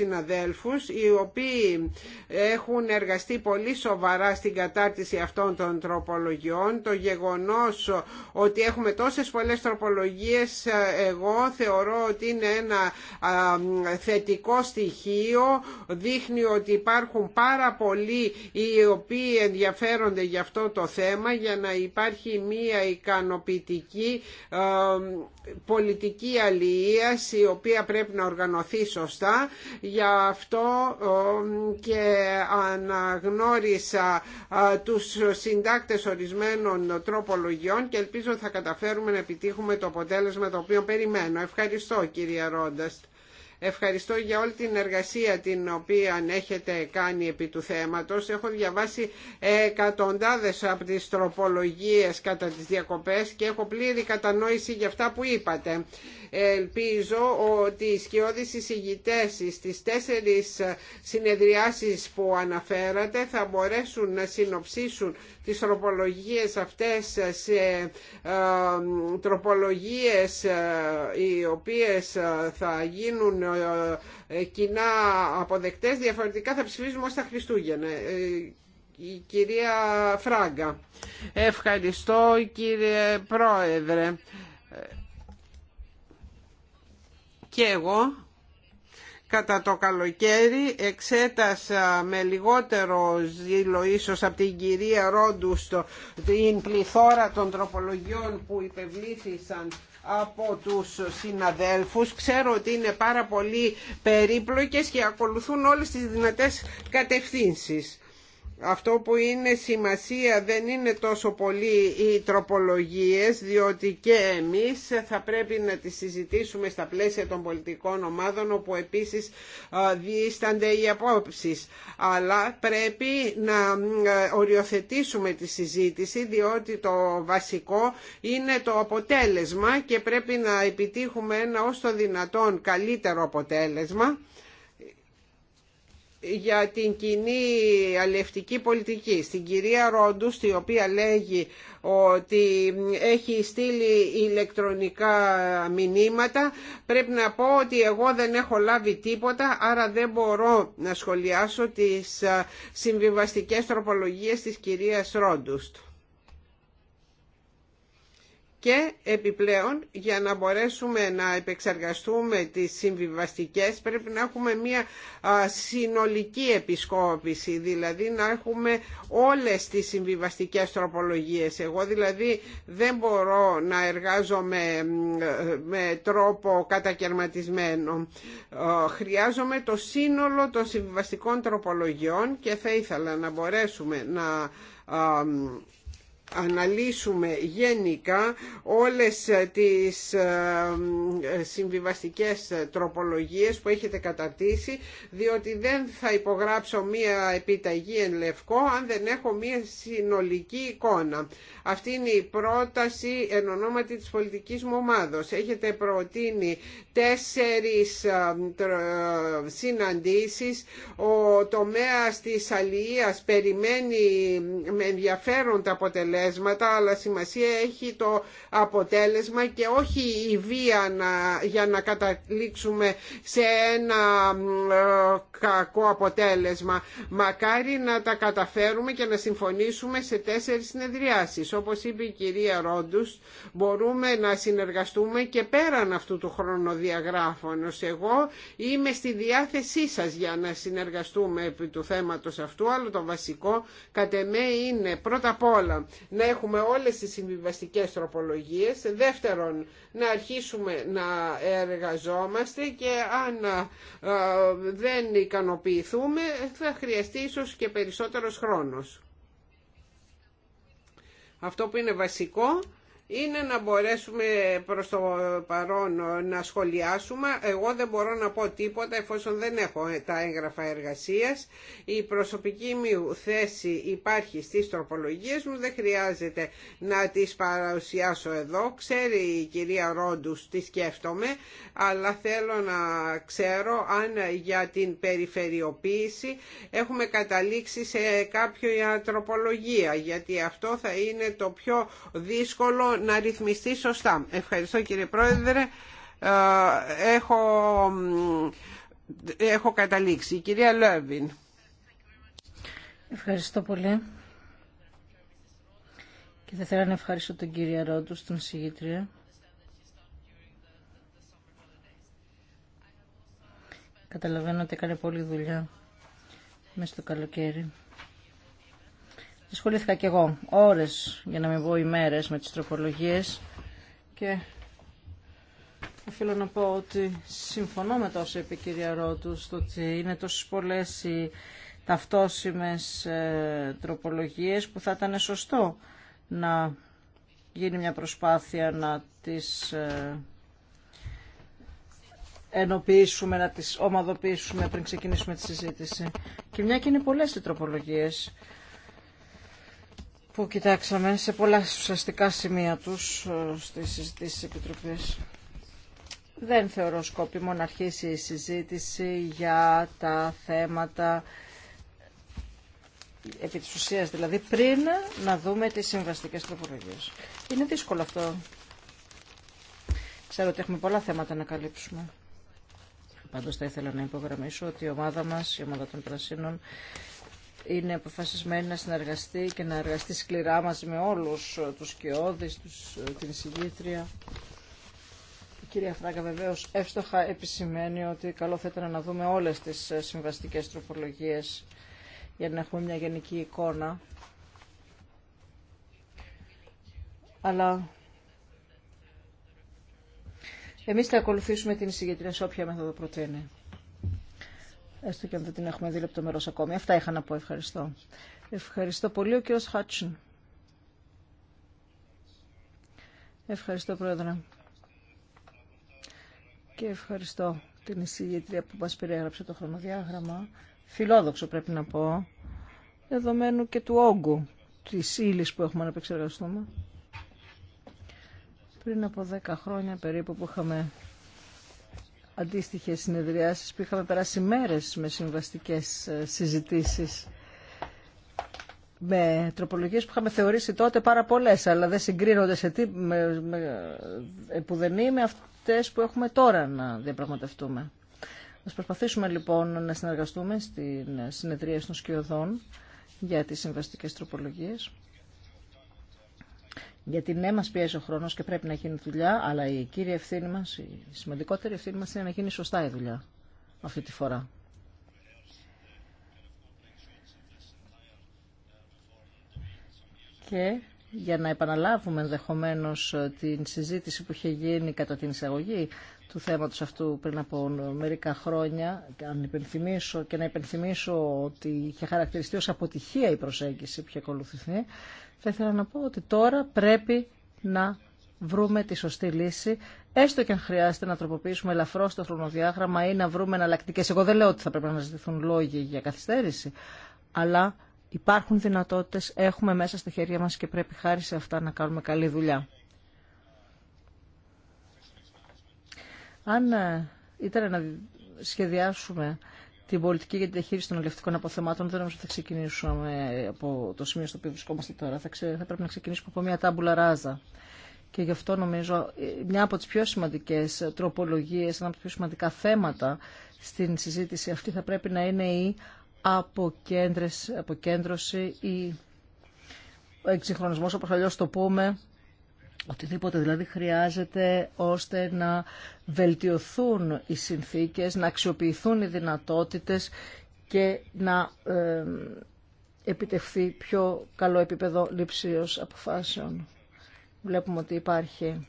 συναδέλφους οι οποίοι έχουν εργαστεί πολύ σοβαρά στην κατάρτιση αυτών των τροπολογιών. Το γεγονός ότι έχουμε τόσες πολλές τροπολογίες εγώ θεωρώ ότι είναι ένα θετικό στοιχείο. Δείχνει ότι υπάρχουν πάρα πολλοί οι οποίοι ενδιαφέρονται για αυτό το θέμα για να υπάρχει μία ικανοποιητική πολιτική αλληλείας η οποία πρέπει να οργανωθεί σωστά Γι' αυτό και αναγνώρισα τους συντάκτες ορισμένων τροπολογιών και ελπίζω θα καταφέρουμε να επιτύχουμε το αποτέλεσμα το οποίο περιμένω. Ευχαριστώ κύριε Ρόντας. Ευχαριστώ για όλη την εργασία την οποία έχετε κάνει επί του θέματος. Έχω διαβάσει εκατοντάδες από τις τροπολογίες κατά τις διακοπές και έχω πλήρη κατανόηση για αυτά που είπατε. Ελπίζω ότι οι σκιώδεις εισηγητές στις τέσσερις συνεδριάσεις που αναφέρατε θα μπορέσουν να συνοψίσουν τις τροπολογίες αυτές σε ε, τροπολογίες ε, οι οποίες θα γίνουν ε, κοινά αποδεκτές, διαφορετικά θα ψηφίζουμε ως τα Χριστούγεννα ε, η κυρία Φράγκα. Ευχαριστώ κύριε Πρόεδρε. Και εγώ κατά το καλοκαίρι εξέτασα με λιγότερο ζήλο ίσως από την κυρία Ρόντου στο, την πληθώρα των τροπολογιών που υπευλήθησαν από τους συναδέλφους. Ξέρω ότι είναι πάρα πολύ περίπλοκες και ακολουθούν όλες τις δυνατές κατευθύνσεις αυτό που είναι σημασία δεν είναι τόσο πολύ οι τροπολογίες διότι και εμείς θα πρέπει να τις συζητήσουμε στα πλαίσια των πολιτικών ομάδων όπου επίσης διήστανται οι απόψεις αλλά πρέπει να οριοθετήσουμε τη συζήτηση διότι το βασικό είναι το αποτέλεσμα και πρέπει να επιτύχουμε ένα ως το δυνατόν καλύτερο αποτέλεσμα για την κοινή αλληλευτική πολιτική στην κυρία Ρόντουστ η οποία λέγει ότι έχει στείλει ηλεκτρονικά μηνύματα πρέπει να πω ότι εγώ δεν έχω λάβει τίποτα άρα δεν μπορώ να σχολιάσω τις συμβιβαστικές τροπολογίες της κυρίας Ρόντουστ και επιπλέον για να μπορέσουμε να επεξεργαστούμε τις συμβιβαστικές πρέπει να έχουμε μια συνολική επισκόπηση, δηλαδή να έχουμε όλες τις συμβιβαστικές τροπολογίες. Εγώ δηλαδή δεν μπορώ να εργάζομαι με τρόπο κατακαιρματισμένο. Χρειάζομαι το σύνολο των συμβιβαστικών τροπολογιών και θα ήθελα να μπορέσουμε να αναλύσουμε γενικά όλες τις ε, συμβιβαστικές τροπολογίες που έχετε καταρτήσει διότι δεν θα υπογράψω μία επιταγή εν λευκό αν δεν έχω μία συνολική εικόνα. Αυτή είναι η πρόταση εν ονόματι της πολιτικής μου ομάδος. Έχετε προτείνει τέσσερις ε, ε, συναντήσεις. Ο τομέας της αλληλείας περιμένει με ενδιαφέρον τα αποτελέσματα αποτελέσματα αλλά σημασία έχει το αποτέλεσμα και όχι η βία να, για να καταλήξουμε σε ένα ε, κακό αποτέλεσμα. Μακάρι να τα καταφέρουμε και να συμφωνήσουμε σε τέσσερις συνεδριάσεις. Όπως είπε η κυρία Ρόντους, μπορούμε να συνεργαστούμε και πέραν αυτού του χρονοδιαγράφωνος. Εγώ είμαι στη διάθεσή σας για να συνεργαστούμε επί του θέματος αυτού, αλλά το βασικό κατ' εμέ είναι πρώτα απ' όλα να έχουμε όλες τις συμβιβαστικές τροπολογίες. Δεύτερον, να αρχίσουμε να εργαζόμαστε και αν ε, δεν ικανοποιηθούμε θα χρειαστεί ίσως και περισσότερος χρόνος. Αυτό που είναι βασικό είναι να μπορέσουμε προς το παρόν να σχολιάσουμε. Εγώ δεν μπορώ να πω τίποτα εφόσον δεν έχω τα έγγραφα εργασίας. Η προσωπική μου θέση υπάρχει στις τροπολογίες μου, δεν χρειάζεται να τις παρουσιάσω εδώ. Ξέρει η κυρία Ρόντους τι σκέφτομαι, αλλά θέλω να ξέρω αν για την περιφερειοποίηση έχουμε καταλήξει σε κάποια τροπολογία, γιατί αυτό θα είναι το πιο δύσκολο να ρυθμιστεί σωστά. Ευχαριστώ κύριε Πρόεδρε. Ε, έχω, έχω καταλήξει. κυρία Λέβιν. Ευχαριστώ πολύ. Και θα ήθελα να ευχαριστώ τον κύριο Ρόντου, τον συγγήτρια. Καταλαβαίνω ότι έκανε πολλή δουλειά μέσα στο καλοκαίρι. Δυσκολήθηκα και εγώ ώρες, για να μην πω ημέρες, με τις τροπολογίες και οφείλω να πω ότι συμφωνώ με τόσο είπε η κυρία ότι είναι τόσες πολλές οι ταυτόσιμες ε, τροπολογίες που θα ήταν σωστό να γίνει μια προσπάθεια να τις ε, ενοποιήσουμε, να τις ομαδοποιήσουμε πριν ξεκινήσουμε τη συζήτηση. Και μια και είναι πολλές οι τροπολογίες, που κοιτάξαμε σε πολλά ουσιαστικά σημεία τους ε, στις συζητήσεις επιτροπής. Δεν θεωρώ σκόπιμο να αρχίσει η συζήτηση για τα θέματα επί της ουσίας δηλαδή πριν να δούμε τις συμβαστικές τροπολογίες. Είναι δύσκολο αυτό. Ξέρω ότι έχουμε πολλά θέματα να καλύψουμε. Πάντως θα ήθελα να υπογραμμίσω ότι η ομάδα μας, η ομάδα των Πρασίνων, είναι αποφασισμένη να συνεργαστεί και να εργαστεί σκληρά μαζί με όλους τους κοιόδης, τους, ε, την συγκήτρια. Η κυρία Φράγκα βεβαίως εύστοχα επισημαίνει ότι καλό θα ήταν να δούμε όλες τις ε, συμβαστικές τροπολογίες για να έχουμε μια γενική εικόνα. Αλλά εμείς θα ακολουθήσουμε την εισηγήτρια σε όποια μέθοδο προτείνει. Έστω και αν δεν την έχουμε δει λεπτομερώς ακόμη. Αυτά είχα να πω. Ευχαριστώ. Ευχαριστώ πολύ ο κύριος Χάτσιν. Ευχαριστώ πρόεδρε. Και ευχαριστώ την εισηγήτρια που μας περιέγραψε το χρονοδιάγραμμα. Φιλόδοξο πρέπει να πω, δεδομένου και του όγκου της ύλη που έχουμε να επεξεργαστούμε. Πριν από 10 χρόνια περίπου που είχαμε αντίστοιχες συνεδριάσεις που είχαμε περάσει μέρες με συμβαστικές ε, συζητήσεις με τροπολογίες που είχαμε θεωρήσει τότε πάρα πολλές αλλά δεν συγκρίνονται σε τι, με, με, ε, είναι αυτές που έχουμε τώρα να διαπραγματευτούμε. Ας προσπαθήσουμε λοιπόν να συνεργαστούμε στην συνεδρία των σκιωδών για τις συμβαστικές τροπολογίες. Γιατί ναι, μα πιέζει ο χρόνο και πρέπει να γίνει δουλειά, αλλά η κύρια ευθύνη μα, η σημαντικότερη ευθύνη μα είναι να γίνει σωστά η δουλειά αυτή τη φορά. Και για να επαναλάβουμε ενδεχομένω ε, την συζήτηση που είχε γίνει κατά την εισαγωγή του θέματος αυτού πριν από μερικά χρόνια αν υπενθυμίσω, και να υπενθυμίσω ότι είχε χαρακτηριστεί ως αποτυχία η προσέγγιση που είχε ακολουθηθεί θα ήθελα να πω ότι τώρα πρέπει να βρούμε τη σωστή λύση, έστω και αν χρειάζεται να τροποποιήσουμε ελαφρώ το χρονοδιάγραμμα ή να βρούμε εναλλακτικέ. Εγώ δεν λέω ότι θα πρέπει να ζητηθούν λόγοι για καθυστέρηση, αλλά υπάρχουν δυνατότητες, έχουμε μέσα στα χέρια μας και πρέπει χάρη σε αυτά να κάνουμε καλή δουλειά. Αν ε, ήταν να σχεδιάσουμε την πολιτική για τη διαχείριση των ελευτικών αποθεμάτων. Δεν νομίζω ότι θα ξεκινήσουμε από το σημείο στο οποίο βρισκόμαστε τώρα. Θα, πρέπει να ξεκινήσουμε από μια τάμπουλα ράζα. Και γι' αυτό νομίζω ε, μια από τι πιο σημαντικέ τροπολογίε, ένα από τα πιο σημαντικά θέματα στην συζήτηση αυτή θα πρέπει να είναι η αποκέντρωση, η ο εξυγχρονισμό, όπω αλλιώ το πούμε, Οτιδήποτε δηλαδή χρειάζεται ώστε να βελτιωθούν οι συνθήκες, να αξιοποιηθούν οι δυνατότητες και να επιτευχθεί πιο καλό επίπεδο λήψεως αποφάσεων. Βλέπουμε ότι υπάρχει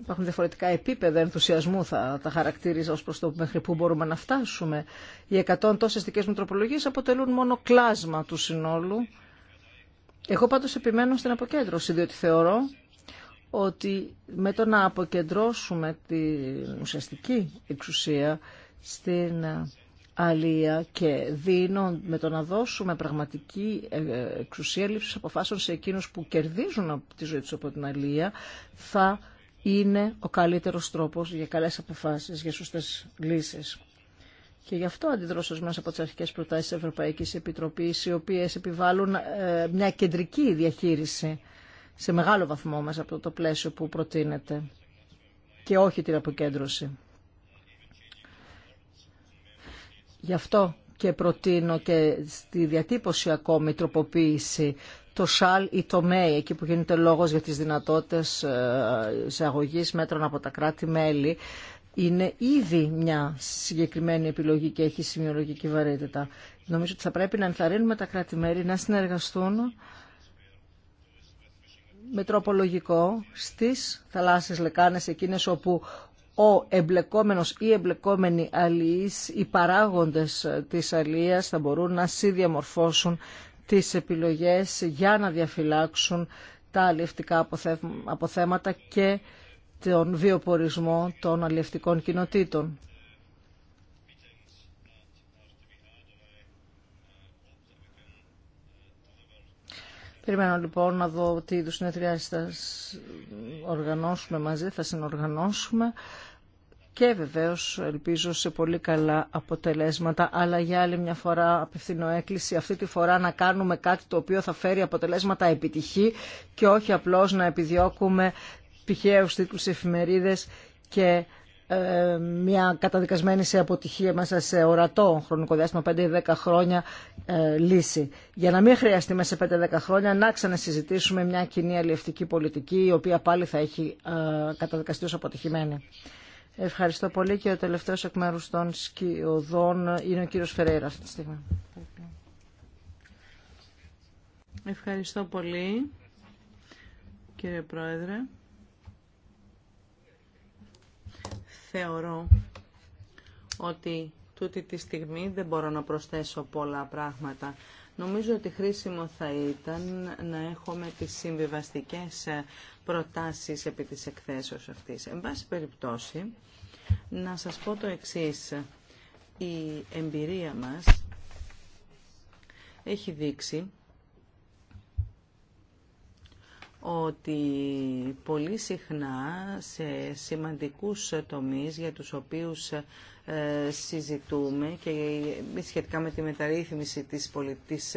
υπάρχουν διαφορετικά επίπεδα ενθουσιασμού θα τα χαρακτήριζα ως προς το μέχρι που μπορούμε να φτάσουμε. Οι 100 τόσες δικές μου αποτελούν μόνο κλάσμα του συνόλου εγώ πάντως επιμένω στην αποκέντρωση, διότι θεωρώ ότι με το να αποκεντρώσουμε την ουσιαστική εξουσία στην ε, αλία και με το να δώσουμε πραγματική ε, εξουσία λήψης αποφάσεων σε εκείνους που κερδίζουν από τη ζωή τους από την αλία θα είναι ο καλύτερος τρόπος για καλές αποφάσεις, για σωστές λύσεις. Και γι' αυτό αντιδρώσω μέσα από τι αρχικέ προτάσει τη Ευρωπαϊκή Επιτροπή, οι οποίε επιβάλλουν ε, μια κεντρική διαχείριση σε μεγάλο βαθμό μέσα από το πλαίσιο που προτείνεται και όχι την αποκέντρωση. Γι' αυτό και προτείνω και στη διατύπωση ακόμη τροποποίηση το ΣΑΛ ή το ΜΕΙ, εκεί που γίνεται λόγος για τις δυνατότητες ε, εισαγωγή μέτρων από τα κράτη-μέλη, είναι ήδη μια συγκεκριμένη επιλογή και έχει σημειολογική βαρύτητα. Νομίζω ότι θα πρέπει να ενθαρρύνουμε τα κράτη-μέρη να συνεργαστούν με τρόπο λογικό στις θαλάσσιες λεκάνες εκείνες όπου ο εμπλεκόμενος ή εμπλεκόμενοι αλληλείς, οι παράγοντες της αλληλείας θα μπορούν να συνδιαμορφώσουν τις επιλογές για να διαφυλάξουν τα αλληλευτικά αποθέματα και τον βιοπορισμό των αλληλευτικών κοινοτήτων. Περιμένω λοιπόν να δω τι είδους συνεδριάσεις θα οργανώσουμε μαζί, θα συνοργανώσουμε και βεβαίως ελπίζω σε πολύ καλά αποτελέσματα. Αλλά για άλλη μια φορά απευθύνω έκκληση αυτή τη φορά να κάνουμε κάτι το οποίο θα φέρει αποτελέσματα επιτυχή και όχι απλώς να επιδιώκουμε πηχαίους τίτλους εφημερίδες και ε, μια καταδικασμένη σε αποτυχία μέσα σε ορατό χρονικό διάστημα 5-10 χρόνια ε, λύση. Για να μην χρειαστεί μέσα σε 5-10 χρόνια να ξανασυζητήσουμε μια κοινή αλλιευτική πολιτική η οποία πάλι θα έχει ε, καταδικαστεί ως αποτυχημένη. Ευχαριστώ πολύ και ο τελευταίος εκ μέρους των σκιωδών είναι ο κύριος Φερέιρα αυτή τη στιγμή. Ευχαριστώ πολύ κύριε Πρόεδρε. θεωρώ ότι τούτη τη στιγμή δεν μπορώ να προσθέσω πολλά πράγματα. Νομίζω ότι χρήσιμο θα ήταν να έχουμε τις συμβιβαστικές ε, προτάσεις επί της εκθέσεως αυτής. Εν πάση περιπτώσει, να σας πω το εξής. Η εμπειρία μας έχει δείξει ότι πολύ συχνά σε σημαντικούς τομείς για τους οποίους ε, συζητούμε και σχετικά με τη μεταρρύθμιση της, πολιτικής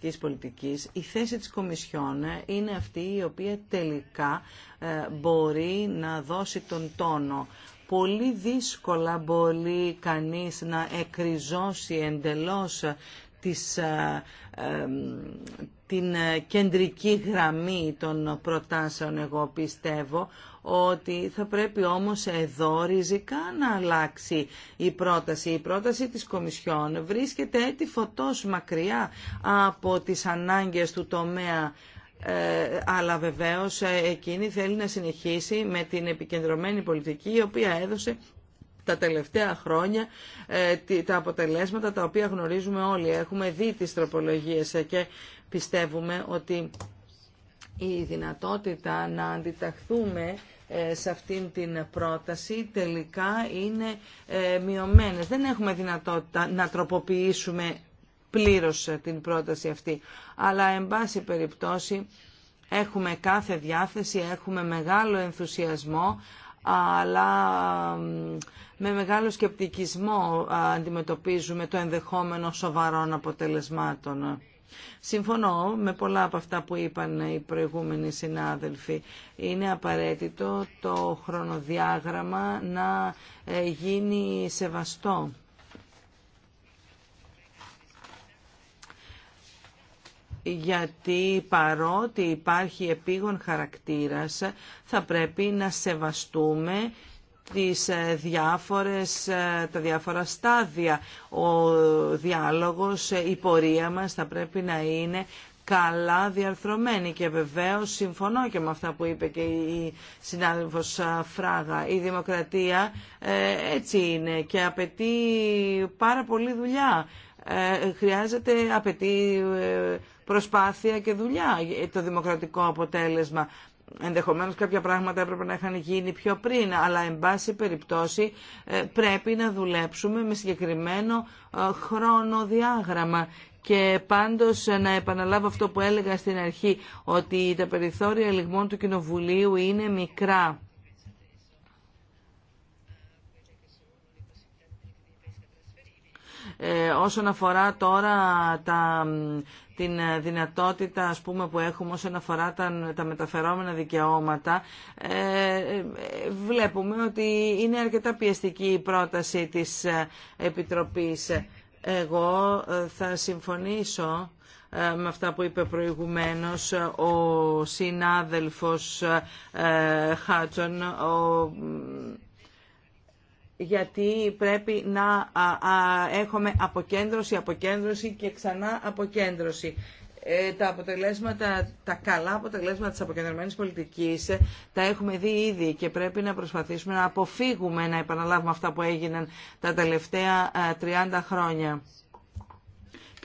της ε, πολιτικής, η θέση της Κομισιόν είναι αυτή η οποία τελικά ε, μπορεί να δώσει τον τόνο. Πολύ δύσκολα μπορεί κανείς να εκριζώσει εντελώς της, ε, την κεντρική γραμμή των προτάσεων εγώ πιστεύω ότι θα πρέπει όμως εδώ ριζικά να αλλάξει η πρόταση. Η πρόταση της Κομισιόν βρίσκεται έτη φωτός μακριά από τις ανάγκες του τομέα ε, αλλά βεβαίως ε, εκείνη θέλει να συνεχίσει με την επικεντρωμένη πολιτική η οποία έδωσε τα τελευταία χρόνια ε, τα αποτελέσματα τα οποία γνωρίζουμε όλοι. Έχουμε δει τις τροπολογίες ε, και πιστεύουμε ότι η δυνατότητα να αντιταχθούμε ε, σε αυτήν την πρόταση τελικά είναι μειωμένη. Δεν έχουμε δυνατότητα να τροποποιήσουμε πλήρως την πρόταση αυτή. Αλλά, εν πάση περιπτώσει, έχουμε κάθε διάθεση, έχουμε μεγάλο ενθουσιασμό, αλλά με μεγάλο σκεπτικισμό αντιμετωπίζουμε το ενδεχόμενο σοβαρών αποτελεσμάτων. Συμφωνώ με πολλά από αυτά που είπαν οι προηγούμενοι συνάδελφοι. Είναι απαραίτητο το χρονοδιάγραμμα να ε, γίνει σεβαστό. γιατί παρότι υπάρχει επίγον χαρακτήρας θα πρέπει να σεβαστούμε τις ε, διάφορες, ε, τα διάφορα στάδια. Ο διάλογος, ε, η πορεία μας θα πρέπει να είναι καλά διαρθρωμένη και βεβαίως συμφωνώ και με αυτά που είπε και η συνάδελφος Φράγα. Η δημοκρατία έτσι είναι και απαιτεί πάρα πολύ δουλειά. χρειάζεται, απαιτεί προσπάθεια και δουλειά το δημοκρατικό αποτέλεσμα. Ενδεχομένως κάποια πράγματα έπρεπε να είχαν γίνει πιο πριν, αλλά εν πάση περιπτώσει ε, πρέπει να δουλέψουμε με συγκεκριμένο ε, χρονοδιάγραμμα. Και πάντως ε, να επαναλάβω αυτό που έλεγα στην αρχή, ότι τα περιθώρια λιγμών του Κοινοβουλίου είναι μικρά. όσον αφορά τώρα τα την ε, δυνατότητα ας πούμε, που έχουμε όσον αφορά τα, τα μεταφερόμενα δικαιώματα, ε, ε βλέπουμε ότι είναι αρκετά πιεστική η πρόταση της ε, Επιτροπής. Εγώ θα συμφωνήσω με αυτά που είπε προηγουμένως ο συνάδελφος Χάτσον, ο γιατί πρέπει να έχουμε αποκέντρωση, αποκέντρωση και ξανά αποκέντρωση. Ε, τα αποτελέσματα, τα καλά αποτελέσματα της αποκεντρωμένης πολιτικής ε, τα έχουμε δει ήδη και πρέπει να προσπαθήσουμε να αποφύγουμε να επαναλάβουμε αυτά που έγιναν τα τελευταία 30 ε, χρόνια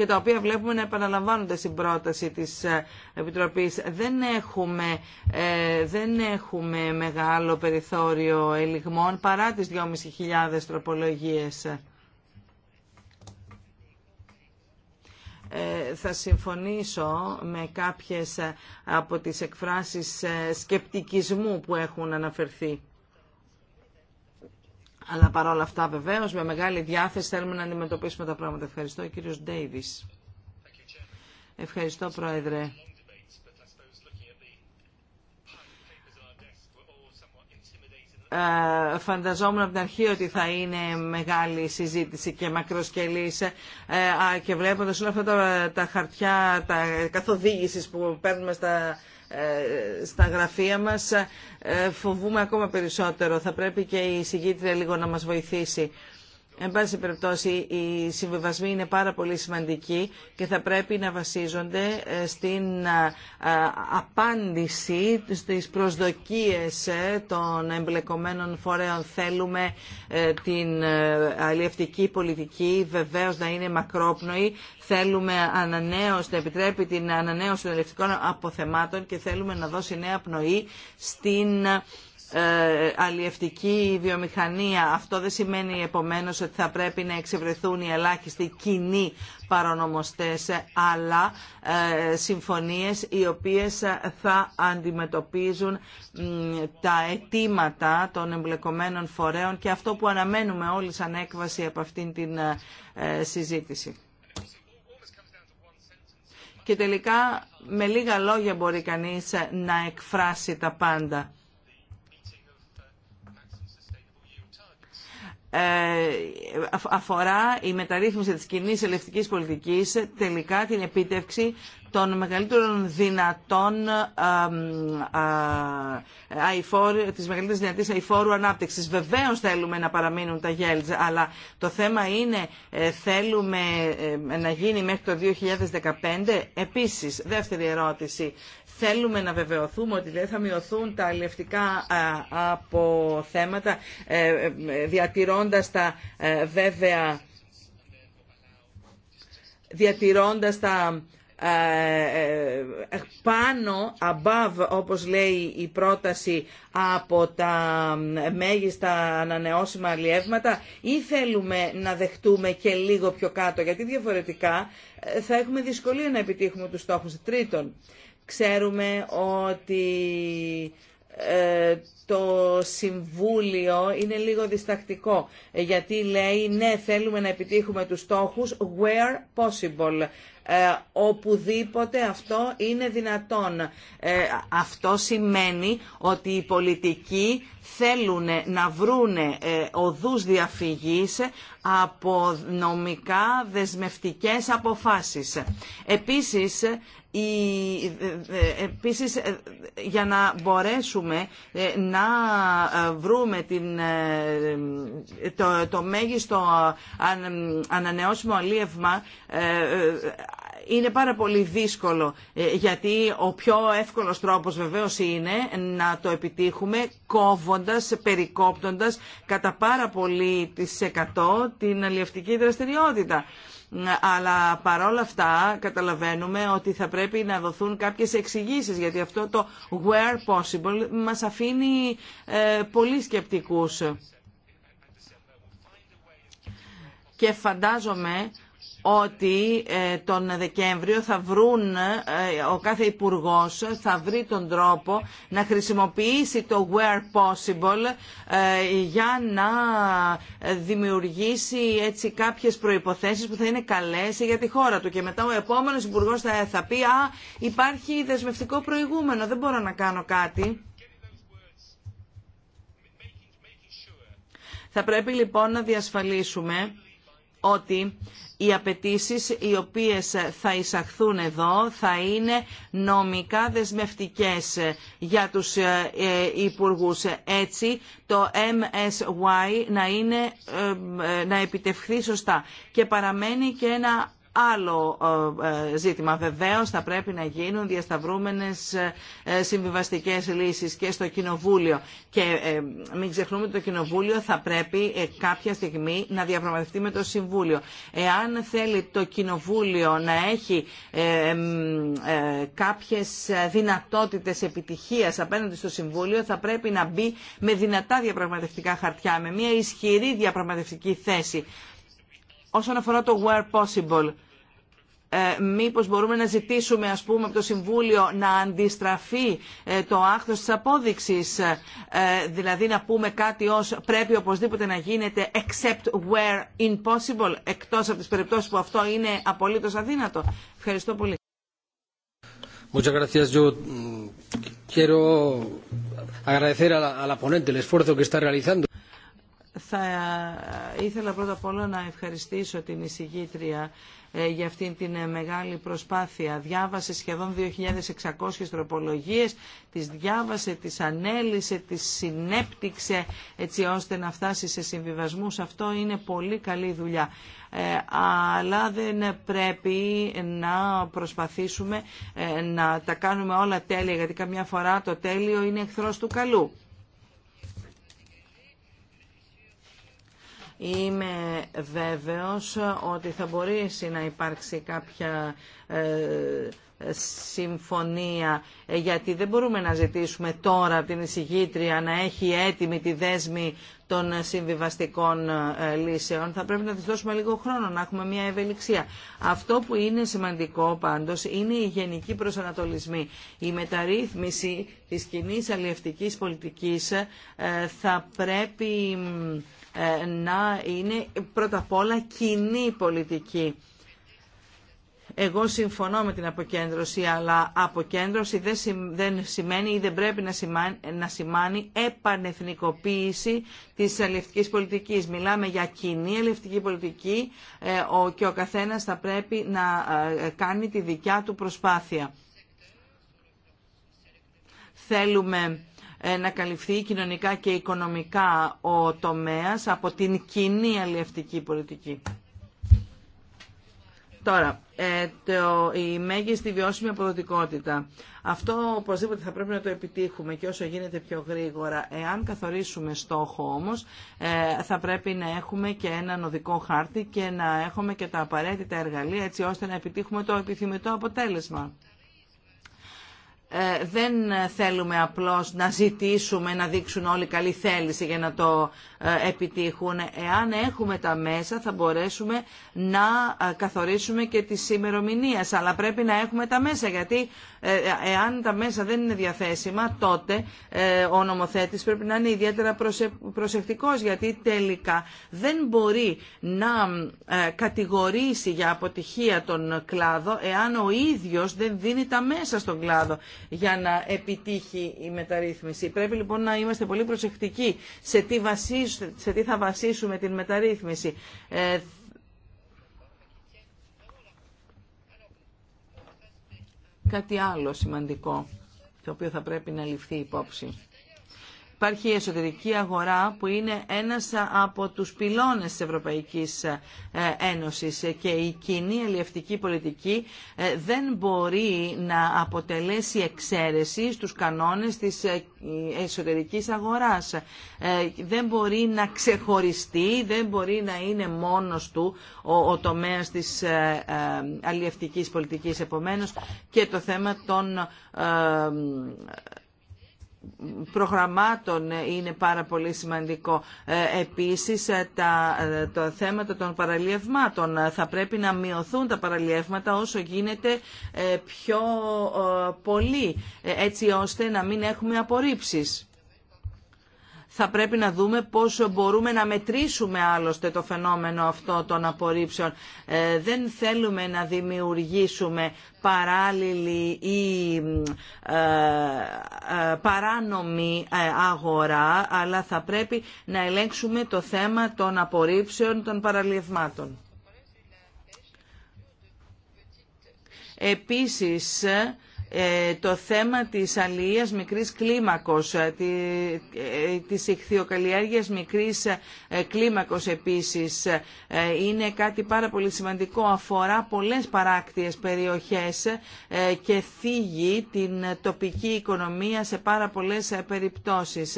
και τα οποία βλέπουμε να επαναλαμβάνονται στην πρόταση της ε, Επιτροπής. Δεν έχουμε, ε, δεν έχουμε μεγάλο περιθώριο ελιγμών παρά τις 2.500 τροπολογίες. Ε, θα συμφωνήσω με κάποιες από τις εκφράσεις σκεπτικισμού που έχουν αναφερθεί. Αλλά παρόλα αυτά βεβαίω με μεγάλη διάθεση θέλουμε να αντιμετωπίσουμε τα πράγματα. Ευχαριστώ κύριο Ντέιβις. Ευχαριστώ Πρόεδρε. Ε, φανταζόμουν από την αρχή ότι θα είναι μεγάλη συζήτηση και μακροσκελής ε, και βλέποντας όλα αυτά τα, χαρτιά τα καθοδήγησης που παίρνουμε στα ε, στα γραφεία μας ε, φοβούμε ακόμα περισσότερο. Θα πρέπει και η συγκήτρια λίγο να μας βοηθήσει. Εν πάση περιπτώσει, οι συμβιβασμοί είναι πάρα πολύ σημαντικοί και θα πρέπει να βασίζονται ε, στην ε, ε, απάντηση στις προσδοκίες των εμπλεκομένων φορέων. Θέλουμε την αλληλευτική πολιτική βεβαίως να είναι μακρόπνοη. Θέλουμε ανανέωση, να επιτρέπει την ανανέωση των ελευτικών αποθεμάτων και θέλουμε να δώσει νέα πνοή στην ε, αλλιευτική βιομηχανία. Αυτό δεν σημαίνει επομένως ότι θα πρέπει να εξευρεθούν οι ελάχιστοι κοινοί παρονομοστές, αλλά ε, συμφωνίες οι οποίες θα αντιμετωπίζουν τα αιτήματα των εμπλεκομένων φορέων και αυτό που αναμένουμε όλοι σαν έκβαση από αυτήν την ε, συζήτηση. Και τελικά με λίγα λόγια μπορεί κανείς να εκφράσει τα πάντα. Ε, αφορά η μεταρρύθμιση της κοινή ελευθερικής πολιτικής τελικά την επίτευξη των μεγαλύτερων δυνατών τη της μεγαλύτερης δυνατής αηφόρου ανάπτυξης. Βεβαίως θέλουμε να παραμείνουν τα γέλτζα αλλά το θέμα είναι ε, θέλουμε ε, να γίνει μέχρι το 2015. Επίσης, δεύτερη ερώτηση, Θέλουμε να βεβαιωθούμε ότι δεν θα μειωθούν τα αλληλευτικά από θέματα ε, ε, διατηρώντας τα ε, βέβαια διατηρώντας τα πάνω, above, όπως λέει η πρόταση από τα μέγιστα ανανεώσιμα αλλιεύματα ή θέλουμε να δεχτούμε και λίγο πιο κάτω, γιατί διαφορετικά θα έχουμε δυσκολία να επιτύχουμε τους στόχους. τρίτων. Ξέρουμε ότι ε, το Συμβούλιο είναι λίγο διστακτικό γιατί λέει ναι θέλουμε να επιτύχουμε τους στόχους where possible ε, οπουδήποτε αυτό είναι δυνατόν. Ε, αυτό σημαίνει ότι οι πολιτικοί θέλουν να βρουν ε, οδούς διαφυγής από νομικά δεσμευτικές αποφάσεις. Επίσης η, ε, ε, επίσης, ε, για να μπορέσουμε να βρούμε την, το, μέγιστο ανανεώσιμο αλίευμα, είναι πάρα πολύ δύσκολο γιατί ο πιο εύκολος τρόπος βεβαίως είναι να το επιτύχουμε κόβοντας, περικόπτοντας κατά πάρα πολύ τις 100 την αλιευτική δραστηριότητα. Ναι, αλλά παρόλα αυτά καταλαβαίνουμε ότι θα πρέπει να δοθούν κάποιες εξηγήσεις γιατί αυτό το where possible μας αφήνει ε, πολύ σκεπτικούς. Και φαντάζομαι ότι ε, τον Δεκέμβριο θα βρουν, ε, ο κάθε υπουργό θα βρει τον τρόπο να χρησιμοποιήσει το where possible ε, για να δημιουργήσει έτσι κάποιες προϋποθέσεις που θα είναι καλές για τη χώρα του. Και μετά ο επόμενος Υπουργό θα, θα πει «Α, υπάρχει δεσμευτικό προηγούμενο, δεν μπορώ να κάνω κάτι». Θα πρέπει λοιπόν να διασφαλίσουμε ότι οι απαιτήσει οι οποίες θα εισαχθούν εδώ θα είναι νομικά δεσμευτικές για τους ε, ε, υπουργούς. Έτσι το MSY να, είναι, ε, να επιτευχθεί σωστά. Και παραμένει και ένα άλλο ε, ε, ζήτημα. Βεβαίως θα πρέπει να γίνουν διασταυρούμενες ε, συμβιβαστικές λύσεις και στο Κοινοβούλιο. Και μην ξεχνούμε ότι το Κοινοβούλιο θα πρέπει κάποια στιγμή να διαπραγματευτεί με το Συμβούλιο. Εάν θέλει το Κοινοβούλιο να έχει κάποιες δυνατότητες επιτυχίας απέναντι στο Συμβούλιο θα πρέπει να μπει με δυνατά διαπραγματευτικά χαρτιά, με μια ισχυρή διαπραγματευτική θέση. Όσον αφορά το where possible, ε, μήπως μπορούμε να ζητήσουμε ας πούμε από το Συμβούλιο να αντιστραφεί ε, το άχθος της απόδειξης, ε, δηλαδή να πούμε κάτι ως πρέπει οπωσδήποτε να γίνεται except where impossible, εκτός από τις περιπτώσεις που αυτό είναι απολύτως αδύνατο. Ευχαριστώ πολύ. Muchas gracias. Yo quiero θα ήθελα πρώτα απ' όλα να ευχαριστήσω την εισηγήτρια ε, για αυτήν την ε, μεγάλη προσπάθεια. Διάβασε σχεδόν 2.600 τροπολογίες, τις διάβασε, τις ανέλησε, τις συνέπτυξε έτσι ώστε να φτάσει σε συμβιβασμούς. Αυτό είναι πολύ καλή δουλειά. Ε, αλλά δεν πρέπει να προσπαθήσουμε να τα κάνουμε όλα τέλεια, γιατί καμιά φορά το τέλειο είναι εχθρός του καλού. Είμαι βέβαιος ότι θα μπορέσει να υπάρξει κάποια ε, συμφωνία, ε, γιατί δεν μπορούμε να ζητήσουμε τώρα την εισηγήτρια να έχει έτοιμη τη δέσμη των συμβιβαστικών ε, λύσεων. Θα πρέπει να της δώσουμε λίγο χρόνο, να έχουμε μια ευελιξία. Αυτό που είναι σημαντικό πάντως είναι η γενική προσανατολισμή. Η μεταρρύθμιση της κοινή αλλιευτικής πολιτικής θα πρέπει ε, να είναι πρώτα απ' όλα κοινή πολιτική. Εγώ συμφωνώ με την αποκέντρωση, αλλά αποκέντρωση δεν σημαίνει ή δεν πρέπει να σημάνει, να σημάνει επανεθνικοποίηση της αλληλευτικής πολιτικής. Μιλάμε για κοινή αλληλευτική πολιτική ε, και ο καθένας θα πρέπει να ε, κάνει τη δικιά του προσπάθεια. Θέλουμε ε, να καλυφθεί κοινωνικά και οικονομικά ο τομέας από την κοινή αλληλευτική πολιτική. Τώρα, ε, το, η μέγιστη βιώσιμη αποδοτικότητα. Αυτό οπωσδήποτε θα πρέπει να το επιτύχουμε και όσο γίνεται πιο γρήγορα. Εάν καθορίσουμε στόχο όμως, ε, θα πρέπει να έχουμε και έναν οδικό χάρτη και να έχουμε και τα απαραίτητα εργαλεία έτσι ώστε να επιτύχουμε το επιθυμητό αποτέλεσμα. Ε, δεν θέλουμε απλώς να ζητήσουμε να δείξουν όλοι καλή θέληση για να το ε, επιτύχουν. Εάν έχουμε τα μέσα θα μπορέσουμε να ε, καθορίσουμε και τις ημερομηνίε, αλλά πρέπει να έχουμε τα μέσα γιατί εάν τα μέσα δεν είναι διαθέσιμα τότε ο νομοθέτης πρέπει να είναι ιδιαίτερα προσεκτικός γιατί τελικά δεν μπορεί να κατηγορήσει για αποτυχία τον κλάδο εάν ο ίδιος δεν δίνει τα μέσα στον κλάδο για να επιτύχει η μεταρρύθμιση. Πρέπει λοιπόν να είμαστε πολύ προσεκτικοί σε τι, σε τι θα βασίσουμε την μεταρρύθμιση. Ε, κάτι άλλο σημαντικό, το οποίο θα πρέπει να ληφθεί υπόψη. Υπάρχει η εσωτερική αγορά που είναι ένας από τους πυλώνες της Ευρωπαϊκής ε, Ένωσης και η κοινή αλληλευτική πολιτική ε, δεν μπορεί να αποτελέσει εξαίρεση στους κανόνες της ε, εσωτερικής αγοράς. Δεν μπορεί να ξεχωριστεί, δεν μπορεί να είναι μόνος του ο τομέας της αλληλευτικής πολιτικής. Επομένως και το θέμα των προγραμμάτων είναι πάρα πολύ σημαντικό. Ε, επίσης, ε, τα, ε, τα θέματα των παραλιευμάτων. Θα πρέπει να μειωθούν τα παραλιεύματα όσο γίνεται πιο πολύ, έτσι ώστε να μην έχουμε απορρίψεις θα πρέπει να δούμε πώς μπορούμε να μετρήσουμε άλλωστε το φαινόμενο αυτό των απορρίψεων. Ε, δεν θέλουμε να δημιουργήσουμε παράλληλη ή ε, ε, παράνομη αγορά, αλλά θα πρέπει να ελέγξουμε το θέμα των απορρίψεων των παραλιευμάτων. Επίσης, ε, το θέμα της αλληλείας μικρής κλίμακος, ε, ε, της ηχθειοκαλλιέργειας μικρής κλίμακος επίσης είναι κάτι πάρα πολύ σημαντικό. Αφορά πολλές παράκτιες περιοχές και θίγει την τοπική οικονομία σε πάρα πολλές περιπτώσεις.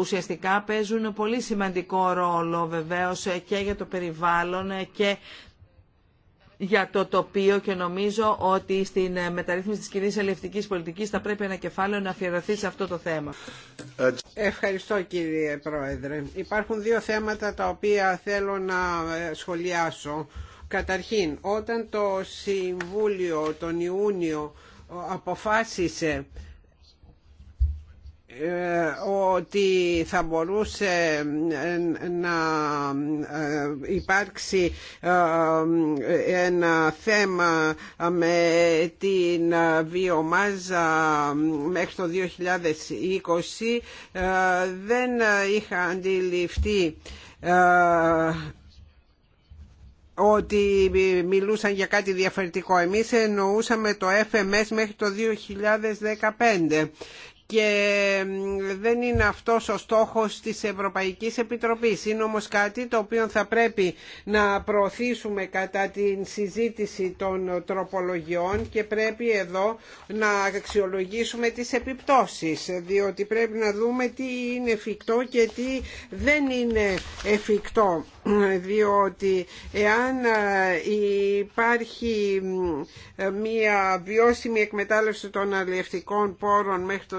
Ουσιαστικά παίζουν πολύ σημαντικό ρόλο βεβαίως και για το περιβάλλον και για το τοπίο και νομίζω ότι στην ε, μεταρρύθμιση της κοινής ελευτικής πολιτικής θα πρέπει ένα κεφάλαιο να αφιερωθεί σε αυτό το θέμα. Ευχαριστώ κύριε Πρόεδρε. Υπάρχουν δύο θέματα τα οποία θέλω να ε, σχολιάσω. Καταρχήν, όταν το Συμβούλιο τον Ιούνιο ε, αποφάσισε ε, ότι θα μπορούσε να ε, υπάρξει ε, ένα θέμα με την βιομάζα μέχρι το 2020 δεν είχα αντιληφθεί ότι μιλούσαν για κάτι διαφορετικό. Εμείς εννοούσαμε το FMS μέχρι το 2015 και δεν είναι αυτός ο στόχος της Ευρωπαϊκής Επιτροπής. Είναι όμως κάτι το οποίο θα πρέπει να προωθήσουμε κατά την συζήτηση των τροπολογιών και πρέπει εδώ να αξιολογήσουμε τις επιπτώσεις, διότι πρέπει να δούμε τι είναι εφικτό και τι δεν είναι εφικτό διότι εάν ε, υπάρχει ε, μια βιώσιμη εκμετάλλευση των αλλιευτικών πόρων μέχρι το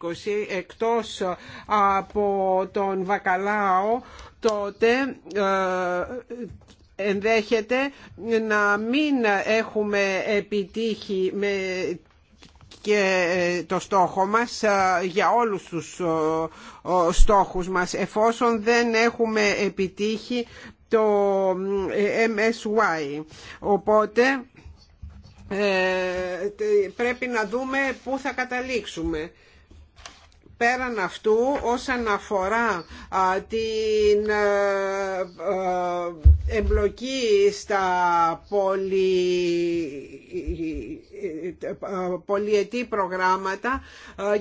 2020 εκτός ε, από τον Βακαλάο τότε ενδέχεται να μην έχουμε επιτύχει με και ε, το στόχο μας ε, για όλους τους ε, στόχους μας εφόσον δεν έχουμε επιτύχει το MSY. Οπότε πρέπει να δούμε πού θα καταλήξουμε πέραν αυτού όσον αφορά την ε, ε, εμπλοκή στα πολυ... Ε, πολυετή προγράμματα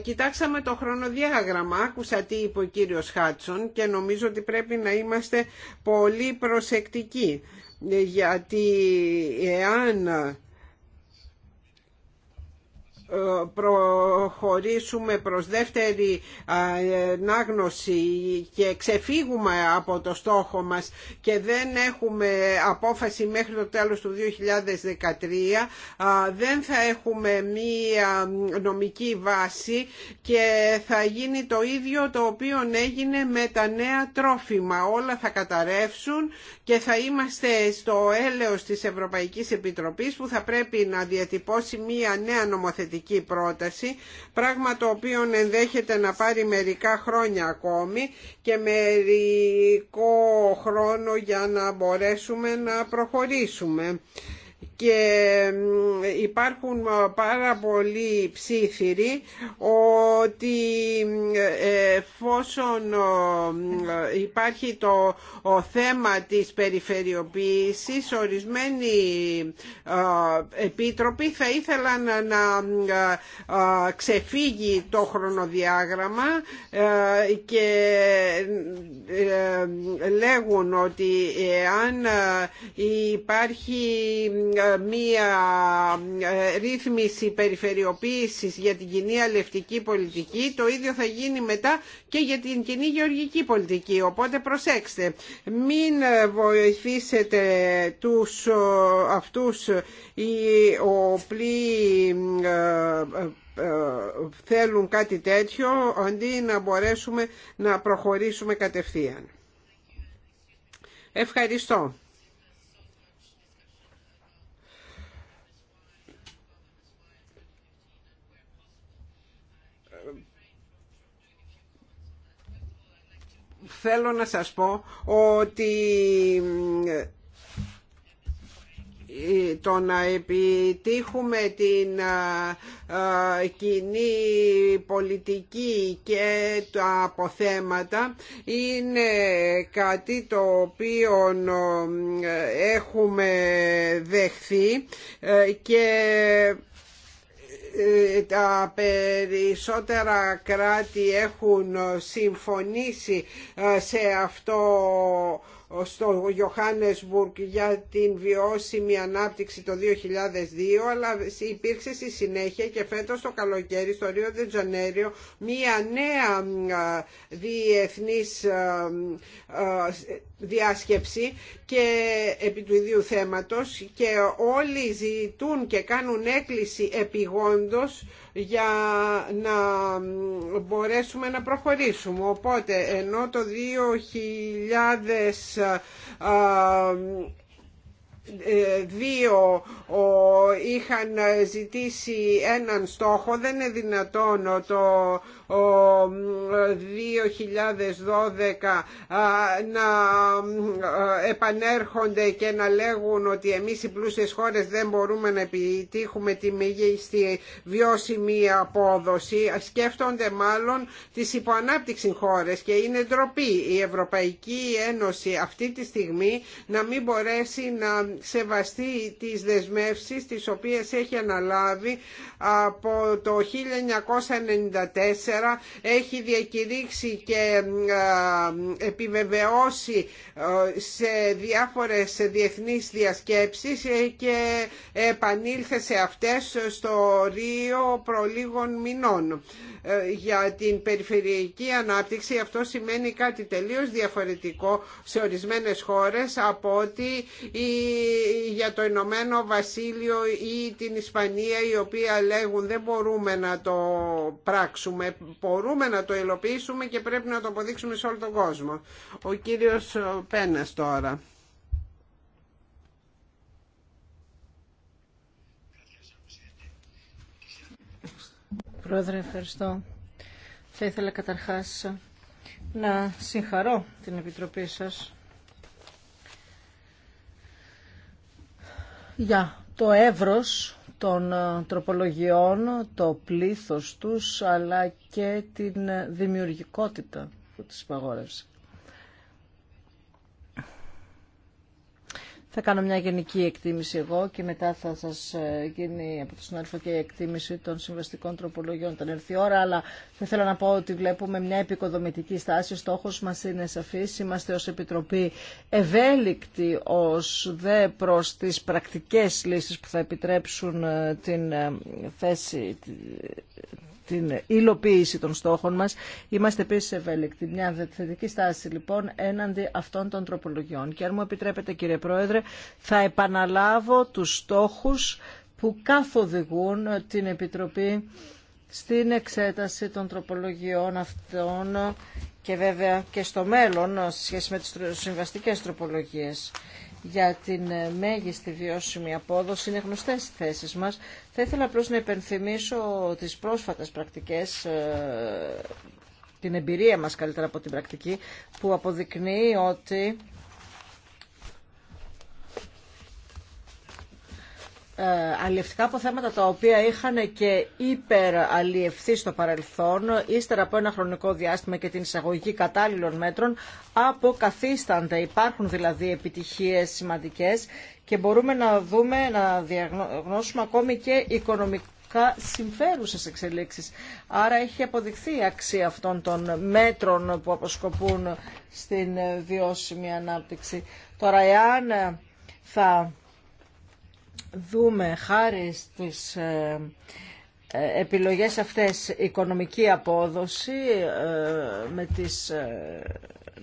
κοιτάξαμε το χρονοδιάγραμμα άκουσα τι είπε ο κύριος Χάτσον και νομίζω ότι πρέπει να είμαστε πολύ προσεκτικοί γιατί εάν προχωρήσουμε προς δεύτερη ανάγνωση και ξεφύγουμε από το στόχο μας και δεν έχουμε απόφαση μέχρι το τέλος του 2013 δεν θα έχουμε μία νομική βάση και θα γίνει το ίδιο το οποίο έγινε με τα νέα τρόφιμα όλα θα καταρρεύσουν και θα είμαστε στο έλεος της Ευρωπαϊκής Επιτροπής που θα πρέπει να διατυπώσει μία νέα νομοθετική πρόταση, πράγμα το οποίο ενδέχεται να πάρει μερικά χρόνια ακόμη και μερικό χρόνο για να μπορέσουμε να προχωρήσουμε και υπάρχουν πάρα πολλοί ψήφιροι ότι ε, εφόσον υπάρχει το θέμα της περιφερειοποίησης ορισμένοι ε, επίτροποι θα ήθελαν να ε, ξεφύγει το χρονοδιάγραμμα και λέγουν ότι εάν υπάρχει ε, μία ε, ρύθμιση περιφερειοποίησης για την κοινή αλευτική πολιτική. Το ίδιο θα γίνει μετά και για την κοινή γεωργική πολιτική. Οπότε προσέξτε, μην ε, βοηθήσετε τους αυτούς οι οποίοι θέλουν κάτι τέτοιο αντί να μπορέσουμε να προχωρήσουμε κατευθείαν. Ευχαριστώ. θέλω να σας πω ότι ε, το να επιτύχουμε την ε, ε, κοινή πολιτική και τα αποθέματα είναι κάτι το οποίο έχουμε δεχθεί και ε, τα περισσότερα κράτη έχουν συμφωνήσει ε, σε αυτό στο Johannesburg για την βιώσιμη ανάπτυξη το 2002 αλλά υπήρξε στη συνέχεια και φέτος το καλοκαίρι στο Ρίο Janeiro μία νέα διεθνής διάσκεψη και επί του ιδίου θέματος και όλοι ζητούν και κάνουν έκκληση επιγόντως για να μπορέσουμε να προχωρήσουμε. Οπότε ενώ το 2000 δύο είχαν ζητήσει έναν στόχο, δεν είναι δυνατόν το 2012 να επανέρχονται και να λέγουν ότι εμείς οι πλούσιες χώρες δεν μπορούμε να επιτύχουμε τη μεγίστη βιώσιμη απόδοση σκέφτονται μάλλον τις υποανάπτυξη χώρες και είναι ντροπή η Ευρωπαϊκή Ένωση αυτή τη στιγμή να μην μπορέσει να σεβαστεί τις δεσμεύσεις τις οποίες έχει αναλάβει από το 1994 έχει διακηρύξει και επιβεβαιώσει σε διάφορες διεθνείς διασκέψεις ε, και επανήλθε σε αυτές στο Ρίο προλίγων μηνών. Ε, για την περιφερειακή ανάπτυξη αυτό σημαίνει κάτι τελείως διαφορετικό σε ορισμένες χώρες από ότι για το Ηνωμένο Βασίλειο ή την Ισπανία η οποία λέγουν δεν μπορούμε να το πράξουμε μπορούμε να το υλοποιήσουμε και πρέπει να το αποδείξουμε σε όλο τον κόσμο. Ο κύριος Πένας τώρα. Πρόεδρε, ευχαριστώ. Θα ήθελα καταρχάς να συγχαρώ την Επιτροπή σας για το εύρος των ε, τροπολογιών, το πλήθος τους, αλλά και την δημιουργικότητα που τις υπαγόρευσε. Θα κάνω μια γενική εκτίμηση εγώ και μετά θα σας ε, γίνει από τον συνάδελφο και η εκτίμηση των συμβαστικών τροπολογιών όταν έρθει η ώρα, αλλά θα ήθελα να πω ότι βλέπουμε μια επικοδομητική στάση. Στόχο στόχος μας είναι σαφής. Είμαστε ω Επιτροπή ευέλικτοι ω δε προς τις πρακτικές λύσεις που θα επιτρέψουν ε, την ε, θέση την υλοποίηση των στόχων μας. Είμαστε επίσης ευέλικτοι. Μια θετική στάση λοιπόν έναντι αυτών των τροπολογιών. Και αν μου επιτρέπετε κύριε Πρόεδρε, θα επαναλάβω τους στόχους που καθοδηγούν την Επιτροπή στην εξέταση των τροπολογιών αυτών και βέβαια και στο μέλλον σε σχέση με τις συμβαστικές τροπολογίες για την ε, μέγιστη βιώσιμη απόδοση είναι γνωστές οι θέσεις μας. Θα ήθελα απλώς να υπενθυμίσω τις πρόσφατες πρακτικές, ε, την εμπειρία μας καλύτερα από την πρακτική, που αποδεικνύει ότι Ε, αλλιευτικά αποθέματα τα οποία είχαν και υπεραλλιευθεί στο παρελθόν, ύστερα από ένα χρονικό διάστημα και την εισαγωγή κατάλληλων μέτρων, αποκαθίστανται. Υπάρχουν δηλαδή επιτυχίες σημαντικές και μπορούμε να δούμε, να διαγνώσουμε ακόμη και οικονομικά συμφέρουσες εξελίξεις. Άρα έχει αποδειχθεί η αξία αυτών των μέτρων που αποσκοπούν στην βιώσιμη ανάπτυξη. Τώρα, εάν θα δούμε χάρη στις ε, ε, επιλογές αυτές οικονομική απόδοση ε, με, τις,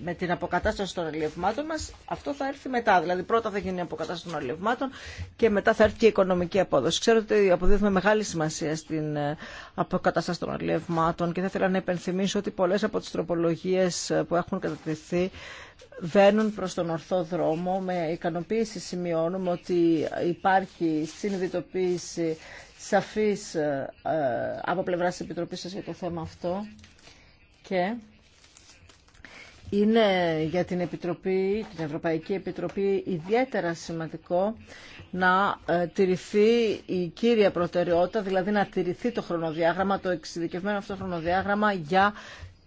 με την αποκατάσταση των αλλιευμάτων μας, αυτό θα έρθει μετά. Δηλαδή πρώτα θα γίνει η αποκατάσταση των αλλιευμάτων και μετά θα έρθει και η οικονομική απόδοση. Ξέρω ότι αποδίδουμε μεγάλη σημασία στην αποκατάσταση των αλλιευμάτων και θα ήθελα να υπενθυμίσω ότι πολλές από τις τροπολογίες που έχουν κατατεθεί βαίνουν προς τον ορθό δρόμο. Με ικανοποίηση σημειώνουμε ότι υπάρχει συνειδητοποίηση σαφής ε, ε, από πλευράς της Επιτροπής σας για το θέμα αυτό και είναι για την Επιτροπή, την Ευρωπαϊκή Επιτροπή ιδιαίτερα σημαντικό να ε, τηρηθεί η κύρια προτεραιότητα, δηλαδή να τηρηθεί το χρονοδιάγραμμα, το εξειδικευμένο αυτό χρονοδιάγραμμα για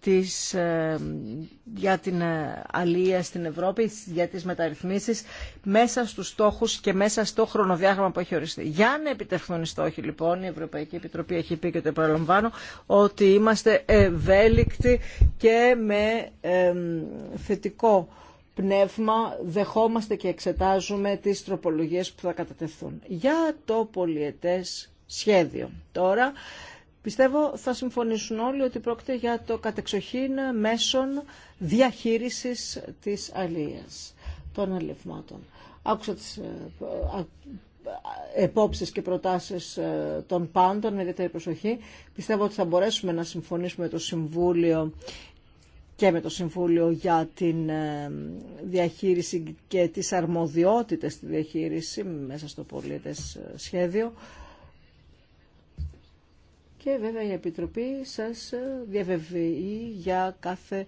της, ε, για την ε, αλία στην Ευρώπη, για τις μεταρρυθμίσεις, μέσα στους στόχους και μέσα στο χρονοδιάγραμμα που έχει οριστεί. Για να επιτευχθούν οι στόχοι λοιπόν, η Ευρωπαϊκή Επιτροπή έχει πει και το επαναλαμβάνω, ότι είμαστε ευέλικτοι και με θετικό πνεύμα δεχόμαστε και εξετάζουμε τις τροπολογίες που θα κατατεθούν. Για το πολιετές σχέδιο τώρα Πιστεύω θα συμφωνήσουν όλοι ότι πρόκειται για το κατεξοχήν μέσον διαχείρισης της αλίας των ελευμάτων. Άκουσα τις ε, ε, επόψεις και προτάσεις ε, των πάντων με ιδιαίτερη προσοχή. Πιστεύω ότι θα μπορέσουμε να συμφωνήσουμε με το Συμβούλιο και με το Συμβούλιο για την διαχείριση και τις αρμοδιότητες στη διαχείριση μέσα στο πολίτες σχέδιο και βέβαια η Επιτροπή σας ε, διαβεβαιεί για κάθε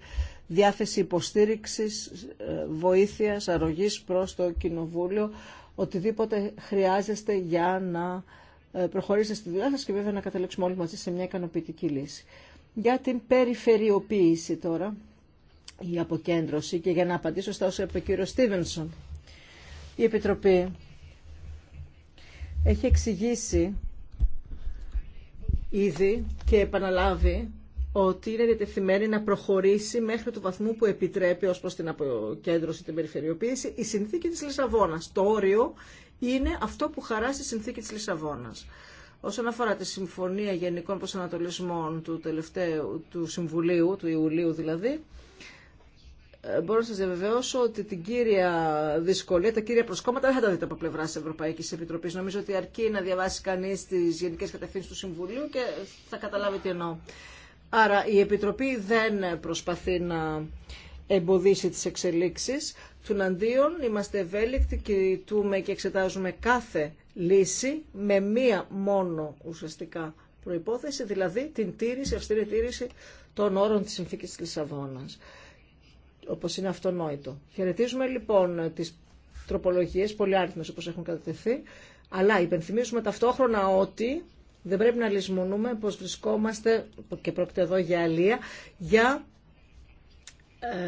διάθεση υποστήριξης, ε, βοήθειας, αρρωγής προς το Κοινοβούλιο, οτιδήποτε χρειάζεστε για να ε, προχωρήσετε στη δουλειά σας και βέβαια να καταλήξουμε όλοι μαζί σε μια ικανοποιητική λύση. Για την περιφερειοποίηση τώρα, η αποκέντρωση και για να απαντήσω στα όσα είπε ο Στίβενσον. Η Επιτροπή έχει εξηγήσει ήδη και επαναλάβει ότι είναι διατεθειμένη να προχωρήσει μέχρι το βαθμό που επιτρέπει ως προς την αποκέντρωση, την περιφερειοποίηση, η συνθήκη της Λισαβόνας. Το όριο είναι αυτό που χαράσει η συνθήκη της Λισαβόνας. Όσον αφορά τη Συμφωνία Γενικών Προσανατολισμών του τελευταίου του Συμβουλίου, του Ιουλίου δηλαδή, μπορώ να σα διαβεβαιώσω ότι την κύρια δυσκολία, τα κύρια προσκόμματα δεν θα τα δείτε από πλευρά τη Ευρωπαϊκή Επιτροπή. Νομίζω ότι αρκεί να διαβάσει κανεί τι γενικέ κατευθύνσει του Συμβουλίου και θα καταλάβει τι εννοώ. Άρα η Επιτροπή δεν προσπαθεί να εμποδίσει τις εξελίξεις. Τουναντίον είμαστε ευέλικτοι, κοιτούμε και εξετάζουμε κάθε λύση με μία μόνο ουσιαστικά προϋπόθεση, δηλαδή την τήρηση, αυστηρή τήρηση των όρων της συνθήκης της Λισαβόνας όπως είναι αυτονόητο. Χαιρετίζουμε λοιπόν τις τροπολογίες, πολύ άριθμες όπως έχουν κατατεθεί, αλλά υπενθυμίζουμε ταυτόχρονα ότι δεν πρέπει να λησμονούμε πως βρισκόμαστε, και πρόκειται εδώ για αλλία για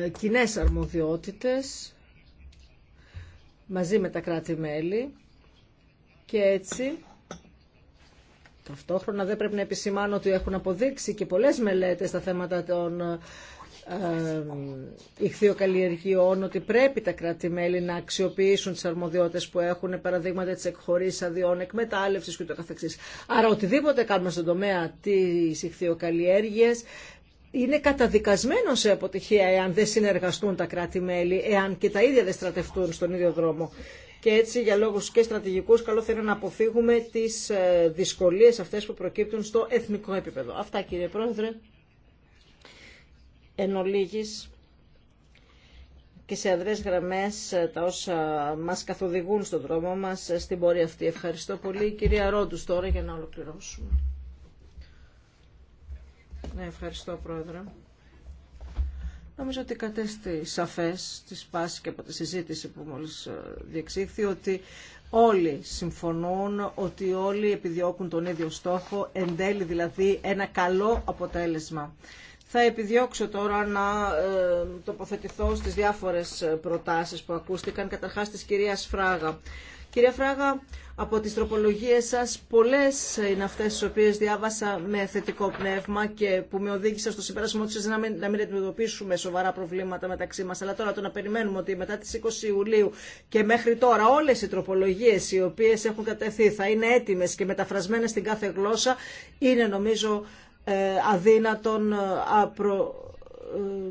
ε, κοινέ αρμοδιότητες μαζί με τα κράτη-μέλη και έτσι ταυτόχρονα δεν πρέπει να επισημάνω ότι έχουν αποδείξει και πολλές μελέτες στα θέματα των ε, ηχθειοκαλλιεργειών ότι πρέπει τα κράτη-μέλη να αξιοποιήσουν τις αρμοδιότητες που έχουν, παραδείγματα της εκχωρής αδειών, εκμετάλλευσης κ.ο.κ. Άρα οτιδήποτε κάνουμε στον τομέα της ηχθειοκαλλιέργειας είναι καταδικασμένο σε αποτυχία εάν δεν συνεργαστούν τα κράτη-μέλη, εάν και τα ίδια δεν στρατευτούν στον ίδιο δρόμο. Και έτσι για λόγους και στρατηγικούς καλό θα είναι να αποφύγουμε τις ε, δυσκολίες αυτές που προκύπτουν στο εθνικό επίπεδο. Αυτά κύριε Πρόεδρε εν ολίγης και σε αδρές γραμμές ε, τα όσα μας καθοδηγούν στον δρόμο μας ε, στην πορεία αυτή. Ευχαριστώ πολύ. Κυρία Ρόντους τώρα για να ολοκληρώσουμε. Ναι, ευχαριστώ Πρόεδρε. Νομίζω ότι κατέστη σαφές τη σπάση και από τη συζήτηση που μόλις ε, διεξήχθη ότι όλοι συμφωνούν ότι όλοι επιδιώκουν τον ίδιο στόχο, εν τέλει δηλαδή ένα καλό αποτέλεσμα. Θα επιδιώξω τώρα να ε, τοποθετηθώ στις διάφορες ε, προτάσεις που ακούστηκαν, καταρχάς της κυρίας Φράγα. Κυρία Φράγα, από τις τροπολογίες σας πολλές είναι αυτές τις οποίες διάβασα με θετικό πνεύμα και που με οδήγησαν στο συμπέρασμα ότι να να μην αντιμετωπίσουμε σοβαρά προβλήματα μεταξύ μας. Αλλά τώρα το να περιμένουμε ότι μετά τις 20 Ιουλίου και μέχρι τώρα όλες οι τροπολογίες οι οποίες έχουν κατευθεί θα είναι έτοιμες και μεταφρασμένες στην κάθε γλώσσα είναι νομίζω ε, αδύνατον, ε, απρο, ε,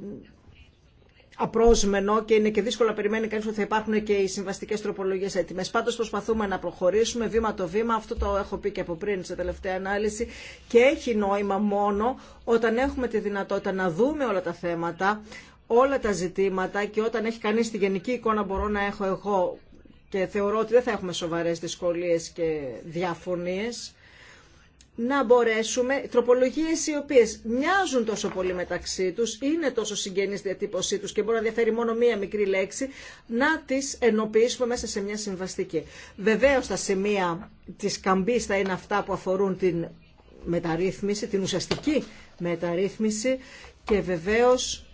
απρόσμενο και είναι και δύσκολο να περιμένει κανείς ότι θα υπάρχουν και οι συμβαστικές τροπολογίες έτοιμες. Πάντως προσπαθούμε να προχωρήσουμε βήμα το βήμα, αυτό το έχω πει και από πριν σε τελευταία ανάλυση και έχει νόημα μόνο όταν έχουμε τη δυνατότητα να δούμε όλα τα θέματα, όλα τα ζητήματα και όταν έχει κανείς τη γενική εικόνα μπορώ να έχω εγώ και θεωρώ ότι δεν θα έχουμε σοβαρές δυσκολίες και διαφωνίες να μπορέσουμε τροπολογίες οι οποίες μοιάζουν τόσο πολύ μεταξύ τους, είναι τόσο συγγενείς διατύπωσή τους και μπορεί να διαφέρει μόνο μία μικρή λέξη, να τις ενοποιήσουμε μέσα σε μια συμβαστική. Βεβαίως τα σημεία της καμπής θα είναι αυτά που αφορούν την μεταρρύθμιση, την ουσιαστική μεταρρύθμιση και βεβαίως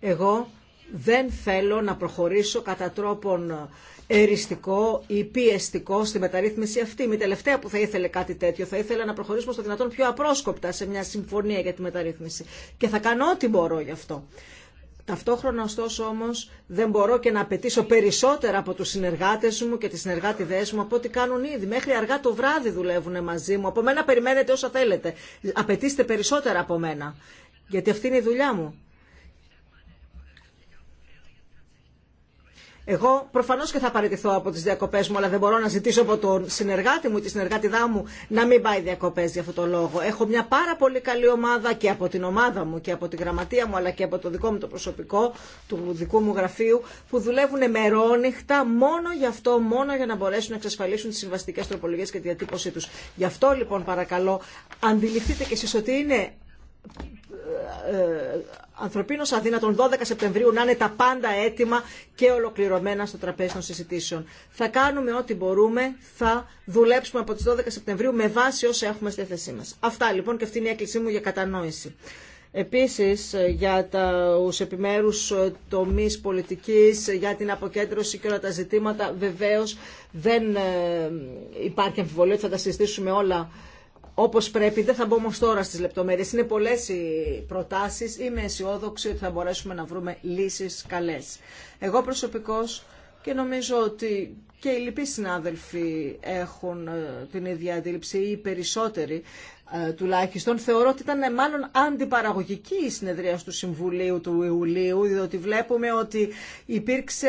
εγώ δεν θέλω να προχωρήσω κατά τρόπον εριστικό ή πιεστικό στη μεταρρύθμιση αυτή. Με τελευταία που θα ήθελε κάτι τέτοιο. Θα ήθελα να προχωρήσουμε στο δυνατόν πιο απρόσκοπτα σε μια συμφωνία για τη μεταρρύθμιση. Και θα κάνω ό,τι μπορώ γι' αυτό. Ταυτόχρονα, ωστόσο, όμω, δεν μπορώ και να απαιτήσω περισσότερα από του συνεργάτε μου και τι συνεργάτηδέ μου από ό,τι κάνουν ήδη. Μέχρι αργά το βράδυ δουλεύουν μαζί μου. Από μένα περιμένετε όσα θέλετε. Απαιτήστε περισσότερα από μένα. Γιατί αυτή είναι η δουλειά μου. Εγώ προφανώ και θα παραιτηθώ από τι διακοπέ μου, αλλά δεν μπορώ να ζητήσω από τον συνεργάτη μου ή τη συνεργάτη μου να μην πάει διακοπέ για αυτό το λόγο. Έχω μια πάρα πολύ καλή ομάδα και από την ομάδα μου και από τη γραμματεία μου, αλλά και από το δικό μου το προσωπικό, του δικού μου γραφείου, που δουλεύουν μερόνυχτα μόνο γι' αυτό, μόνο για να μπορέσουν να εξασφαλίσουν τι συμβαστικέ τροπολογίε και τη διατύπωσή του. Γι' αυτό λοιπόν παρακαλώ, αντιληφθείτε κι εσεί ότι είναι ε, ε, ανθρωπίνω αδύνατον 12 Σεπτεμβρίου να είναι τα πάντα έτοιμα και ολοκληρωμένα στο τραπέζι των συζητήσεων. Θα κάνουμε ό,τι μπορούμε, θα δουλέψουμε από τι 12 Σεπτεμβρίου με βάση όσα έχουμε στη θέση μα. Αυτά λοιπόν και αυτή είναι η έκκλησή μου για κατανόηση. Επίσης ε, για του επιμέρους τομείς πολιτικής, για την αποκέντρωση και όλα τα ζητήματα, βεβαίως δεν υπάρχει αμφιβολία ότι θα τα συζητήσουμε όλα όπως πρέπει. Δεν θα μπω όμως τώρα στις λεπτομέρειες. Είναι πολλές οι προτάσεις. Είμαι αισιόδοξη ότι θα μπορέσουμε να βρούμε λύσεις καλές. Εγώ προσωπικώς και νομίζω ότι και οι λοιποί συνάδελφοι έχουν ε, την ίδια αντίληψη ή οι περισσότεροι ε, τουλάχιστον θεωρώ ότι ήταν ε, μάλλον αντιπαραγωγική η συνεδρία του Συμβουλίου του Ιουλίου διότι βλέπουμε ότι υπήρξε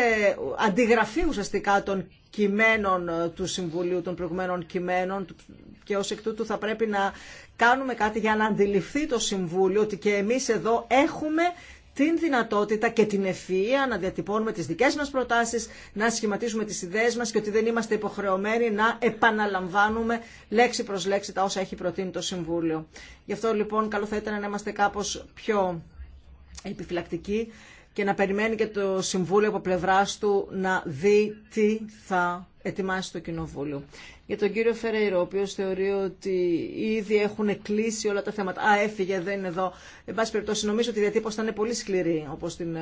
αντιγραφή ουσιαστικά των κειμένων του Συμβουλίου, των προηγουμένων κειμένων και ως εκ τούτου θα πρέπει να κάνουμε κάτι για να αντιληφθεί το Συμβούλιο ότι και εμείς εδώ έχουμε την δυνατότητα και την ευφυΐα να διατυπώνουμε τις δικές μας προτάσεις, να σχηματίζουμε τις ιδέες μας και ότι δεν είμαστε υποχρεωμένοι να επαναλαμβάνουμε λέξη προς λέξη τα όσα έχει προτείνει το Συμβούλιο. Γι' αυτό λοιπόν καλό θα ήταν να είμαστε κάπως πιο επιφυλακτικοί και να περιμένει και το Συμβούλιο από πλευρά του να δει τι θα ετοιμάσει το Κοινοβούλιο για τον κύριο Φεραίρο, ο οποίο θεωρεί ότι ήδη έχουν κλείσει όλα τα θέματα. Α, έφυγε, δεν είναι εδώ. Εν πάση περιπτώσει, νομίζω ότι η διατύπωση θα πολύ σκληρή όπω την ε,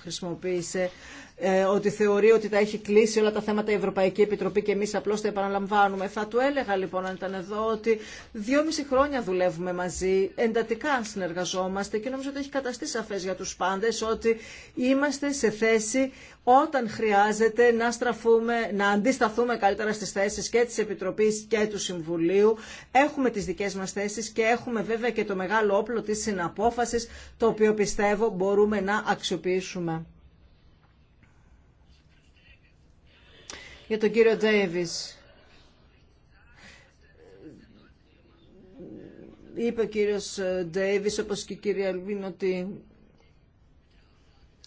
χρησιμοποίησε. Ε, ότι θεωρεί ότι τα έχει κλείσει όλα τα θέματα η Ευρωπαϊκή Επιτροπή και εμεί απλώ τα επαναλαμβάνουμε. Θα του έλεγα λοιπόν, αν ήταν εδώ, ότι δυόμιση χρόνια δουλεύουμε μαζί, εντατικά συνεργαζόμαστε και νομίζω ότι έχει καταστεί σαφέ για του πάντε ότι είμαστε σε θέση όταν χρειάζεται να στραφούμε, να αντισταθούμε καλύτερα στις θέσεις και της Επιτροπής και του Συμβουλίου. Έχουμε τις δικές μας θέσεις και έχουμε βέβαια και το μεγάλο όπλο της συναπόφασης, το οποίο πιστεύω μπορούμε να αξιοποιήσουμε. για τον κύριο Ντέιβις. Είπε ο κύριος Ντέιβις, όπως και η κυρία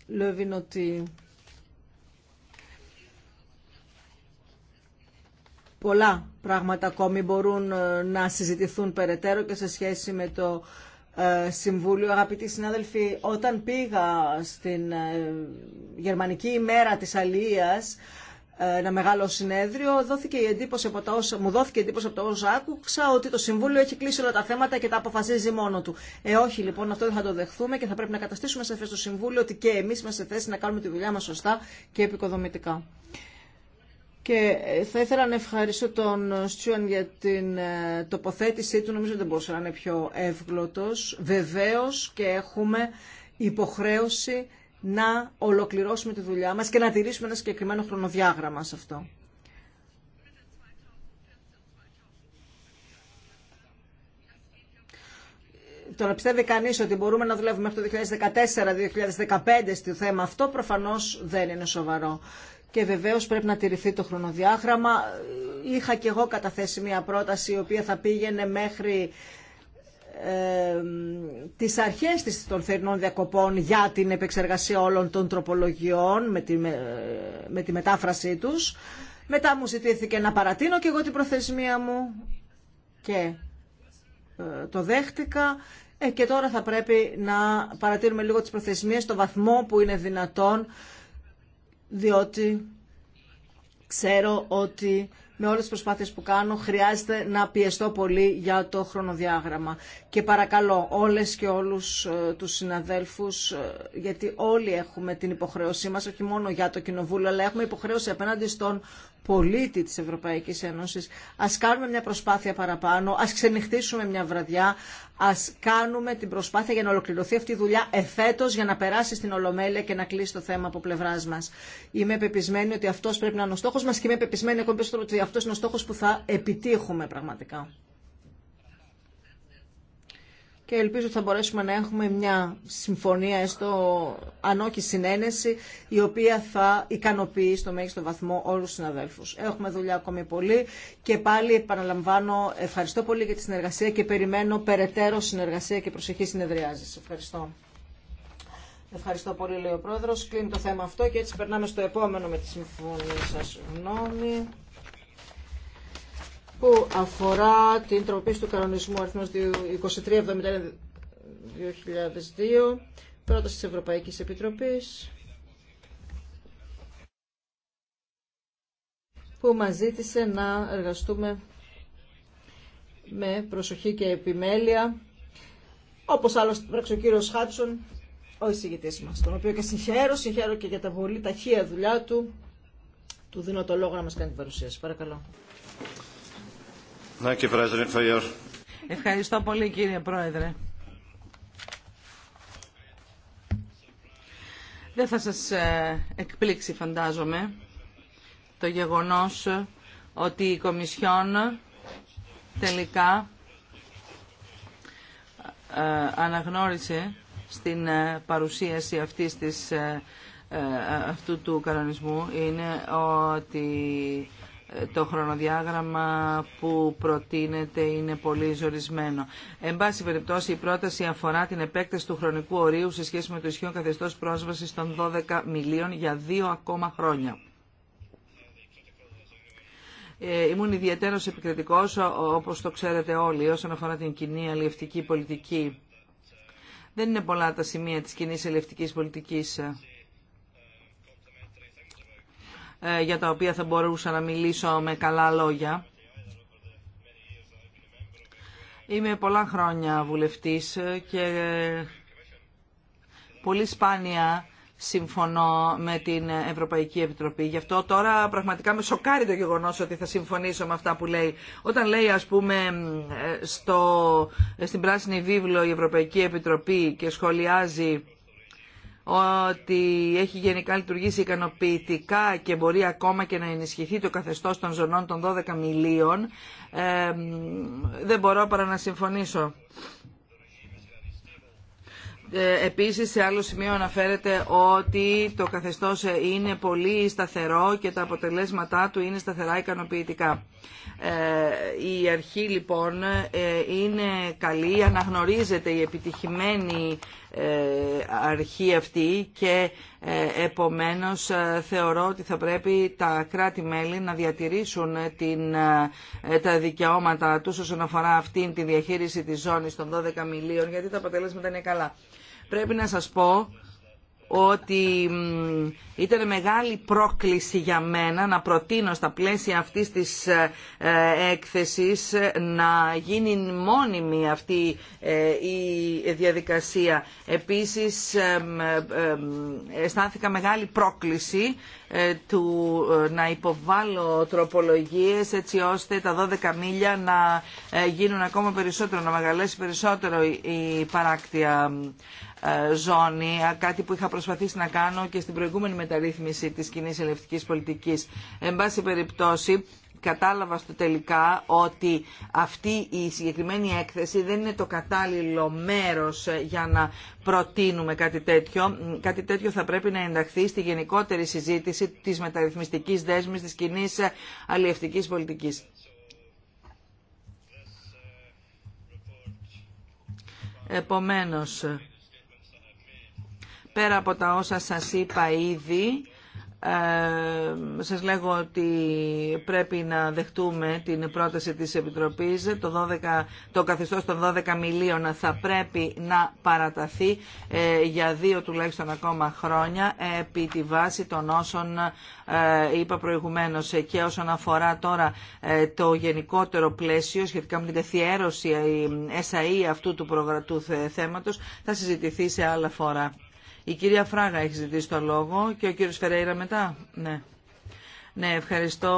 Λουβίν, ότι... Πολλά πράγματα ακόμη μπορούν ε, να συζητηθούν περαιτέρω και σε σχέση με το ε, Συμβούλιο. Αγαπητοί συνάδελφοι, όταν πήγα στην ε, Γερμανική ημέρα της Αλίας, ένα μεγάλο συνέδριο, δόθηκε η εντύπωση από μου δόθηκε η εντύπωση από τα όσα άκουξα ότι το Συμβούλιο έχει κλείσει όλα τα θέματα και τα αποφασίζει μόνο του. Ε, όχι λοιπόν, αυτό δεν θα το δεχθούμε και θα πρέπει να καταστήσουμε σε θέση το Συμβούλιο ότι και εμεί είμαστε σε θέση να κάνουμε τη δουλειά μα σωστά και επικοδομητικά. Και ε, θα ήθελα να ευχαριστώ τον Στιούαν για την ε, τοποθέτησή του. Νομίζω δεν μπορούσε να είναι πιο εύγλωτος. Βεβαίως και έχουμε υποχρέωση να ολοκληρώσουμε τη δουλειά μας και να τηρήσουμε ένα συγκεκριμένο χρονοδιάγραμμα σε αυτό. το να πιστεύει κανεί ότι μπορούμε να δουλεύουμε μέχρι το 2014-2015 στο θέμα αυτό προφανώ δεν είναι σοβαρό. Και βεβαίω πρέπει να τηρηθεί το χρονοδιάγραμμα. Είχα και εγώ καταθέσει μια πρόταση η οποία θα πήγαινε μέχρι τις αρχές της των θερινών διακοπών για την επεξεργασία όλων των τροπολογιών με τη, με, τη μετάφρασή τους. Μετά μου ζητήθηκε να παρατείνω και εγώ την προθεσμία μου και ε, το δέχτηκα. Ε, και τώρα θα πρέπει να παρατείνουμε λίγο τις προθεσμίες στο βαθμό που είναι δυνατόν, διότι ξέρω ότι με όλες τις προσπάθειες που κάνω χρειάζεται να πιεστώ πολύ για το χρονοδιάγραμμα. Και παρακαλώ όλες και όλους ε, τους συναδέλφους, ε, γιατί όλοι έχουμε την υποχρέωσή μας, όχι μόνο για το Κοινοβούλιο, αλλά έχουμε υποχρέωση απέναντι στον πολίτη της Ευρωπαϊκής Ένωσης. Ας κάνουμε μια προσπάθεια παραπάνω, ας ξενυχτήσουμε μια βραδιά, ας κάνουμε την προσπάθεια για να ολοκληρωθεί αυτή η δουλειά εφέτος για να περάσει στην Ολομέλεια και να κλείσει το θέμα από πλευρά μας. Είμαι πεπισμένη ότι αυτός πρέπει να είναι ο στόχος μας και είμαι πεπισμένη ότι αυτός είναι ο στόχος που θα επιτύχουμε πραγματικά και ελπίζω ότι θα μπορέσουμε να έχουμε μια συμφωνία, έστω αν όχι συνένεση, η οποία θα ικανοποιεί στο μέγιστο βαθμό όλους τους συναδέλφους. Έχουμε δουλειά ακόμη πολύ και πάλι επαναλαμβάνω ευχαριστώ πολύ για τη συνεργασία και περιμένω περαιτέρω συνεργασία και προσεχή συνεδριάζεις. Ευχαριστώ. Ευχαριστώ πολύ, λέει ο Πρόεδρος. Κλείνει το θέμα αυτό και έτσι περνάμε στο επόμενο με τη συμφωνία σας. Γνώμη που αφορά την τροπή του κανονισμου αριθμό αριθμός 2371-2002, πρόταση τη Ευρωπαϊκή Επιτροπή, που μας ζήτησε να εργαστούμε με προσοχή και επιμέλεια, όπως άλλωστε πράξει ο κύριος Χάτσον, ο εισηγητής μας, τον οποίο και συγχαίρω, συγχαίρω και για τα πολύ ταχεία δουλειά του, του δίνω το λόγο να μας κάνει την παρουσίαση. Παρακαλώ. Ευχαριστώ πολύ κύριε Πρόεδρε. Δεν θα σας ε, εκπλήξει φαντάζομαι το γεγονός ότι η Κομισιόν τελικά ε, αναγνώρισε στην ε, παρουσίαση αυτής της, αυτού του κανονισμού είναι ότι το χρονοδιάγραμμα που προτείνεται είναι πολύ ζωρισμένο. Εν πάση περιπτώσει, η πρόταση αφορά την επέκταση του χρονικού ορίου σε σχέση με το ισχυρό καθεστώς πρόσβασης των 12 μιλίων για δύο ακόμα χρόνια. Ε, ήμουν ιδιαίτερος επικριτικός, όπως το ξέρετε όλοι, όσον αφορά την κοινή αλληλευτική πολιτική. Δεν είναι πολλά τα σημεία της κοινή αλληλευτικής πολιτικής ε, για τα οποία θα μπορούσα να μιλήσω με καλά λόγια. Είμαι πολλά χρόνια βουλευτής και πολύ σπάνια συμφωνώ με την Ευρωπαϊκή Επιτροπή. Γι' αυτό τώρα πραγματικά με σοκάρει το γεγονός ότι θα συμφωνήσω με αυτά που λέει. Όταν λέει ας πούμε ε, στο, στην Πράσινη Βίβλο η Ευρωπαϊκή Επιτροπή και σχολιάζει ότι έχει γενικά λειτουργήσει ικανοποιητικά και μπορεί ακόμα και να ενισχυθεί το καθεστώς των ζωνών των 12 μιλίων, ε, δεν μπορώ παρά να συμφωνήσω. Ε, επίσης, σε άλλο σημείο αναφέρεται ότι το καθεστώς είναι πολύ σταθερό και τα αποτελέσματά του είναι σταθερά ικανοποιητικά. Ε, η αρχή, λοιπόν, ε, είναι καλή, αναγνωρίζεται η επιτυχημένη ε, αρχή αυτή και ε, επομένως ε, θεωρώ ότι θα πρέπει τα κράτη-μέλη να διατηρήσουν την, τα δικαιώματα τους όσον αφορά αυτήν τη διαχείριση της ζώνης των 12 μιλίων γιατί τα αποτελέσματα είναι καλά. Πρέπει να σας πω ότι ήταν μεγάλη πρόκληση για μένα να προτείνω στα πλαίσια αυτής της ε, ε, έκθεσης ε, να γίνει μόνιμη αυτή η διαδικασία. Επίσης, αισθάνθηκα μεγάλη πρόκληση του να υποβάλω τροπολογίες έτσι ώστε τα 12 μίλια να γίνουν ακόμα περισσότερο, να μεγαλέσει περισσότερο η παράκτια ε, ζώνη, ε, κάτι που είχα προσπαθήσει να κάνω και στην προηγούμενη μεταρρύθμιση της κοινή ελευτικής πολιτικής. Εν πάση περιπτώσει, κατάλαβα στο τελικά ότι αυτή η συγκεκριμένη έκθεση δεν είναι το κατάλληλο μέρος ε, για να προτείνουμε κάτι τέτοιο. Κάτι τέτοιο θα πρέπει να ενταχθεί στη γενικότερη συζήτηση της μεταρρυθμιστικής δέσμης της κοινή αλλιευτικής πολιτικής. Επομένως, πέρα από τα όσα σας είπα ήδη, ε, σας λέγω ότι πρέπει να δεχτούμε την πρόταση της Επιτροπής το, 12, το καθεστώς των 12 μιλίων θα πρέπει να παραταθεί ε, για δύο τουλάχιστον ακόμα χρόνια επί τη βάση των όσων ε, είπα προηγουμένως και όσον αφορά τώρα ε, το γενικότερο πλαίσιο σχετικά με την καθιέρωση SAE αυτού του, προγρατού θέματος θα συζητηθεί σε άλλα φορά. Η κυρία Φράγα έχει ζητήσει το λόγο και ο κύριος Φερέιρα μετά. Ναι. Ναι, ευχαριστώ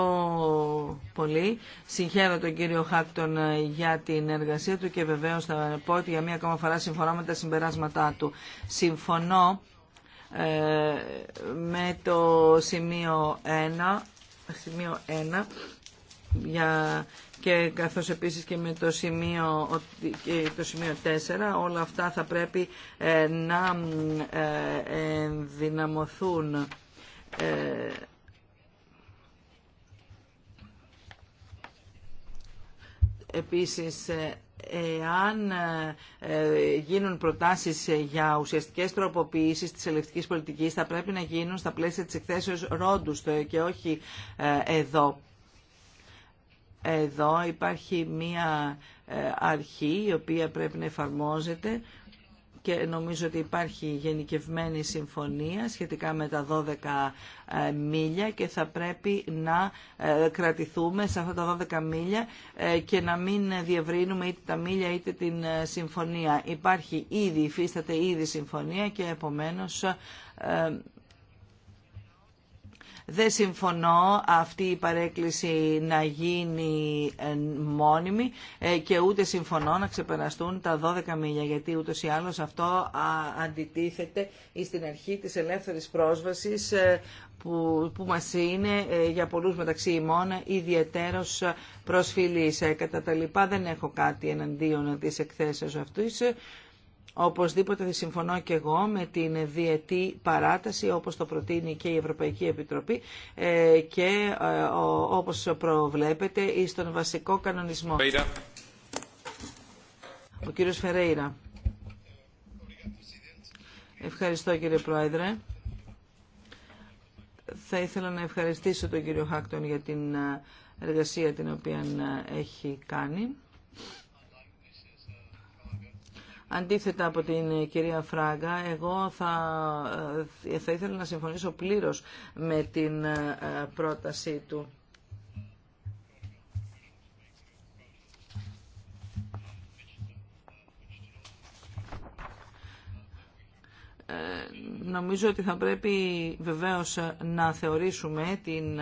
πολύ. Συγχαίρω τον κύριο Χάκτον ε, για την εργασία του και βεβαίως θα πω ότι για μία ακόμα φορά συμφωνώ με τα συμπεράσματά του. Συμφωνώ ε, με το σημείο 1, σημείο 1 για, και καθώς επίσης και με το σημείο, το σημείο 4 όλα αυτά θα πρέπει ε, να ε, δυναμωθούν. Ε, επίσης, εάν γίνουν προτάσεις για ουσιαστικές τροποποιήσεις της ελευθερικής πολιτικής, θα πρέπει να γίνουν στα πλαίσια της εκθέσεως ρόντου και όχι εδώ. Εδώ υπάρχει μία ε, αρχή η οποία πρέπει να εφαρμόζεται και νομίζω ότι υπάρχει γενικευμένη συμφωνία σχετικά με τα 12 ε, μίλια και θα πρέπει να ε, κρατηθούμε σε αυτά τα 12 μίλια και να μην διευρύνουμε είτε τα μίλια είτε την συμφωνία. Υπάρχει ήδη, υφίσταται ήδη συμφωνία και επομένως δεν συμφωνώ αυτή η παρέκκληση να γίνει ε, μόνιμη ε, και ούτε συμφωνώ να ξεπεραστούν τα 12 μίλια, γιατί ούτως ή άλλως αυτό αντιτίθεται στην αρχή της ελεύθερης πρόσβασης ε, που, που μας είναι για πολλούς μεταξύ ημών ιδιαίτερος προσφυλής. Κατά τα λοιπά δεν έχω κάτι εναντίον της εκθέσεως αυτής. Οπωσδήποτε θα συμφωνώ και εγώ με την διετή παράταση όπως το προτείνει και η Ευρωπαϊκή Επιτροπή ε, και ε, όπως προβλέπεται στον βασικό κανονισμό. Ο κύριος Φερέιρα. Ευχαριστώ κύριε Πρόεδρε. Θα ήθελα να ευχαριστήσω τον κύριο Χάκτον για την ε, εργασία την οποία έχει κάνει. Αντίθετα από την ε, κυρία Φράγκα, εγώ θα, ε, θα ήθελα να συμφωνήσω πλήρως με την ε, πρότασή του. νομίζω ότι θα πρέπει βεβαίως να θεωρήσουμε την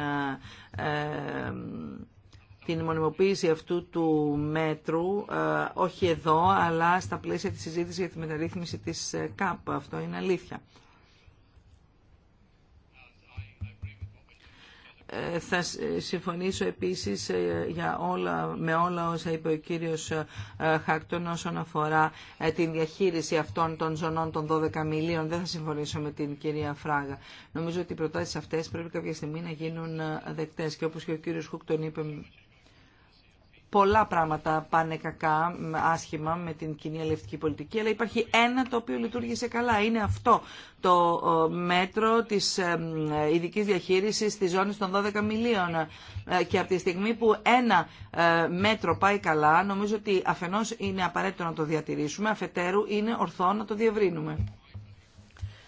την μονιμοποίηση αυτού του μέτρου, ε, όχι εδώ, αλλά στα πλαίσια της συζήτησης για τη μεταρρύθμιση της ε, ΚΑΠ. Αυτό είναι αλήθεια. Ε, θα συμφωνήσω επίσης για όλα, με όλα όσα είπε ο κύριος Χάκτον όσον αφορά την διαχείριση αυτών των ζωνών των 12 μιλίων. Δεν θα συμφωνήσω με την κυρία Φράγα. Νομίζω ότι οι προτάσεις αυτές πρέπει κάποια στιγμή να γίνουν δεκτές και όπως και ο κύριος τον είπε πολλά πράγματα πάνε κακά, άσχημα με την κοινή ελευτική πολιτική, αλλά υπάρχει ένα το οποίο λειτουργήσε καλά. Είναι αυτό το μέτρο της ειδική διαχείρισης της ζώνης των 12 μιλίων. Ε, και από τη στιγμή που ένα ε, μέτρο πάει καλά, νομίζω ότι αφενός είναι απαραίτητο να το διατηρήσουμε, αφετέρου είναι ορθό να το διευρύνουμε.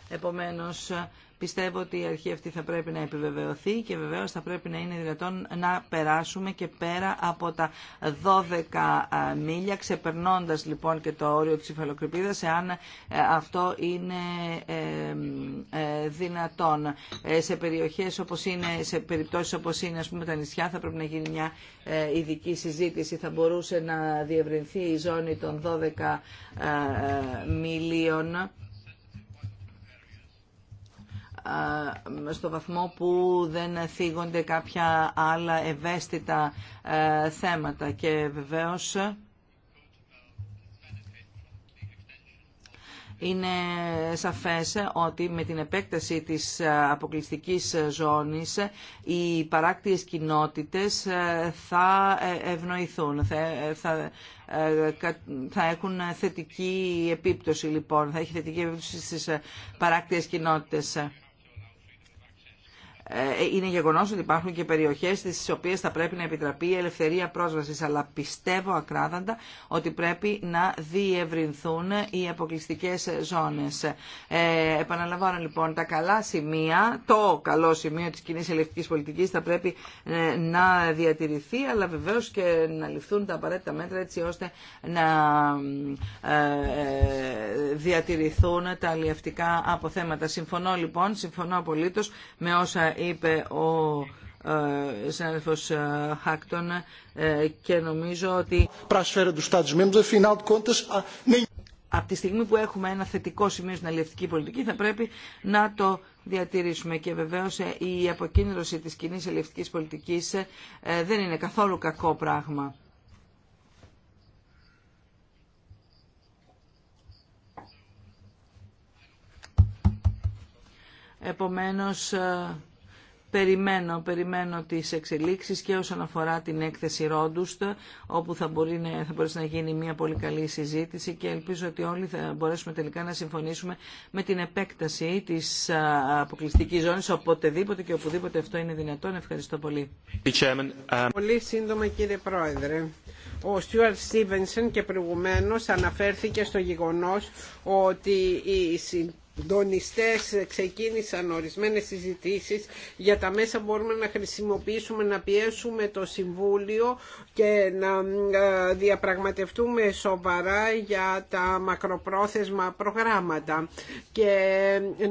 Επομένως, Πιστεύω ότι η αρχή αυτή θα πρέπει να επιβεβαιωθεί και βεβαίω θα πρέπει να είναι δυνατόν να περάσουμε και πέρα από τα 12 μίλια, ξεπερνώντα λοιπόν και το όριο της υφαλοκρηπίδα, εάν ε, αυτό είναι ε, ε, δυνατόν. Σε περιοχές όπως είναι, σε περιπτώσεις όπως είναι ας πούμε τα νησιά, θα πρέπει να γίνει μια ειδική συζήτηση. Θα μπορούσε να διευρυνθεί η ζώνη των 12 μιλίων στο βαθμό που δεν θίγονται κάποια άλλα ευαίσθητα ε, θέματα και βεβαίως Είναι σαφές ότι με την επέκταση της αποκλειστικής ζώνης οι παράκτιες κοινότητες ε, θα ε, ευνοηθούν, θα, θα, έχουν θετική επίπτωση λοιπόν, θα έχει θετική επίπτωση στις παράκτιες κοινότητες. Ε, είναι γεγονός ότι υπάρχουν και περιοχές στις οποίες θα πρέπει να επιτραπεί η ελευθερία πρόσβασης, αλλά πιστεύω ακράδαντα ότι πρέπει να διευρυνθούν οι αποκλειστικέ ζώνες. Ε, επαναλαμβάνω λοιπόν τα καλά σημεία, το καλό σημείο της κοινή ελευθερικής πολιτικής θα πρέπει ε, να διατηρηθεί, αλλά βεβαίω και να ληφθούν τα απαραίτητα μέτρα έτσι ώστε να διατηρηθούν τα αλλιευτικά αποθέματα. Συμφωνώ λοιπόν, συμφωνώ απολύτω με όσα είπε ο ε, συνάδελφος ε, Χάκτον ε, και νομίζω ότι από τη στιγμή που έχουμε ένα θετικό σημείο στην αλληλευτική πολιτική θα πρέπει να το διατηρήσουμε και βεβαίως η αποκίνδυνοση της κοινή αλληλευτικής πολιτικής δεν είναι καθόλου κακό πράγμα. Επομένως, Περιμένω, περιμένω τις εξελίξεις και όσον αφορά την έκθεση Ρόντουστ, όπου θα, μπορεί να, θα μπορέσει να γίνει μια πολύ καλή συζήτηση και ελπίζω ότι όλοι θα μπορέσουμε τελικά να συμφωνήσουμε με την επέκταση της αποκλειστικής ζώνης, οποτεδήποτε και οπουδήποτε αυτό είναι δυνατόν. Ευχαριστώ πολύ. Um, πολύ σύντομα κύριε Πρόεδρε. Ο Στιούαρτ Στίβενσον και προηγουμένως αναφέρθηκε στο γεγονός ότι η δονιστές, ξεκίνησαν ορισμένες συζητήσεις για τα μέσα που μπορούμε να χρησιμοποιήσουμε να πιέσουμε το Συμβούλιο και να ε, διαπραγματευτούμε σοβαρά για τα μακροπρόθεσμα προγράμματα και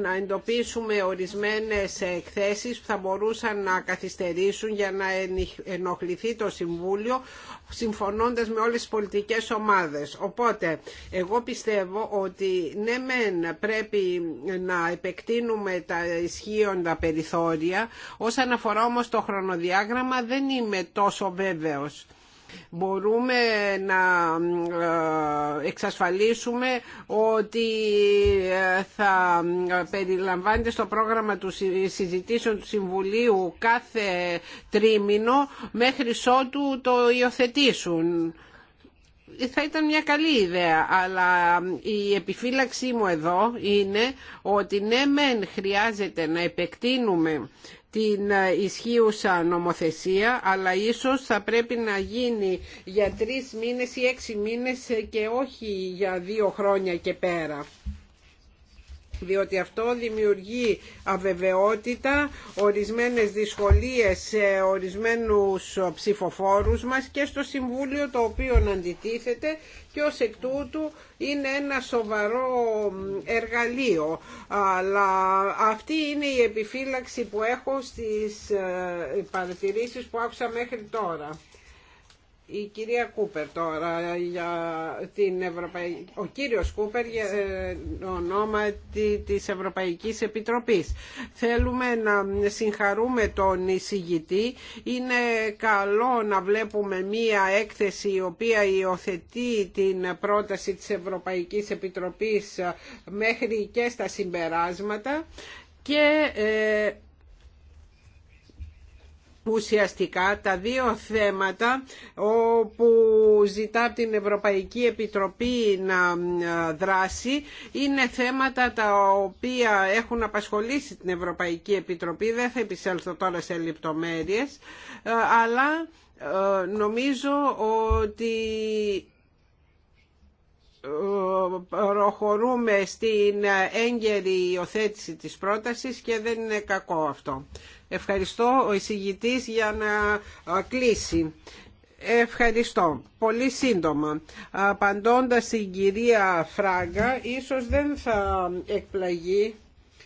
να εντοπίσουμε ορισμένες εκθέσεις που θα μπορούσαν να καθυστερήσουν για να ενοχληθεί το Συμβούλιο συμφωνώντας με όλες τις πολιτικές ομάδες. Οπότε, εγώ πιστεύω ότι ναι μεν πρέπει να επεκτείνουμε τα ισχύοντα περιθώρια, όσον αφορά όμως το χρονοδιάγραμμα δεν είμαι τόσο βέβαιος. Μπορούμε να ε, εξασφαλίσουμε ότι ε, θα περιλαμβάνεται στο πρόγραμμα του συζητήσεων του Συμβουλίου κάθε τρίμηνο μέχρι ότου το υιοθετήσουν θα ήταν μια καλή ιδέα, αλλά η επιφύλαξή μου εδώ είναι ότι ναι μεν χρειάζεται να επεκτείνουμε την ισχύουσα νομοθεσία αλλά ίσως θα πρέπει να γίνει για τρεις μήνες ή έξι μήνες και όχι για δύο χρόνια και πέρα διότι αυτό δημιουργεί αβεβαιότητα, ορισμένες δυσκολίες σε ορισμένους ψηφοφόρους μας και στο Συμβούλιο το οποίο αντιτίθεται και ως εκ τούτου είναι ένα σοβαρό εργαλείο. Αλλά αυτή είναι η επιφύλαξη που έχω στις ε, παρατηρήσεις που άκουσα μέχρι τώρα. Η κυρία Κούπερ τώρα, για την ευρωπαϊκή ο κύριος Κούπερ για ε, ονόματι της Ευρωπαϊκής Επιτροπής. Θέλουμε να συγχαρούμε τον εισηγητή. Είναι καλό να βλέπουμε μία έκθεση η οποία υιοθετεί την πρόταση της Ευρωπαϊκής Επιτροπής μέχρι και στα συμπεράσματα και ε, ουσιαστικά τα δύο θέματα όπου ζητά την Ευρωπαϊκή Επιτροπή να ε, δράσει είναι θέματα τα οποία έχουν απασχολήσει την Ευρωπαϊκή Επιτροπή δεν θα επισέλθω τώρα σε λεπτομέρειες ε, αλλά ε, νομίζω ότι προχωρούμε στην έγκαιρη υιοθέτηση της πρότασης και δεν είναι κακό αυτό. Ευχαριστώ ο εισηγητής για να κλείσει. Ευχαριστώ. Πολύ σύντομα. Απαντώντας στην κυρία Φράγκα, ίσως δεν θα εκπλαγεί,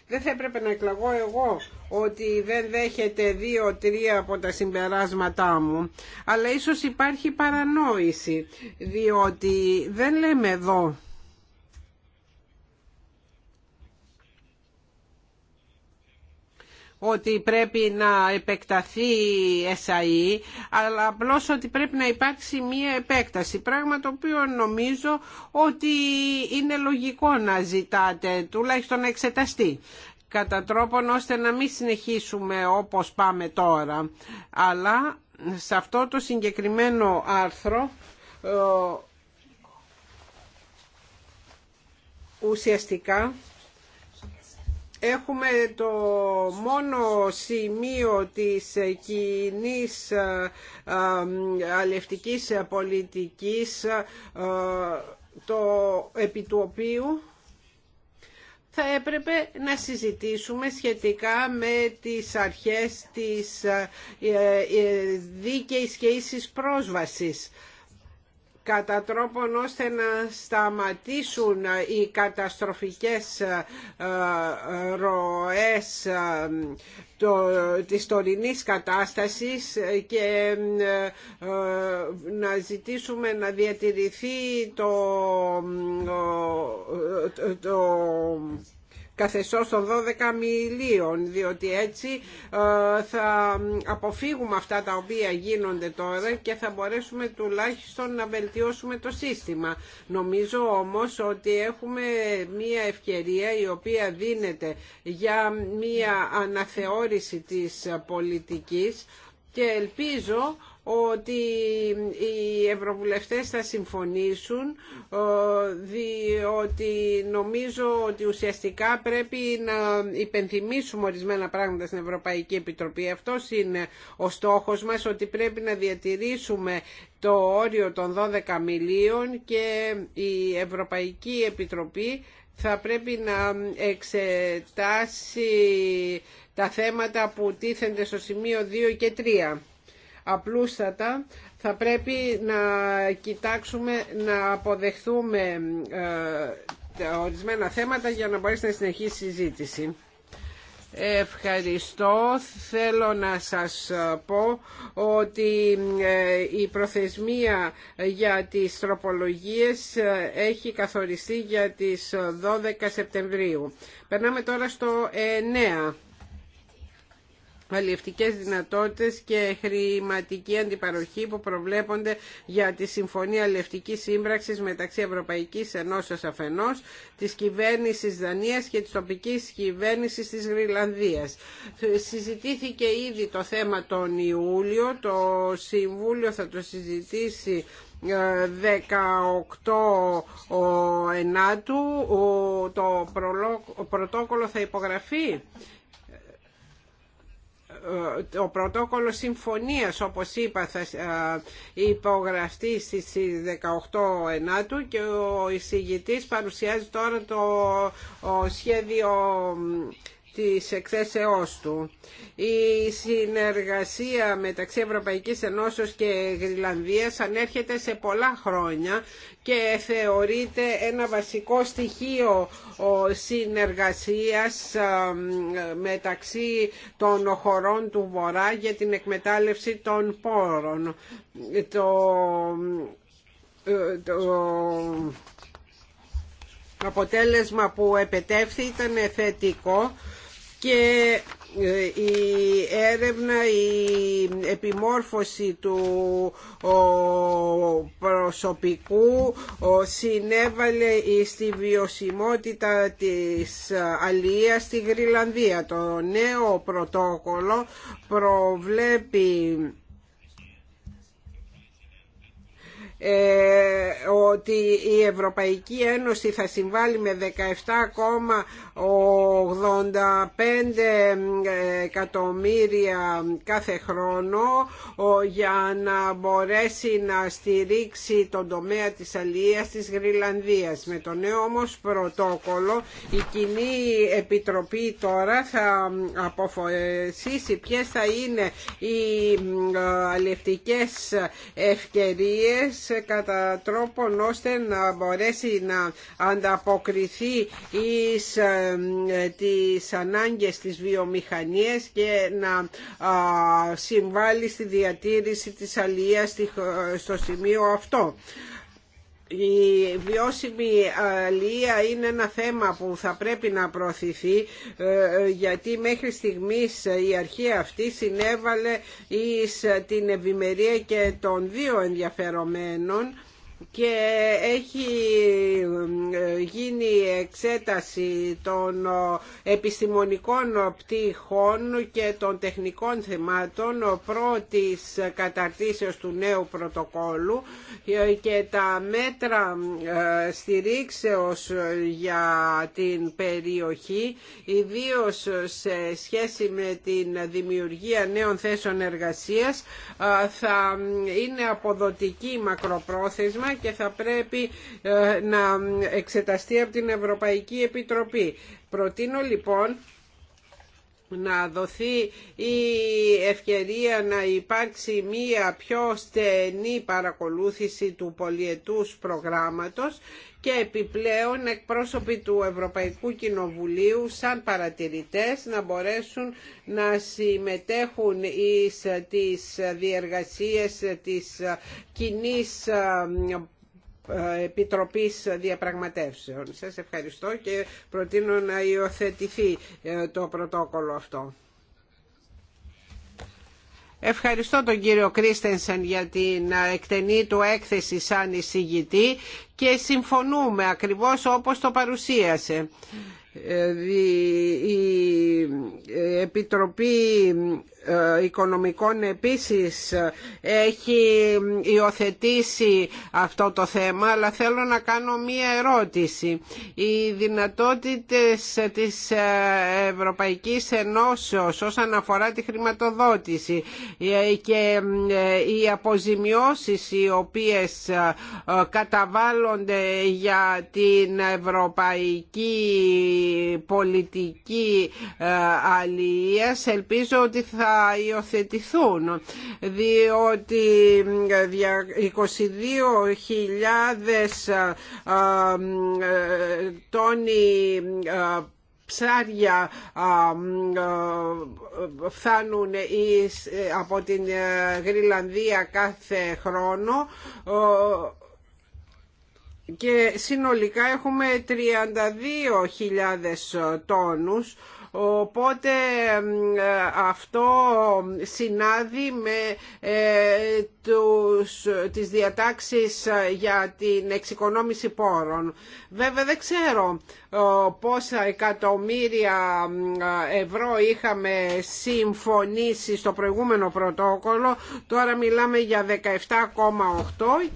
δεν θα έπρεπε να εκλαγώ εγώ ότι δεν δέχεται δύο-τρία από τα συμπεράσματά μου, αλλά ίσως υπάρχει παρανόηση, διότι δεν λέμε εδώ ότι πρέπει να επεκταθεί ΕΣΑΗ, e, αλλά απλώ ότι πρέπει να υπάρξει μία επέκταση. Πράγμα το οποίο νομίζω ότι είναι λογικό να ζητάτε, τουλάχιστον να εξεταστεί κατά τρόπον ώστε να μην συνεχίσουμε όπως πάμε τώρα. Αλλά σε αυτό το συγκεκριμένο άρθρο ε, ουσιαστικά Έχουμε το μόνο σημείο της κοινή ε, ε, αλευτικής πολιτικής ε, το επί του οποίου θα έπρεπε να συζητήσουμε σχετικά με τις αρχές της δίκαιης και ίσης πρόσβασης κατά τρόπον ώστε να σταματήσουν οι καταστροφικές ε, ε, ροές ε, της τωρινής κατάστασης και να ζητήσουμε να διατηρηθεί το Καθεστώ των 12 μιλίων διότι έτσι ε, θα αποφύγουμε αυτά τα οποία γίνονται τώρα και θα μπορέσουμε τουλάχιστον να βελτιώσουμε το σύστημα. Νομίζω όμως ότι έχουμε μία ευκαιρία η οποία δίνεται για μία αναθεώρηση της πολιτικής και ελπίζω ότι οι ευρωβουλευτές θα συμφωνήσουν διότι νομίζω ότι ουσιαστικά πρέπει να υπενθυμίσουμε ορισμένα πράγματα στην Ευρωπαϊκή Επιτροπή. Αυτός είναι ο στόχος μας ότι πρέπει να διατηρήσουμε το όριο των 12 μιλίων και η Ευρωπαϊκή Επιτροπή θα πρέπει να εξετάσει τα θέματα που τίθενται στο σημείο 2 και 3 απλούστατα θα πρέπει να κοιτάξουμε να αποδεχθούμε ε, ορισμένα θέματα για να μπορέσει να συνεχίσει η συζήτηση. Ευχαριστώ. Θέλω να σας ε, πω ότι ε, η προθεσμία για τις τροπολογίες έχει καθοριστεί για τις 12 Σεπτεμβρίου. Περνάμε τώρα στο 9 αλλιευτικές δυνατότητες και χρηματική αντιπαροχή που προβλέπονται για τη Συμφωνία Αλλιευτικής Σύμπραξης μεταξύ Ευρωπαϊκής Ενώσεως αφενός, της κυβέρνησης Δανίας και της τοπικής κυβέρνησης της Γρυλανδίας. Συζητήθηκε ήδη το θέμα τον Ιούλιο, το Συμβούλιο θα το συζητήσει 18 ε, ενάτου το πρωτόκολλο θα υπογραφεί ε, ο πρωτόκολλο συμφωνίας όπως είπα θα ε, υπογραφτεί στις 18 Ενάτου και ο εισηγητής παρουσιάζει τώρα το σχέδιο της εκθέσεώς του. Η συνεργασία μεταξύ Ευρωπαϊκής Ενώσεως και Γρυλανδίας ανέρχεται σε πολλά χρόνια και θεωρείται ένα βασικό στοιχείο συνεργασίας μεταξύ των χωρών του Βορρά για την εκμετάλλευση των πόρων. Το, ε, το αποτέλεσμα που επετεύθη ήταν θετικό και ε, η έρευνα, η επιμόρφωση του προσωπικού συνέβαλε στη βιωσιμότητα της αλίας στη Γρυλανδία. Το νέο πρωτόκολλο προβλέπει ε, ότι η Ευρωπαϊκή Ένωση θα συμβάλλει με 85 εκατομμύρια κάθε χρόνο για να μπορέσει να στηρίξει τον τομέα της αλληλείας της Γρυλανδίας. Με το νέο όμως πρωτόκολλο η κοινή επιτροπή τώρα θα αποφασίσει ποιες θα είναι οι αλληλευτικές ευκαιρίες κατά τρόπον ώστε να μπορέσει να ανταποκριθεί εις ε, τις ανάγκες της βιομηχανίας και να συμβάλλει στη διατήρηση της αλληλείας στο σημείο αυτό. Η βιώσιμη αλληλεία είναι ένα θέμα που θα πρέπει να προωθηθεί ε, ε, γιατί μέχρι στιγμής η αρχή αυτή συνέβαλε εις την ευημερία και των δύο ενδιαφερομένων και έχει ε, γίνει εξέταση των ε, επιστημονικών πτυχών και των τεχνικών θεμάτων πρώτης καταρτήσεως του νέου πρωτοκόλου ε, και τα μέτρα στηρίξεως για την περιοχή ιδίως σε σχέση με την δημιουργία νέων θέσεων εργασίας θα είναι αποδοτική μακροπρόθεσμα και θα πρέπει ε, να εξεταστεί από την Ευρωπαϊκή Επιτροπή. Προτείνω λοιπόν να δοθεί η ευκαιρία να υπάρξει μία πιο στενή παρακολούθηση του πολιετούς προγράμματος και επιπλέον εκπρόσωποι του Ευρωπαϊκού Κοινοβουλίου σαν παρατηρητές να μπορέσουν να συμμετέχουν στις τις διεργασίες της ε, κοινή ε, ε, Επιτροπής Διαπραγματεύσεων. Σας ευχαριστώ και προτείνω να υιοθετηθεί το πρωτόκολλο αυτό. Ευχαριστώ τον κύριο Κρίστενσεν για την εκτενή του έκθεση σαν εισηγητή και συμφωνούμε ακριβώς όπως το παρουσίασε ε, η Επιτροπή ε, οικονομικών επίσης ε, έχει υιοθετήσει αυτό το θέμα αλλά θέλω να κάνω μία ερώτηση. Οι δυνατότητες της ε, Ευρωπαϊκής Ενώσεως όσον αφορά τη χρηματοδότηση και οι αποζημιώσεις οι οποίες καταβάλλονται για την ευρωπαϊκή πολιτική αλληλείας ελπίζω ότι θα υιοθετηθούν διότι 22.000 τόνοι ψάρια φτάνουν από την ε, Γρυλανδία κάθε χρόνο και συνολικά έχουμε 32.000 τόνους Οπότε ε, αυτό συνάδει με ε, τους, τις διατάξεις για την εξοικονόμηση πόρων. Βέβαια δεν ξέρω ε, πόσα εκατομμύρια ευρώ είχαμε συμφωνήσει στο προηγούμενο πρωτόκολλο. Τώρα μιλάμε για 17,8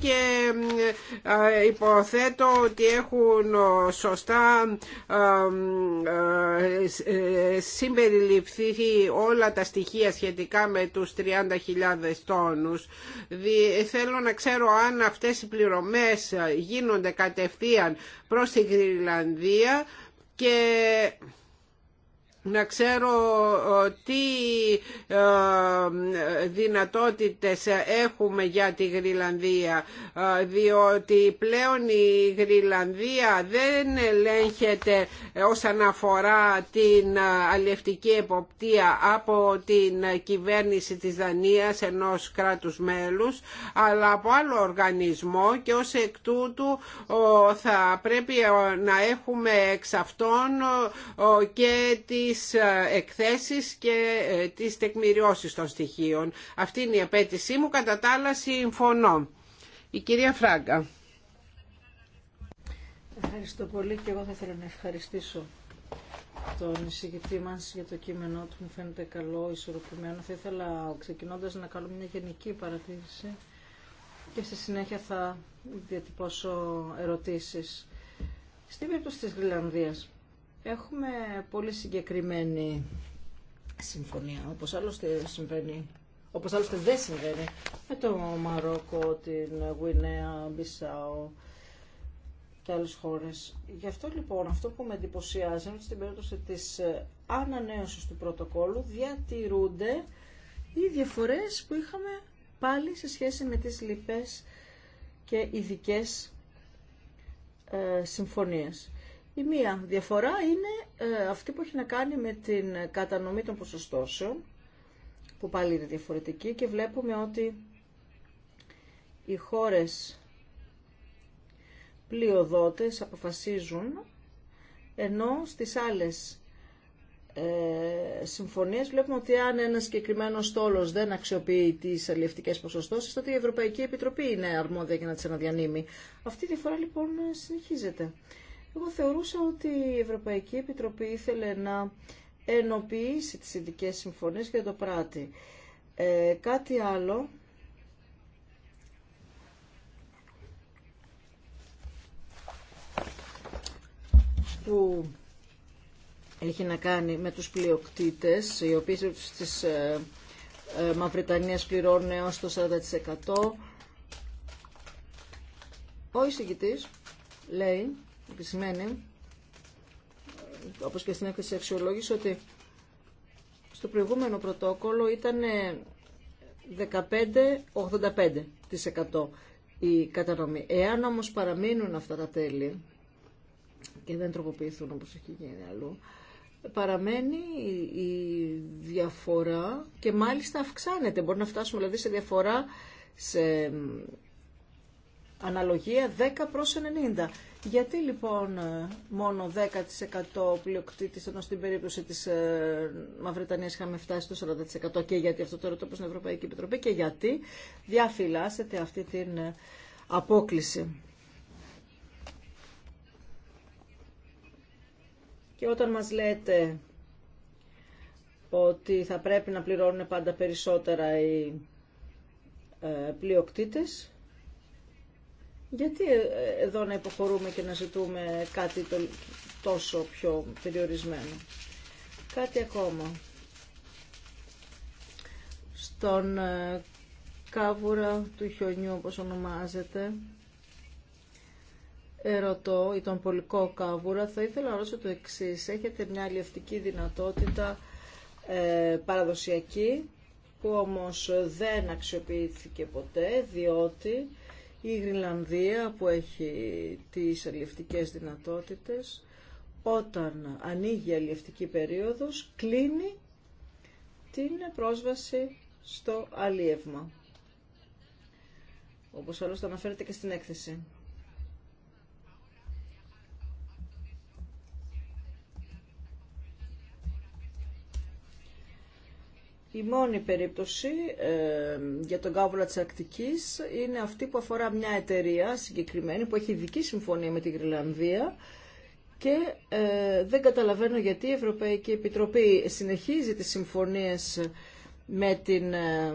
και υποθέτω ότι έχουν σωστά συμπεριληφθεί όλα τα στοιχεία σχετικά με τους 30.000 τόνους. Θέλω να ξέρω αν αυτές οι πληρωμές γίνονται κατευθείαν προς τη Γρυλανδία και να ξέρω τι ε, δυνατότητες έχουμε για τη Γρυλανδία ε, διότι πλέον η Γρυλανδία δεν ελέγχεται όσον αφορά την αλληλευτική εποπτεία από την κυβέρνηση της Δανίας ενός κράτους μέλους αλλά από άλλο οργανισμό και ως εκ τούτου θα πρέπει ε, να έχουμε εξ αυτών και τις τις ε, εκθέσεις και ε, τις τεκμηριώσεις των στοιχείων. Αυτή είναι η απέτησή μου, κατά τα άλλα συμφωνώ. Η κυρία Φράγκα. Ευχαριστώ πολύ και εγώ θα ήθελα να ευχαριστήσω τον εισηγητή μας για το κείμενό του. Μου φαίνεται καλό, ισορροπημένο. Θα ήθελα ξεκινώντα να κάνω μια γενική παρατήρηση και στη συνέχεια θα διατυπώσω ερωτήσεις. Στην περίπτωση της Γρυλανδίας, Έχουμε πολύ συγκεκριμένη συμφωνία, όπως άλλωστε συμβαίνει όπως άλλωστε δεν συμβαίνει με το Μαρόκο, την Γουινέα, Μπισάο και άλλες χώρες. Γι' αυτό λοιπόν αυτό που με εντυπωσιάζει είναι ότι στην περίπτωση της ανανέωσης του πρωτοκόλου διατηρούνται οι διαφορές που είχαμε πάλι σε σχέση με τις λοιπές και ειδικέ ε, συμφωνίες. Η μία διαφορά είναι ε, αυτή που έχει να κάνει με την κατανομή των ποσοστώσεων, που πάλι είναι διαφορετική και βλέπουμε ότι οι χώρες πλειοδότες αποφασίζουν, ενώ στις άλλες ε, συμφωνίες βλέπουμε ότι αν ένα συγκεκριμένο στόλος δεν αξιοποιεί τις αλληλευτικές ποσοστώσεις, τότε η Ευρωπαϊκή Επιτροπή είναι αρμόδια για να τις αναδιανύμει. Αυτή η διαφορά λοιπόν συνεχίζεται. Εγώ θεωρούσα ότι η Ευρωπαϊκή Επιτροπή ήθελε να ενοποιήσει τις ειδικέ συμφωνίες για το πράτη. Ε, κάτι άλλο. που έχει να κάνει με τους πλειοκτήτες, οι οποίοι στις ε, ε, Μαυριτανίας πληρώνουν έως το 40%. Ο εισηγητής λέει επισημαίνει, όπως και στην έκθεση αξιολόγηση, ότι στο προηγούμενο πρωτόκολλο ήταν 15-85% ε, η κατανομή. Εάν όμως παραμείνουν αυτά τα τέλη και δεν τροποποιηθούν όπως έχει γίνει αλλού, παραμένει η διαφορά και μάλιστα αυξάνεται. Μπορεί να φτάσουμε δηλαδή σε διαφορά σε Αναλογία 10 προς 90. Γιατί λοιπόν ε, μόνο 10% πλειοκτήτης ενώ στην περίπτωση της ε, Μαυρετανίας είχαμε φτάσει στο 40% και γιατί αυτό το ρωτώ προς την Ευρωπαϊκή Επιτροπή και γιατί διαφυλάσσεται αυτή την ε, απόκληση. Και όταν μας λέτε ότι θα πρέπει να πληρώνουν πάντα περισσότερα οι πλειοκτήτες, γιατί ε, εδώ να υποχωρούμε και να ζητούμε κάτι τόσο πιο περιορισμένο. Κάτι ακόμα. Στον ε, κάβουρα του χιονιού, όπως ονομάζεται, ερωτώ, ή τον πολικό κάβουρα, θα ήθελα να ρωτήσω το εξή. Έχετε μια αλληλευτική δυνατότητα ε, παραδοσιακή, που όμως δεν αξιοποιήθηκε ποτέ, διότι η Γρυλανδία που έχει τις αλληλευτικές δυνατότητες όταν ανοίγει η αλληλευτική περίοδος κλείνει την πρόσβαση στο αλίευμα. Όπως άλλωστε αναφέρεται και στην έκθεση. Η μόνη περίπτωση ε, για τον κάβολα της Αρκτικής είναι αυτή που αφορά μια εταιρεία συγκεκριμένη που έχει ειδική συμφωνία με την Γρυλανδία και ε, δεν καταλαβαίνω γιατί η Ευρωπαϊκή Επιτροπή συνεχίζει τις συμφωνίες με την ε,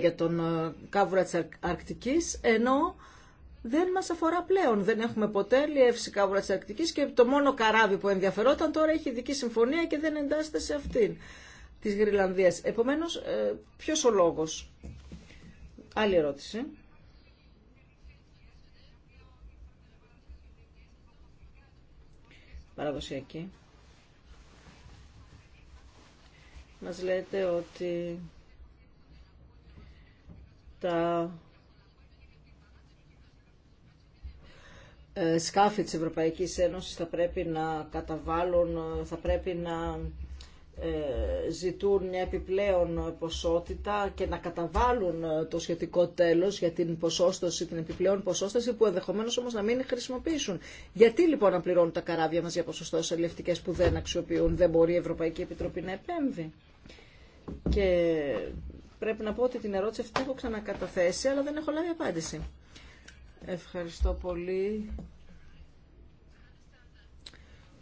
για τον ε, κάβουρα της Αρκτικής ενώ δεν μας αφορά πλέον. Δεν έχουμε ποτέ λιεύσει κάβουρα της Αρκτικής και το μόνο καράβι που ενδιαφερόταν τώρα έχει ειδική συμφωνία και δεν εντάσσεται σε αυτήν της Γρυλανδίας. Επομένως, ε, ποιος ο λόγος. Άλλη ερώτηση. Παραδοσιακή. Μας λέτε ότι τα Ε, σκάφη της Ευρωπαϊκής Ένωσης θα πρέπει να καταβάλουν, θα πρέπει να ε, ζητούν μια επιπλέον ποσότητα και να καταβάλουν ε, το σχετικό τέλος για την ποσόστοση, την επιπλέον ποσόσταση που ενδεχομένως όμως να μην χρησιμοποιήσουν. Γιατί λοιπόν να πληρώνουν τα καράβια μας για ποσοστώσεις αλληλευτικές που δεν αξιοποιούν, δεν μπορεί η Ευρωπαϊκή Επιτροπή να επέμβει. Και πρέπει να πω ότι την ερώτηση αυτή έχω ξανακαταθέσει αλλά δεν έχω λάβει απάντηση. Ευχαριστώ πολύ,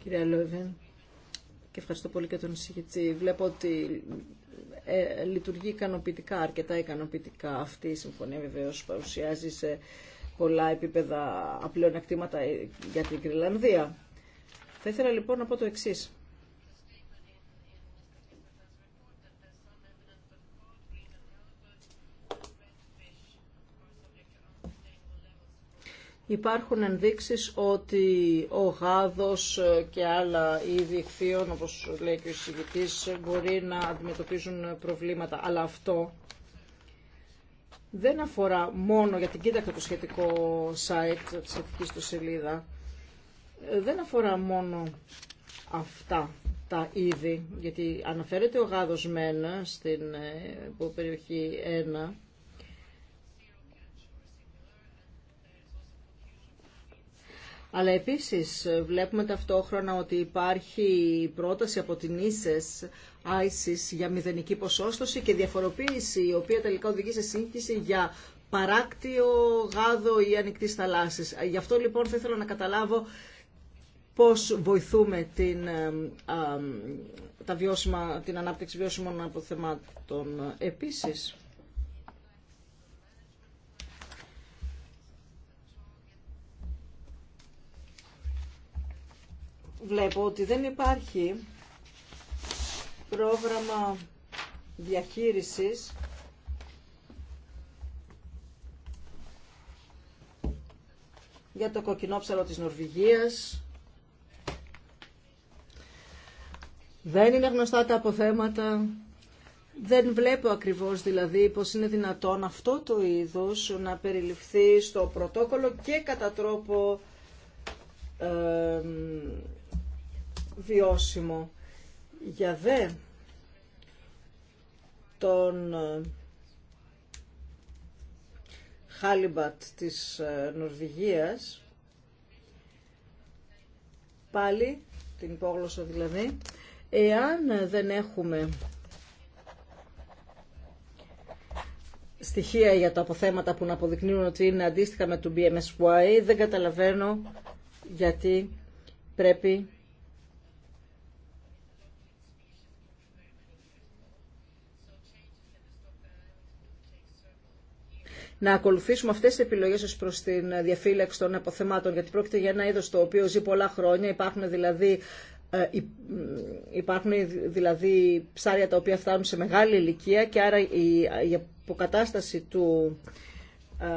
κυρία Λόιβεν, και ευχαριστώ πολύ και τον εισηγητή. Βλέπω ότι ε, λειτουργεί ικανοποιητικά, αρκετά ικανοποιητικά αυτή η συμφωνία βεβαίω παρουσιάζει σε πολλά επίπεδα απλών ανακτήματα για την Κρυλανδία. Θα ήθελα λοιπόν να πω το εξής. υπάρχουν ενδείξεις ότι ο γάδος ε, και άλλα είδη χθείων, όπως λέει και ο εισηγητής, μπορεί να αντιμετωπίζουν προβλήματα. Αλλά αυτό δεν αφορά μόνο, γιατί κοίταξα το σχετικό site, τη σχετική του σελίδα, ε, δεν αφορά μόνο αυτά τα είδη, γιατί αναφέρεται ο γάδος μένα στην ε, περιοχή 1, Αλλά επίσης βλέπουμε ταυτόχρονα ότι υπάρχει πρόταση από την ίσες ISIS για μηδενική ποσόστοση και διαφοροποίηση η οποία τελικά οδηγεί σε σύγχυση για παράκτιο γάδο ή ανοιχτή θαλάσσης. Γι' αυτό λοιπόν θα ήθελα να καταλάβω πώς βοηθούμε την, τα βιώσιμα, την ανάπτυξη βιώσιμων αποθεμάτων επίσης. βλέπω ότι δεν υπάρχει πρόγραμμα διαχείρισης για το κοκκινόψαλο της Νορβηγίας. Δεν είναι γνωστά τα αποθέματα. Δεν βλέπω ακριβώς δηλαδή πως είναι δυνατόν αυτό το είδος να περιληφθεί στο πρωτόκολλο και κατά τρόπο βιώσιμο. Για δε τον ε, Χάλιμπατ της ε, Νορβηγίας, πάλι, την υπόγλωσσα δηλαδή, εάν δεν έχουμε στοιχεία για τα αποθέματα που να αποδεικνύουν ότι είναι αντίστοιχα με το BMSY, δεν καταλαβαίνω γιατί πρέπει να ακολουθήσουμε αυτές τις επιλογές ως προς την διαφύλαξη των αποθεμάτων, γιατί πρόκειται για ένα είδο το οποίο ζει πολλά χρόνια, υπάρχουν δηλαδή ε, υπάρχουν δηλαδή ψάρια τα οποία φτάνουν σε μεγάλη ηλικία και άρα η, αποκατάσταση του, ε,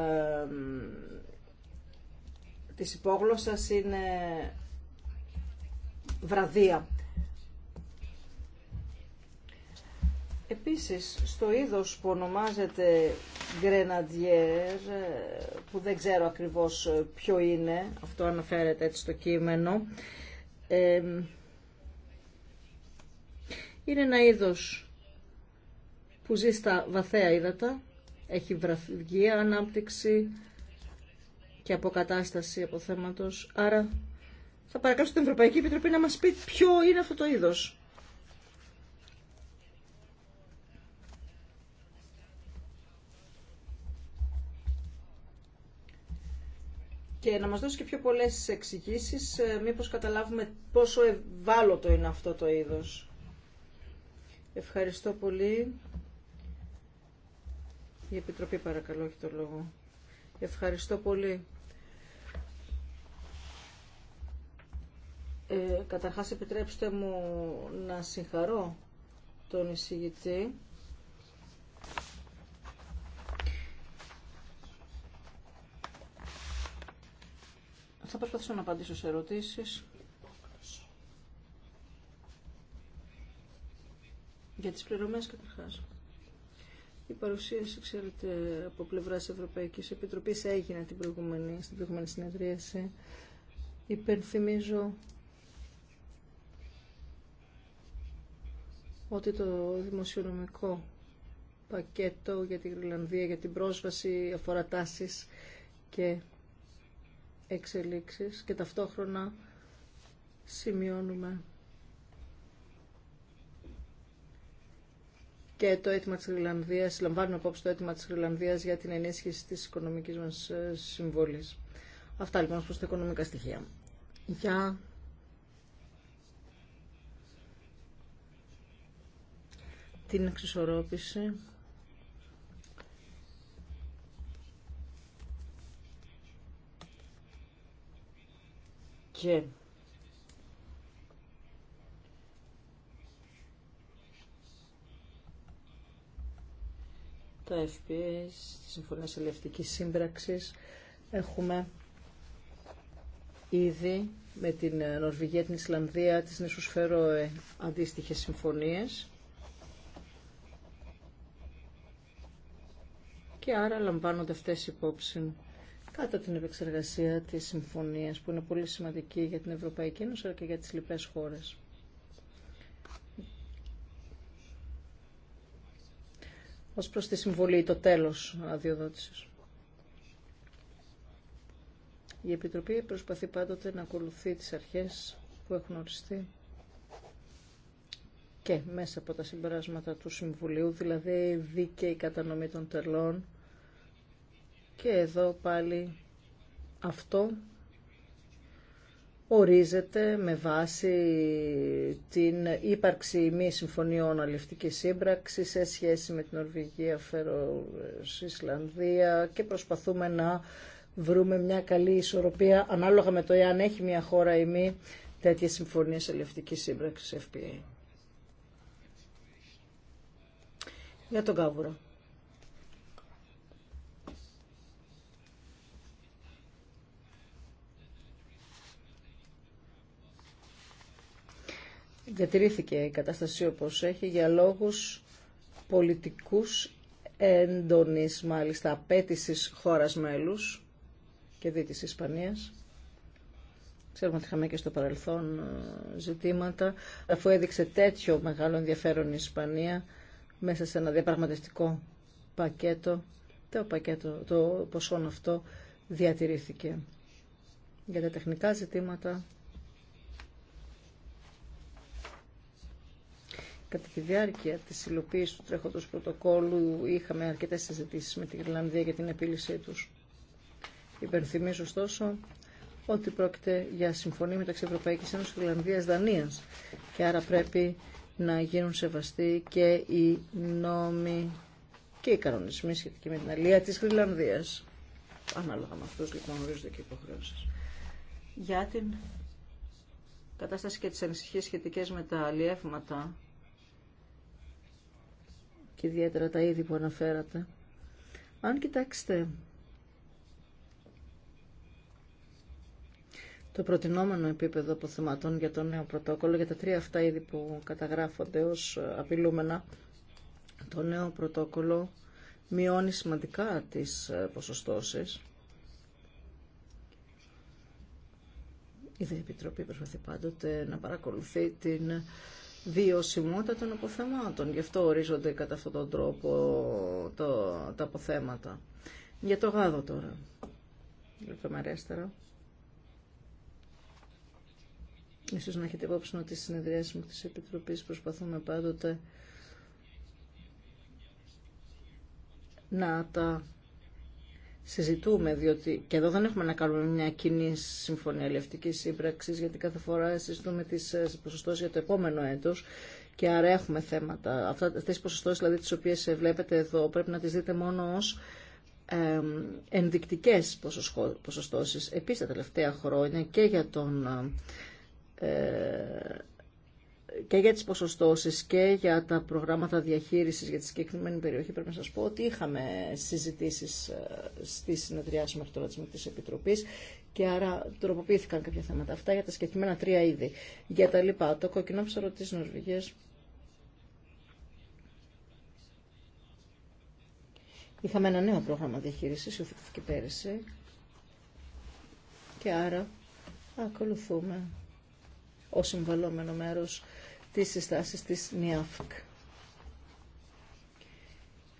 της υπόγλωσσας είναι βραδία. Επίσης, στο είδος που ονομάζεται Grenadier, ε, που δεν ξέρω ακριβώς ε, ποιο είναι, αυτό αναφέρεται έτσι στο κείμενο, ε, είναι ένα είδος που ζει στα βαθαία ύδατα, έχει βραφική ανάπτυξη και αποκατάσταση αποθέματος, άρα θα παρακάσω την Ευρωπαϊκή Επιτροπή να μας πει ποιο είναι αυτό το είδος. και να μας δώσει και πιο πολλές εξηγήσει. Ε, μήπως καταλάβουμε πόσο ευάλωτο είναι αυτό το είδος. Ευχαριστώ πολύ. Η Επιτροπή παρακαλώ έχει το λόγο. Ευχαριστώ πολύ. Ε, καταρχάς επιτρέψτε μου να συγχαρώ τον εισηγητή Θα προσπαθήσω να απαντήσω σε ερωτήσεις. Για τις πληρωμές καταρχάς. Η παρουσίαση, ξέρετε, από πλευράς Ευρωπαϊκής Επιτροπής έγινε την προηγούμενη, στην προηγούμενη συνεδρίαση. Υπενθυμίζω ότι το δημοσιονομικό πακέτο για την Γρυλανδία, για την πρόσβαση αφορά τάσεις και εξελίξεις και ταυτόχρονα σημειώνουμε και το αίτημα της Γρυλανδίας, λαμβάνουμε απόψε το αίτημα της Γρυλανδίας για την ενίσχυση της οικονομικής μας ε, συμβολής. Αυτά λοιπόν προς τα οικονομικά στοιχεία. Για την εξισορρόπηση και τα FPA, τη Συμφωνία Ελευτικής Σύμπραξη έχουμε ήδη με την Νορβηγία, την Ισλανδία, τις νησούς Φερόε αντίστοιχες συμφωνίες. Και άρα λαμβάνονται αυτές υπόψη κατά την επεξεργασία της συμφωνίας που είναι πολύ σημαντική για την Ευρωπαϊκή Ένωση αλλά και για τις λοιπές χώρες. Ως προς τη συμβολή το τέλος αδειοδότησης. Η Επιτροπή προσπαθεί πάντοτε να ακολουθεί τις αρχές που έχουν οριστεί και μέσα από τα συμπεράσματα του Συμβουλίου, δηλαδή δίκαιη κατανομή των τελών, και εδώ πάλι αυτό ορίζεται με βάση την ύπαρξη μη συμφωνιών αλληλευτικής σύμπραξη σε σχέση με την Ορβηγία, Φέρος, Ισλανδία και προσπαθούμε να βρούμε μια καλή ισορροπία ανάλογα με το εάν έχει μια χώρα ή μη τέτοιες συμφωνίες αλληλευτικής σύμπραξης FPA. Για τον Κάβουρα. διατηρήθηκε η κατάσταση όπως έχει για λόγους πολιτικούς έντονης μάλιστα απέτηση χώρας μέλους και δι της Ισπανίας. Ξέρουμε ότι είχαμε και στο παρελθόν ε, ζητήματα. Αφού έδειξε τέτοιο μεγάλο ενδιαφέρον η Ισπανία μέσα σε ένα διαπραγματευτικό πακέτο, το, πακέτο, το ποσόν αυτό διατηρήθηκε. Για τα τεχνικά ζητήματα Κατά τη διάρκεια της υλοποίησης του τρέχοντος πρωτοκόλλου είχαμε αρκετές συζητήσεις με την Ιρλανδία για την επίλυσή τους. Υπενθυμίζω ωστόσο ότι πρόκειται για συμφωνία μεταξύ Ευρωπαϊκής Ένωσης και Ιρλανδίας Δανίας και άρα πρέπει να γίνουν σεβαστοί και οι νόμοι και οι κανονισμοί σχετικοί με την αλληλεία της Γρυλανδίας. Ανάλογα με αυτούς λοιπόν ορίζονται και οι υποχρεώσει. Για την κατάσταση και τις ανησυχίε σχετικέ με τα αλλιεύματα και ιδιαίτερα τα είδη που αναφέρατε. Αν κοιτάξετε το προτινόμενο επίπεδο αποθεματών για το νέο πρωτόκολλο, για τα τρία αυτά είδη που καταγράφονται ως απειλούμενα, το νέο πρωτόκολλο μειώνει σημαντικά τις ποσοστώσεις. Η Επιτροπή προσπαθεί πάντοτε να παρακολουθεί την βιωσιμότητα των αποθεμάτων. Γι' αυτό ορίζονται κατά αυτόν τον τρόπο το, τα αποθέματα. Για το γάδο τώρα, λεπτομερέστερα. Ίσως να έχετε υπόψη ότι στις συνεδριάσεις μου της Επιτροπής προσπαθούμε πάντοτε να τα συζητούμε, διότι και εδώ δεν έχουμε να κάνουμε μια κοινή συμφωνία ελευτική σύμπραξη, γιατί κάθε φορά συζητούμε τι ε, ποσοστώσει για το επόμενο έτο. Και άρα έχουμε θέματα. Αυτέ τι ποσοστώσει, δηλαδή, τι οποίε ε, βλέπετε εδώ, πρέπει να τι δείτε μόνο ω ενδεικτικέ ποσοστώσει. Επίση, τα τελευταία χρόνια και για τον ε, και για τις ποσοστώσεις και για τα προγράμματα διαχείρισης για τη συγκεκριμένη περιοχή πρέπει να σας πω ότι είχαμε συζητήσεις ε, στη συνεδριάση μέχρι τώρα της Επιτροπής και άρα τροποποιήθηκαν κάποια θέματα. Αυτά για τα συγκεκριμένα τρία είδη. Για τα λοιπά, το κοκκινό ψαρο της Νορβηγίας Είχαμε ένα νέο πρόγραμμα διαχείρισης, υιοθετήθηκε πέρυσι και άρα ακολουθούμε ο συμβαλόμενο μέρος τις συστάσεις της ΝΙΑΦΚ.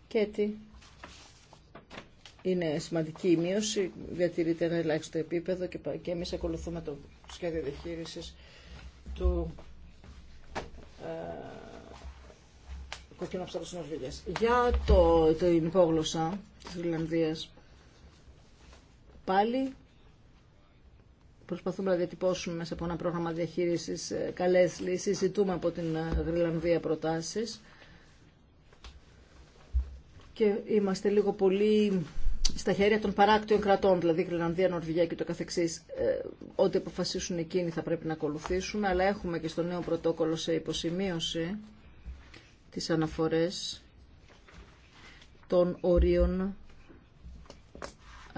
Και έτσι είναι σημαντική η μείωση, διατηρείται ένα ελάχιστο επίπεδο και, και εμείς ακολουθούμε το σχέδιο διαχείρισης του ε, κοκκινού ψάρου της Νορβηγίας. Για το, το υπόγλωσσα της Γρυλανδίας πάλι Προσπαθούμε να διατυπώσουμε μέσα από ένα πρόγραμμα διαχείρισης ε, καλές λύσεις. Ζητούμε από την ε, Γρυλανδία προτάσεις. Και είμαστε λίγο πολύ στα χέρια των παράκτιων κρατών, δηλαδή Γρυλανδία, Νορβηγία και το καθεξής. Ε, ό,τι αποφασίσουν εκείνοι θα πρέπει να ακολουθήσουμε, αλλά έχουμε και στο νέο πρωτόκολλο σε υποσημείωση τις αναφορές των ορίων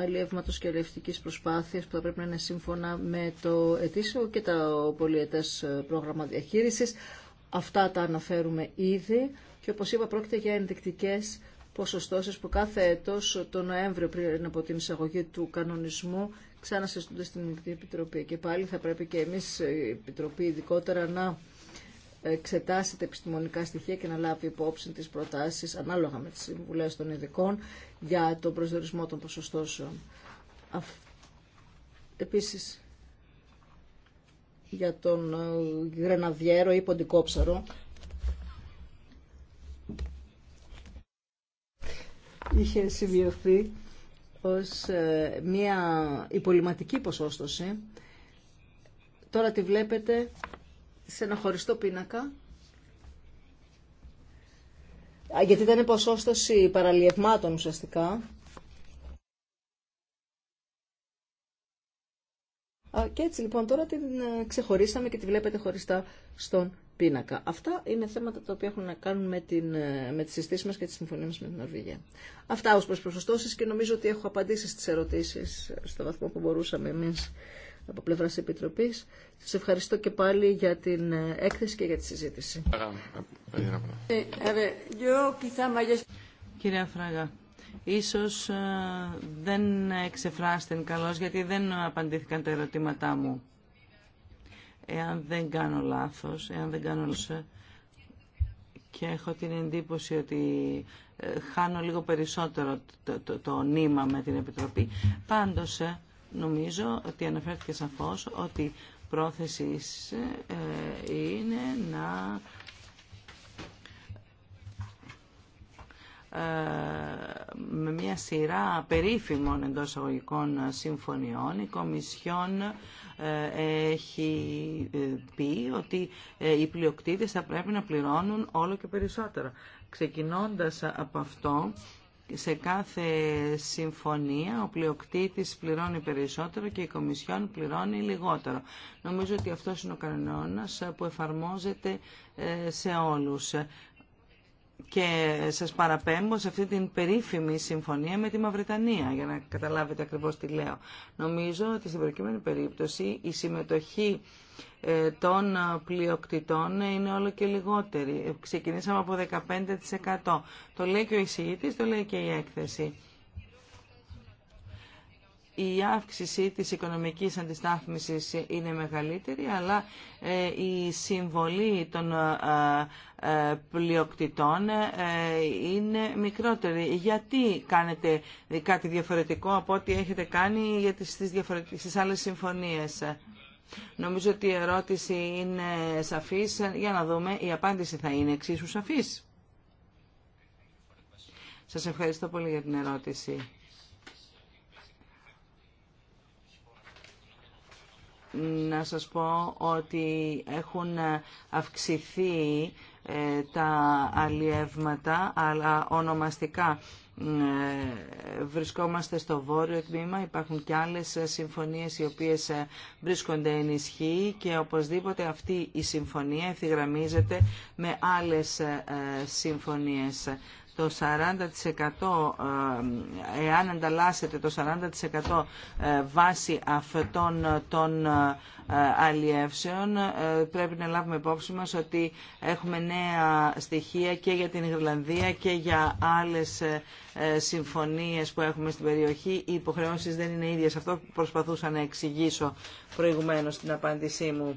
αλλιεύματος και αλλιευτικής προσπάθειας που θα πρέπει να είναι σύμφωνα με το ετήσιο και το πολυετές ε, πρόγραμμα διαχείρισης. Αυτά τα αναφέρουμε ήδη και όπως είπα πρόκειται για ενδεικτικές ποσοστώσεις που κάθε έτος το Νοέμβριο πριν από την εισαγωγή του κανονισμού ξανασυστούνται στην Επιτροπή. Και πάλι θα πρέπει και εμείς η Επιτροπή ειδικότερα να εξετάσει επιστημονικά στοιχεία και να λάβει υπόψη τις προτάσεις ανάλογα με τις συμβουλές των ειδικών για τον προσδιορισμό των ποσοστώσεων. Επίσης, για τον ε, γρεναδιέρο ή ποντικόψαρο, είχε σημειωθεί ως ε, μια υπολοιματική ποσόστοση. Τώρα τη βλέπετε σε ένα χωριστό πίνακα. Γιατί ήταν ποσόστοση παραλιευμάτων ουσιαστικά. Και έτσι λοιπόν τώρα την ε, ξεχωρίσαμε και τη βλέπετε χωριστά στον πίνακα. Αυτά είναι θέματα τα οποία έχουν να κάνουν με, την, ε, με τις συστήσεις μας και τη συμφωνία μας με την Νορβηγία. Αυτά ως προς προσωστώσεις και νομίζω ότι έχω απαντήσει στις ερωτήσεις ε, στο βαθμό που μπορούσαμε εμείς από πλευράς Επιτροπή, σα ευχαριστώ και πάλι για την έκθεση και για τη συζήτηση. Κυρία Φράγα, ίσως ε, δεν εξεφράστην καλώ γιατί δεν απαντήθηκαν τα ερωτήματά μου. Εάν δεν κάνω λάθος, εάν δεν κάνω λάθος, ε, και έχω την εντύπωση ότι ε, χάνω λίγο περισσότερο το, το, νήμα με την Επιτροπή. Πάντως, Νομίζω ότι αναφέρθηκε σαφώς ότι πρόθεση ε, είναι να ε, με μια σειρά περίφημων εντό εισαγωγικών συμφωνιών. Η Κομισιόν ε, έχει πει ότι οι πλειοκτήτες θα πρέπει να πληρώνουν όλο και περισσότερα. Ξεκινώντας από αυτό, σε κάθε συμφωνία ο πλειοκτήτης πληρώνει περισσότερο και η Κομισιόν πληρώνει λιγότερο. Νομίζω ότι αυτός είναι ο κανόνας που εφαρμόζεται ε, σε όλους. Και σας παραπέμπω σε αυτή την περίφημη συμφωνία με τη Μαυρετανία, για να καταλάβετε ακριβώς τι λέω. Νομίζω ότι στην προκειμένη περίπτωση η συμμετοχή ε, των πλειοκτητών είναι όλο και λιγότερη. Ε, ξεκινήσαμε από 15%. Το λέει και ο εισηγητής, το λέει και η έκθεση η αύξηση της οικονομικής αντιστάθμισης είναι μεγαλύτερη, αλλά ε, η συμβολή των ε, πλειοκτητών ε, είναι μικρότερη. Γιατί κάνετε κάτι διαφορετικό από ό,τι έχετε κάνει για τις, στις άλλες συμφωνίες. Νομίζω ότι η ερώτηση είναι σαφής. Για να δούμε, η απάντηση θα είναι εξίσου σαφής. Σας ευχαριστώ πολύ για την ερώτηση. Να σας πω ότι έχουν αυξηθεί ε, τα αλλιεύματα, αλλά ονομαστικά ε, βρισκόμαστε στο βόρειο τμήμα, υπάρχουν και άλλες συμφωνίες οι οποίες ε, βρίσκονται εν ισχύ και οπωσδήποτε αυτή η συμφωνία ευθυγραμμίζεται με άλλες συμφωνίες το 40% ε, εάν ανταλλάσσετε το 40% ε, βάση αυτών των ε, αλλιεύσεων πρέπει να λάβουμε υπόψη μας ότι έχουμε νέα στοιχεία και για την Ιρλανδία και για άλλες συμφωνίες που έχουμε στην περιοχή οι υποχρεώσεις δεν είναι ίδιες αυτό προσπαθούσα να εξηγήσω προηγουμένως στην απάντησή μου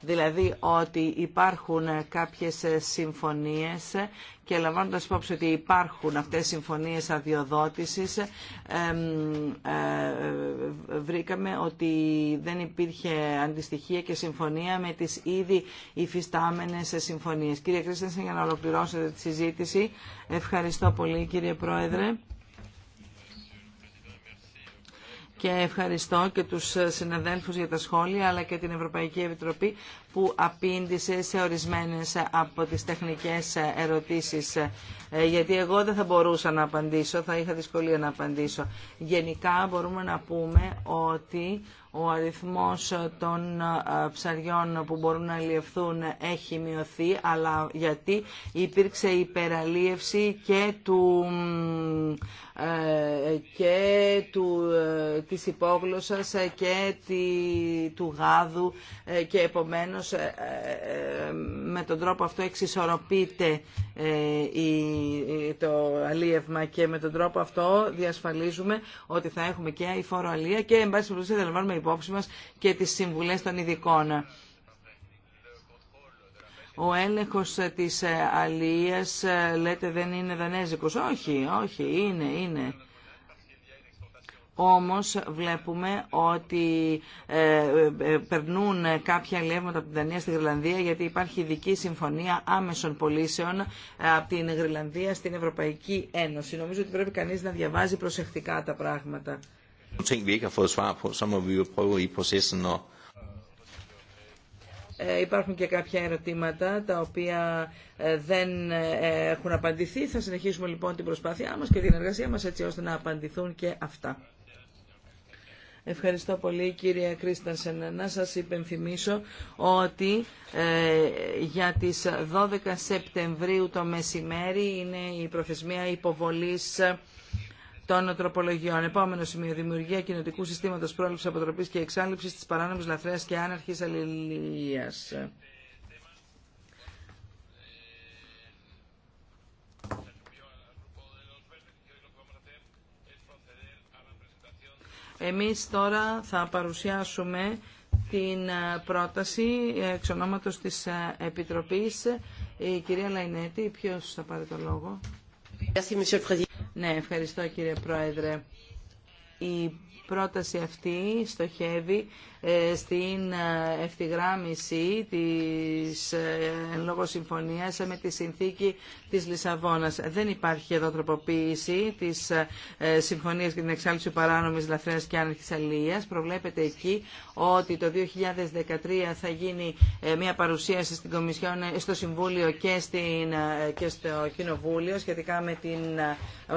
δηλαδή ότι υπάρχουν κάποιες συμφωνίες και λαμβάνοντας υπόψη ότι υπάρχουν αυτές οι συμφωνίες αδειοδότησης ε, ε, βρήκαμε ότι δεν υπήρχε αντιστοιχεία και συμφωνία με τις ήδη υφιστάμενες συμφωνίες. Κύριε Κρίστανσεν, για να ολοκληρώσετε τη συζήτηση, ευχαριστώ πολύ κύριε Πρόεδρε και ευχαριστώ και τους συναδέλφους για τα σχόλια αλλά και την Ευρωπαϊκή Επιτροπή που απήντησε σε ορισμένες από τις τεχνικές ερωτήσεις. Ε, γιατί εγώ δεν θα μπορούσα να απαντήσω, θα είχα δυσκολία να απαντήσω. Γενικά μπορούμε να πούμε ότι ο αριθμός των ε, ψαριών που μπορούν να αλλιευθούν έχει μειωθεί, αλλά γιατί υπήρξε υπεραλίευση και του ε, και του, της υπόγλωσσας και του γάδου και επομένως με τον τρόπο αυτό εξισορροπείται η το αλίευμα και με τον τρόπο αυτό διασφαλίζουμε ότι θα έχουμε και αηφόρο αλία και εν πάση περιπτώσει θα λαμβάνουμε υπόψη μας και τις συμβουλές των ειδικών. Ο έλεγχος της αλίας λέτε δεν είναι δανέζικος. Όχι, όχι, είναι, είναι όμως βλέπουμε ότι ε, ε, περνούν κάποια ελεύματα από την Δανία στη Γρυλανδία γιατί υπάρχει ειδική συμφωνία άμεσων πωλήσεων ε, από την Γρυλανδία στην Ευρωπαϊκή Ένωση. Νομίζω ότι πρέπει κανείς να διαβάζει προσεκτικά τα πράγματα. Ε, υπάρχουν και κάποια ερωτήματα τα οποία δεν έχουν απαντηθεί. Θα συνεχίσουμε λοιπόν την προσπάθειά μας και την εργασία μας έτσι ώστε να απαντηθούν και αυτά. Ευχαριστώ πολύ κύριε Κρίστανσεν. Να σας υπενθυμίσω ότι ε, για τις 12 Σεπτεμβρίου το μεσημέρι είναι η προθεσμία υποβολής των τροπολογιών. Επόμενο σημείο. Δημιουργία κοινοτικού συστήματος πρόληψης, αποτροπής και εξάλειψης της παράνομης λαθρέας και άναρχης αλληλείας. Εμείς τώρα θα παρουσιάσουμε την ε, πρόταση εξ ονόματος της ε, Επιτροπής. Η κυρία Λαϊνέτη, ποιος θα πάρει το λόγο. Ναι, ευχαριστώ κύριε Πρόεδρε πρόταση αυτή στοχεύει ε, στην ε, ευθυγράμμιση της ε, εν λόγω συμφωνίας με τη συνθήκη της Λισαβόνας. Δεν υπάρχει εδώ τροποποίηση της συμφωνίας για την εξάλληψη παράνομης λαθρέας και άναρχης αλληλείας. Προβλέπεται εκεί ότι το 2013 θα γίνει μια παρουσίαση στην στο Συμβούλιο και, στην, και στο Κοινοβούλιο σχετικά με, την,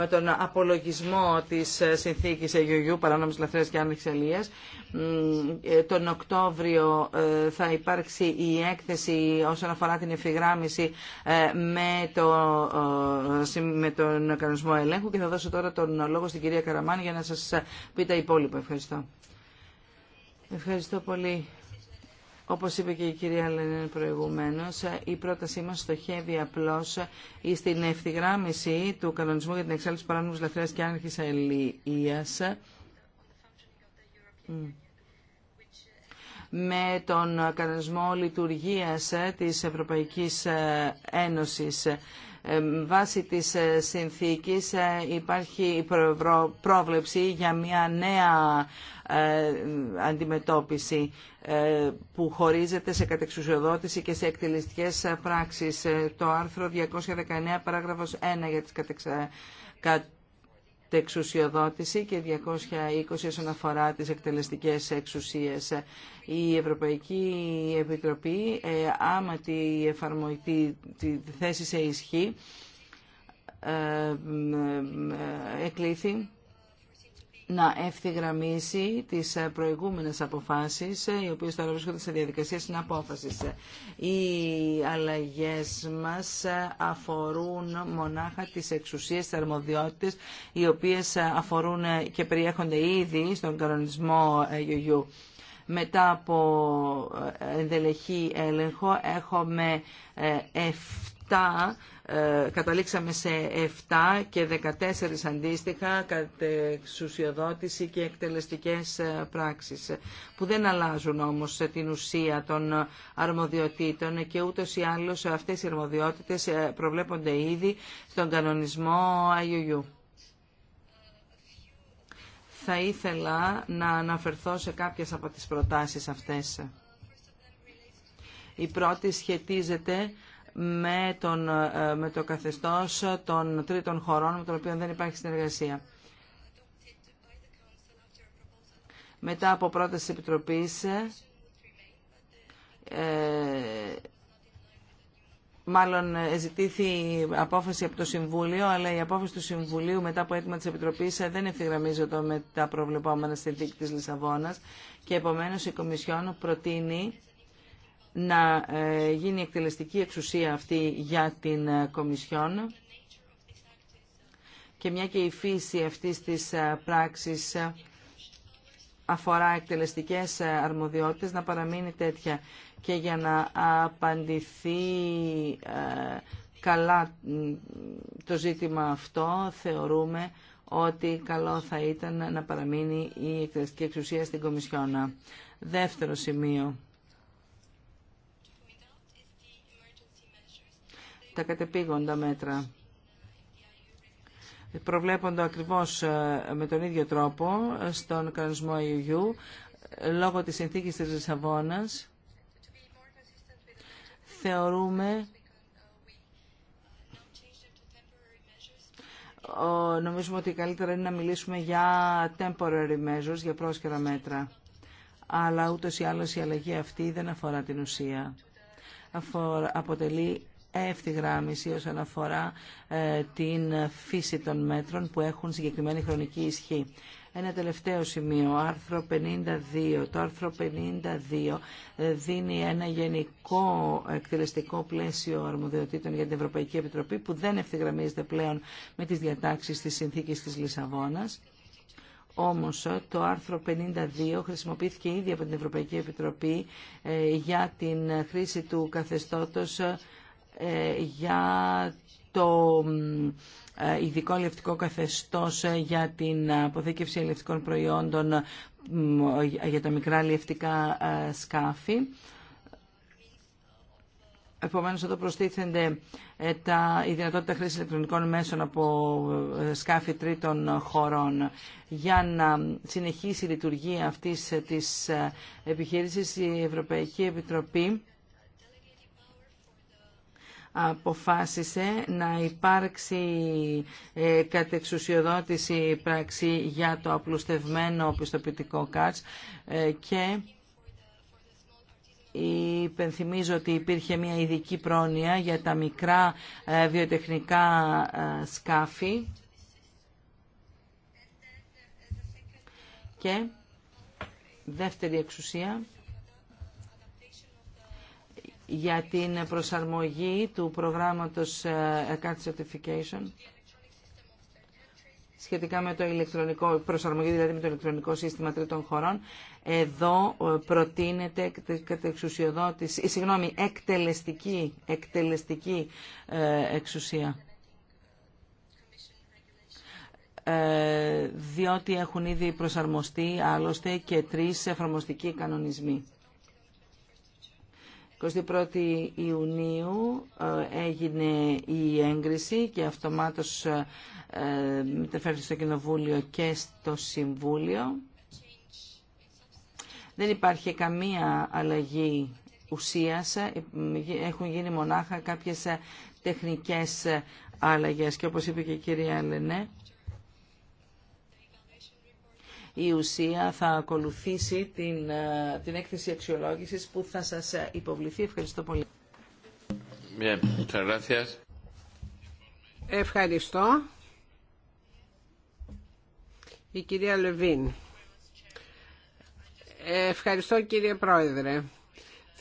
τον απολογισμό της συνθήκης Αιγιογιού παράνομης Λευθέρα και Άνοιξης Αλίας. Ε, τον Οκτώβριο ε, θα υπάρξει η έκθεση όσον αφορά την ευθυγράμμιση ε, με, το, με τον κανονισμό ελέγχου και θα δώσω τώρα τον λόγο στην κυρία Καραμάνη για να σας πει τα υπόλοιπα. Ευχαριστώ. Ευχαριστώ πολύ. Όπως είπε και η κυρία Λενέν προηγουμένως, η πρότασή μας στοχεύει απλώς στην ευθυγράμμιση του κανονισμού για την εξάλληψη παράνομου λαθρέα και άνοιξη με τον κανονισμό λειτουργίας ε, της Ευρωπαϊκής ε, Ένωσης. Ε, βάσει της συνθήκης υπάρχει η πρόβλεψη για μια νέα αντιμετώπιση που χωρίζεται σε κατεξουσιοδότηση και σε εκτελεστικές πράξεις. Το άρθρο 219 παράγραφος 1 για τις κατεξα εξουσιοδότηση και 220 όσον αφορά τις εκτελεστικές εξουσίες. Η Ευρωπαϊκή Επιτροπή, ε, άμα τη, εφαρμογή, τη θέση σε ισχύ, ε, ε, εκλήθη να ευθυγραμμίσει τις ε, προηγούμενες αποφάσεις, ε, οι οποίες τώρα βρίσκονται σε διαδικασία συναπόφασης. Οι αλλαγές μας ε, αφορούν μονάχα τις εξουσίες, τι οι οποίες αφορούν και περιέχονται ήδη στον κανονισμό ΙΟΙΟΥ. Μετά από ενδελεχή έλεγχο έχουμε 7 ε, καταλήξαμε σε 7 και 14 αντίστοιχα κατεξουσιοδότηση και εκτελεστικές ε, πράξεις που δεν αλλάζουν όμως την ουσία των αρμοδιοτήτων και ούτως ή άλλως αυτές οι αρμοδιότητες ε, προβλέπονται ήδη στον κανονισμό IUU. Θα ήθελα να αναφερθώ σε κάποιες από τις προτάσεις αυτές. Η πρώτη σχετίζεται με, τον, ε, με το καθεστώς των τρίτων χωρών με τον οποίο δεν υπάρχει συνεργασία. Μετά από πρόταση Επιτροπής, ε, μάλλον ζητήθη απόφαση από το Συμβούλιο, αλλά η απόφαση του Συμβουλίου μετά από αίτημα της Επιτροπής ε, δεν ευθυγραμμίζεται με τα προβλεπόμενα στη δίκη της Λισαβόνας και επομένως η Κομισιόν προτείνει να ε, γίνει εκτελεστική εξουσία αυτή για την ε, Κομισιόν και μια και η φύση αυτής της ε, πράξης αφορά εκτελεστικές αρμοδιότητες να παραμείνει τέτοια και για να απαντηθεί καλά το ζήτημα αυτό θεωρούμε ότι καλό θα ήταν να παραμείνει η εκτελεστική εξουσία στην Κομισιόν. Δεύτερο σημείο. τα κατεπήγοντα μέτρα προβλέπονται ακριβώς ε, με τον ίδιο τρόπο στον κανονισμό EU λόγω της συνθήκης της Λισαβόνας θεωρούμε νομίζουμε ότι καλύτερα είναι να μιλήσουμε για temporary measures, για πρόσκαιρα μέτρα. Αλλά ούτως ή άλλως η αλλαγή αυτή δεν αφορά την ουσία. Αποτελεί ευθυγράμμιση όσον αφορά ε, την φύση των μέτρων που έχουν συγκεκριμένη χρονική ισχύ. Ένα τελευταίο σημείο, άρθρο 52. Το άρθρο 52 ε, δίνει ένα γενικό εκτελεστικό πλαίσιο αρμοδιοτήτων για την Ευρωπαϊκή Επιτροπή που δεν ευθυγραμμίζεται πλέον με τις διατάξεις της συνθήκης της Λισαβόνας. Όμως ε, το άρθρο 52 χρησιμοποιήθηκε ήδη από την Ευρωπαϊκή Επιτροπή για την χρήση του καθεστώτος για το ε, ειδικό αλευτικό καθεστώς ε, για την αποθήκευση ελευτικών προϊόντων ε, για τα μικρά αλευτικά σκάφη. Επομένως, εδώ προστίθενται τα, η δυνατότητα χρήσης ηλεκτρονικών μέσων από σκάφη τρίτων χωρών. Για να συνεχίσει η λειτουργία αυτής της επιχείρησης, η Ευρωπαϊκή Επιτροπή αποφάσισε να υπάρξει ε, κατεξουσιοδότηση πράξη για το απλουστευμένο πιστοποιητικό ΚΑΤΣ ε, και υπενθυμίζω ότι υπήρχε μια ειδική πρόνοια για τα μικρά ε, βιοτεχνικά σκάφη και δεύτερη εξουσία για την προσαρμογή του προγράμματος e Certification σχετικά με το ηλεκτρονικό, προσαρμογή δηλαδή με το ηλεκτρονικό σύστημα τρίτων χωρών. Εδώ ε, προτείνεται ε, συγγνώμη, εκτελεστική, εκτελεστική εξουσία. διότι έχουν ήδη προσαρμοστεί άλλωστε και τρεις εφαρμοστικοί κανονισμοί. 21 Ιουνίου ε, έγινε η έγκριση και αυτομάτως ε, μεταφέρθηκε στο Κοινοβούλιο και στο Συμβούλιο. Δεν υπάρχει καμία αλλαγή ουσίας, ε, έχουν γίνει μονάχα κάποιες τεχνικές άλλαγες και όπως είπε και η κυρία Λενέ, η ουσία θα ακολουθήσει την, ε, την έκθεση αξιολόγησης που θα σας ε, υποβληθεί. Ευχαριστώ πολύ. Ευχαριστώ. Η κυρία Λεβίν. Ε, ευχαριστώ κύριε Πρόεδρε.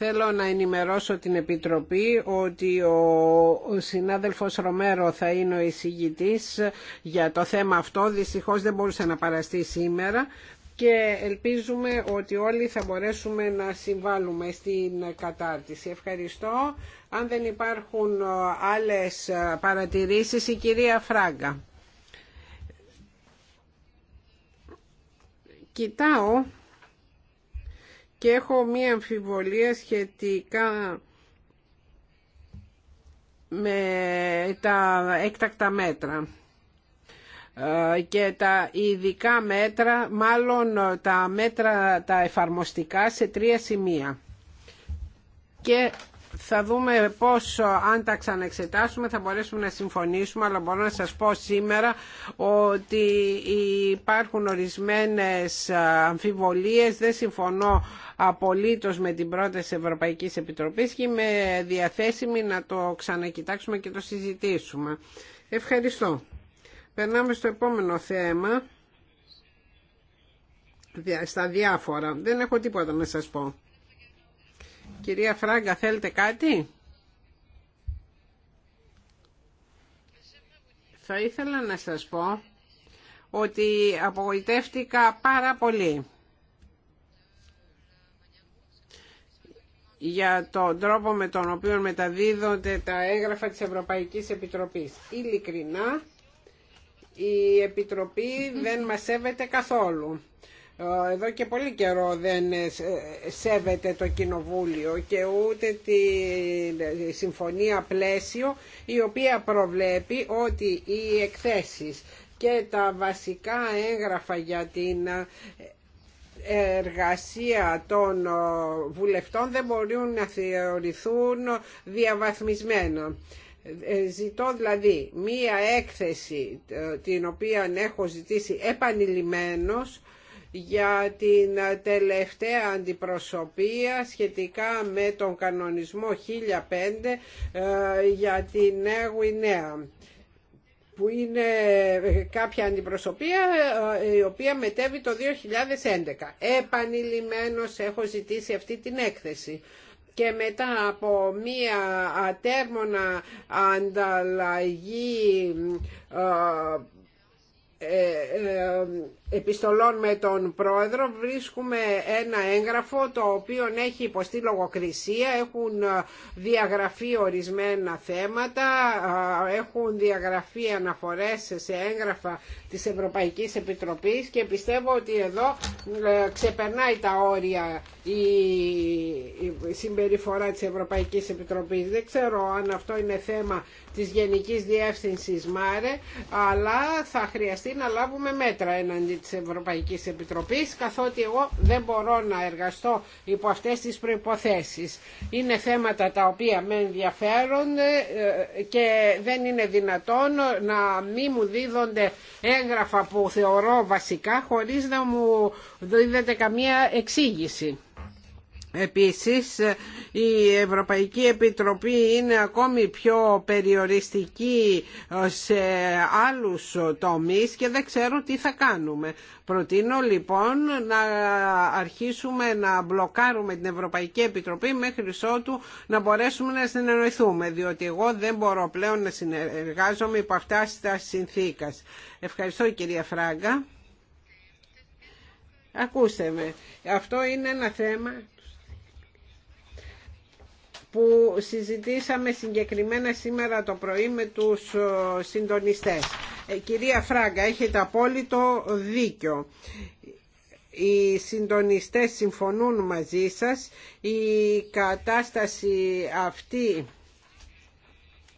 Θέλω να ενημερώσω την Επιτροπή ότι ο συνάδελφος Ρομέρο θα είναι ο εισηγητής για το θέμα αυτό. Δυστυχώς δεν μπορούσε να παραστεί σήμερα και ελπίζουμε ότι όλοι θα μπορέσουμε να συμβάλλουμε στην κατάρτιση. Ευχαριστώ. Αν δεν υπάρχουν άλλες παρατηρήσεις, η κυρία Φράγκα. Κοιτάω και έχω μία αμφιβολία σχετικά με τα έκτακτα μέτρα ε, και τα ειδικά μέτρα, μάλλον τα μέτρα τα εφαρμοστικά σε τρία σημεία. Και θα δούμε πώς αν τα ξαναεξετάσουμε θα μπορέσουμε να συμφωνήσουμε αλλά μπορώ να σας πω σήμερα ότι υπάρχουν ορισμένες αμφιβολίες δεν συμφωνώ απολύτως με την πρόταση Ευρωπαϊκής Επιτροπής και είμαι διαθέσιμη να το ξανακοιτάξουμε και το συζητήσουμε. Ευχαριστώ. Περνάμε στο επόμενο θέμα στα διάφορα. Δεν έχω τίποτα να σας πω. Κυρία Φράγκα, θέλετε κάτι? Θα ήθελα να σας πω ότι απογοητεύτηκα πάρα πολύ για τον τρόπο με τον οποίο μεταδίδονται τα έγγραφα της Ευρωπαϊκής Επιτροπής. Ειλικρινά, η Επιτροπή δεν μας σέβεται καθόλου. Ε, εδώ και πολύ καιρό δεν ε, σέβεται το Κοινοβούλιο και ούτε τη ε, συμφωνία πλαίσιο η οποία προβλέπει ότι οι εκθέσεις και τα βασικά έγγραφα για την εργασία των βουλευτών δεν μπορούν να θεωρηθούν διαβαθμισμένα. Ζητώ δηλαδή μία έκθεση την οποία έχω ζητήσει επανειλημμένος για την τελευταία αντιπροσωπεία σχετικά με τον κανονισμό 1005 ε, για την Νέα που είναι κάποια αντιπροσωπεία ε, η οποία μετέβη το 2011. Επανειλημμένως έχω ζητήσει αυτή την έκθεση και μετά από μία ατέρμονα ανταλλαγή ε, ε, ε, επιστολών με τον πρόεδρο βρίσκουμε ένα έγγραφο το οποίο έχει υποστεί λογοκρισία έχουν ε, διαγραφεί ορισμένα θέματα έχουν διαγραφεί αναφορές σε έγγραφα της Ευρωπαϊκής Επιτροπής και πιστεύω ότι εδώ ξεπερνάει τα όρια η συμπεριφορά της Ευρωπαϊκής Επιτροπής δεν ξέρω αν αυτό είναι θέμα της Γενικής Διεύθυνσης ΜΑΡΕ, αλλά θα χρειαστεί να λάβουμε μέτρα εναντί της Ευρωπαϊκής Επιτροπής, καθότι εγώ δεν μπορώ να εργαστώ υπό αυτές τις προϋποθέσεις. Είναι θέματα τα οποία με ενδιαφέρουν ε, και δεν είναι δυνατόν να μη μου δίδονται έγγραφα που θεωρώ βασικά χωρίς να μου δίδεται καμία εξήγηση. Επίσης η Ευρωπαϊκή Επιτροπή είναι ακόμη πιο περιοριστική σε άλλους τομείς και δεν ξέρω τι θα κάνουμε. Προτείνω λοιπόν να αρχίσουμε να μπλοκάρουμε την Ευρωπαϊκή Επιτροπή μέχρι ότου να μπορέσουμε να συνεννοηθούμε διότι εγώ δεν μπορώ πλέον να συνεργάζομαι υπό αυτά τα συνθήκας. Ευχαριστώ κυρία Φράγκα. Ακούστε με. Αυτό είναι ένα θέμα που συζητήσαμε συγκεκριμένα σήμερα το πρωί με τους ε, συντονιστές. Ε, κυρία Φράγκα, έχετε απόλυτο δίκιο οι συντονιστές συμφωνούν μαζί σας η κατάσταση αυτή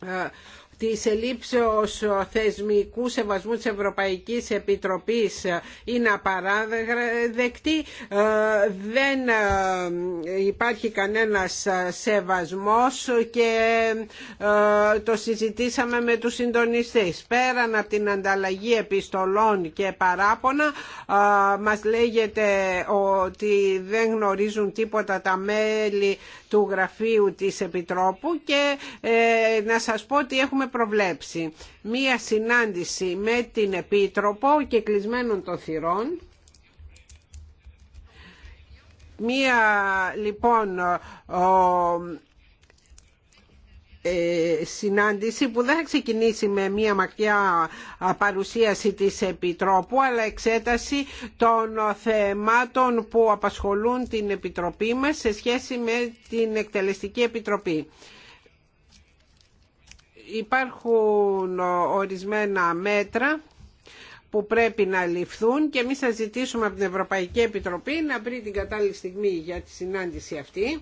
ε, της ελήψεως θεσμικού σεβασμού της Ευρωπαϊκής Επιτροπής είναι απαράδεκτη. Ε, δεν ε, υπάρχει κανένας σεβασμός και ε, το συζητήσαμε με τους συντονιστές. Πέραν από την ανταλλαγή επιστολών και παράπονα μας λέγεται ότι δεν γνωρίζουν τίποτα τα μέλη του γραφείου της Επιτρόπου και να σας πω ότι έχουμε προβλέψει μία συνάντηση με την Επίτροπο και κλεισμένων των θυρών. Μία λοιπόν ε, συνάντηση που δεν θα ξεκινήσει με μια μακριά παρουσίαση της Επιτρόπου αλλά εξέταση των θεμάτων που απασχολούν την Επιτροπή μας σε σχέση με την Εκτελεστική Επιτροπή υπάρχουν ορισμένα μέτρα που πρέπει να ληφθούν και εμείς θα ζητήσουμε από την Ευρωπαϊκή Επιτροπή να βρει την κατάλληλη στιγμή για τη συνάντηση αυτή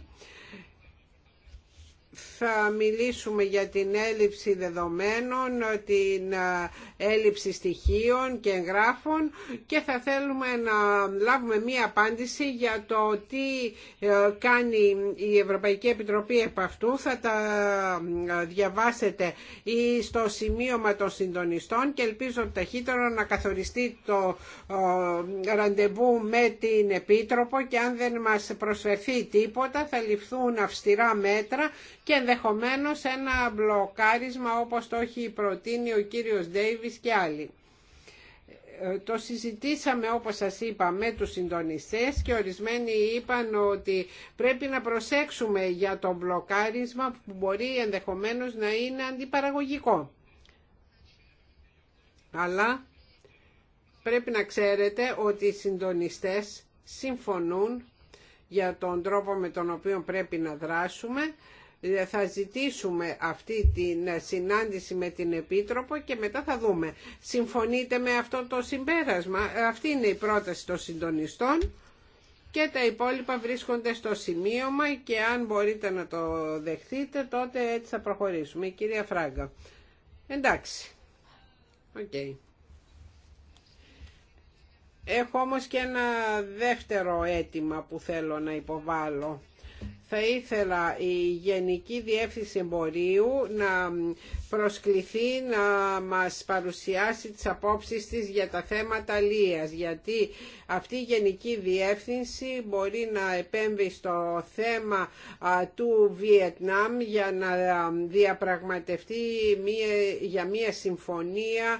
θα μιλήσουμε για την έλλειψη δεδομένων, την ε, έλλειψη στοιχείων και εγγράφων και θα θέλουμε να λάβουμε μία απάντηση για το τι ε, κάνει η Ευρωπαϊκή Επιτροπή επ' αυτού. Θα τα ε, διαβάσετε ή στο σημείωμα των συντονιστών και ελπίζω ταχύτερα να καθοριστεί το ραντεβού με την Επίτροπο και αν δεν μας προσφερθεί τίποτα θα ληφθούν αυστηρά μέτρα και ενδεχομένως ένα μπλοκάρισμα όπως το έχει προτείνει ο κύριος Ντέιβις και άλλοι. Ε, το συζητήσαμε όπως σας είπα με τους συντονιστές και ορισμένοι είπαν ότι πρέπει να προσέξουμε για το μπλοκάρισμα που μπορεί ενδεχομένως να είναι αντιπαραγωγικό. Αλλά πρέπει να ξέρετε ότι οι συντονιστές συμφωνούν για τον τρόπο με τον οποίο πρέπει να δράσουμε ε, θα ζητήσουμε αυτή την συνάντηση με την Επίτροπο και μετά θα δούμε. Συμφωνείτε με αυτό το συμπέρασμα. Ε, αυτή είναι η πρόταση των συντονιστών και τα υπόλοιπα βρίσκονται στο σημείωμα και αν μπορείτε να το δεχθείτε τότε έτσι θα προχωρήσουμε. κυρία Φράγκα. Εντάξει. Οκ. Okay. Έχω όμως και ένα δεύτερο αίτημα που θέλω να υποβάλω θα ήθελα η Γενική Διεύθυνση Εμπορίου να προσκληθεί να μας παρουσιάσει τις απόψεις της για τα θέματα λίας, γιατί αυτή η Γενική Διεύθυνση μπορεί να επέμβει στο θέμα του Βιετνάμ για να διαπραγματευτεί μία, για μία συμφωνία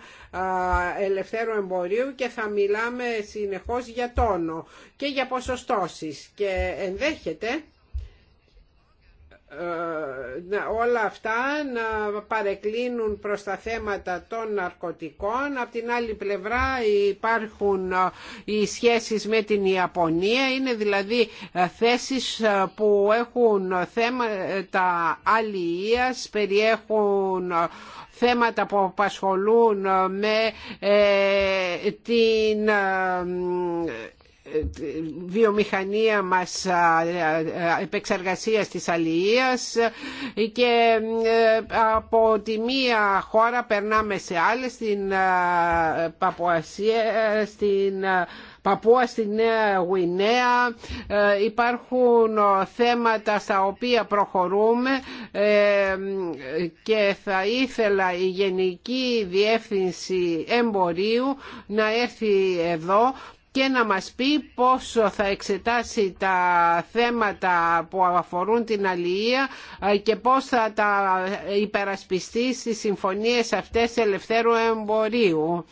ελευθέρου εμπορίου και θα μιλάμε συνεχώς για τόνο και για ποσοστώσεις και ενδέχεται ε, όλα αυτά να παρεκκλίνουν προς τα θέματα των ναρκωτικών. Απ' την άλλη πλευρά υπάρχουν ε, οι σχέσεις με την Ιαπωνία. Είναι δηλαδή ε, θέσεις που έχουν θέματα αλληλείας, περιέχουν θέματα που απασχολούν με την βιομηχανία μας ε, ε, επεξεργασίας της αλληλείας και ε, από τη μία χώρα περνάμε σε άλλες στην Παπουασία, στην Παπούα στη Νέα Γουινέα υπάρχουν θέματα στα οποία προχωρούμε και θα ήθελα η Γενική Διεύθυνση Εμπορίου να έρθει εδώ και να μας πει πόσο θα εξετάσει τα θέματα που αφορούν την αλληλεία ε, και πώς θα τα υπερασπιστεί στις συμφωνίες αυτές ελευθέρου εμπορίου.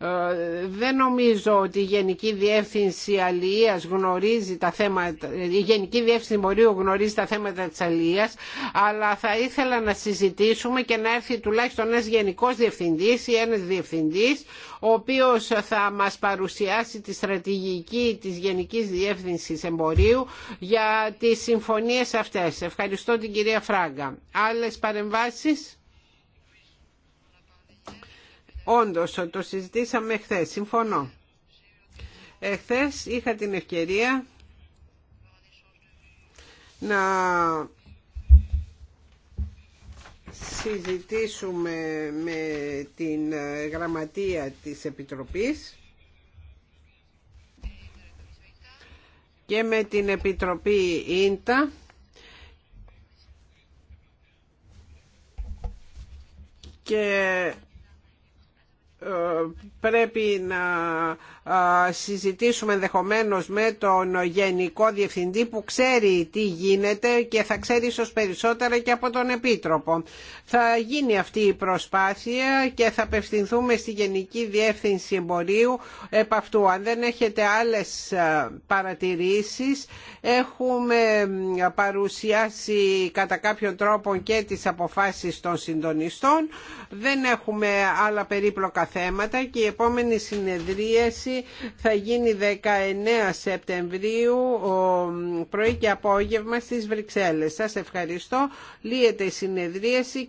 Ε, δεν νομίζω ότι η Γενική Διεύθυνση Εμπορίου γνωρίζει τα θέματα, η Γενική Διεύθυνση γνωρίζει τα θέματα της Αλίας, αλλά θα ήθελα να συζητήσουμε και να έρθει τουλάχιστον ένας Γενικός Διευθυντής ή ένας Διευθυντής, ο οποίος θα μας παρουσιάσει τη στρατηγική της Γενικής Διεύθυνσης Εμπορίου για τις συμφωνίες αυτές. Ευχαριστώ την κυρία Φράγκα. Άλλες παρεμβάσεις. Όντως, το συζητήσαμε χθε. Συμφωνώ. Εχθές είχα την ευκαιρία να συζητήσουμε με την γραμματεία της Επιτροπής και με την Επιτροπή Ίντα και ε, πρέπει να ε, συζητήσουμε ενδεχομένως με τον Γενικό Διευθυντή που ξέρει τι γίνεται και θα ξέρει ίσως περισσότερα και από τον Επίτροπο. Θα γίνει αυτή η προσπάθεια και θα απευθυνθούμε στη Γενική Διεύθυνση Εμπορίου επ' αυτού. Αν δεν έχετε άλλες ε, παρατηρήσεις έχουμε παρουσιάσει κατά κάποιον τρόπο και τις αποφάσεις των συντονιστών. Δεν έχουμε άλλα περίπλοκα θέματα και η επόμενη συνεδρίαση θα γίνει 19 Σεπτεμβρίου πρωί και απόγευμα στις Βρυξέλλες. Σας ευχαριστώ. Λύεται η συνεδρίαση.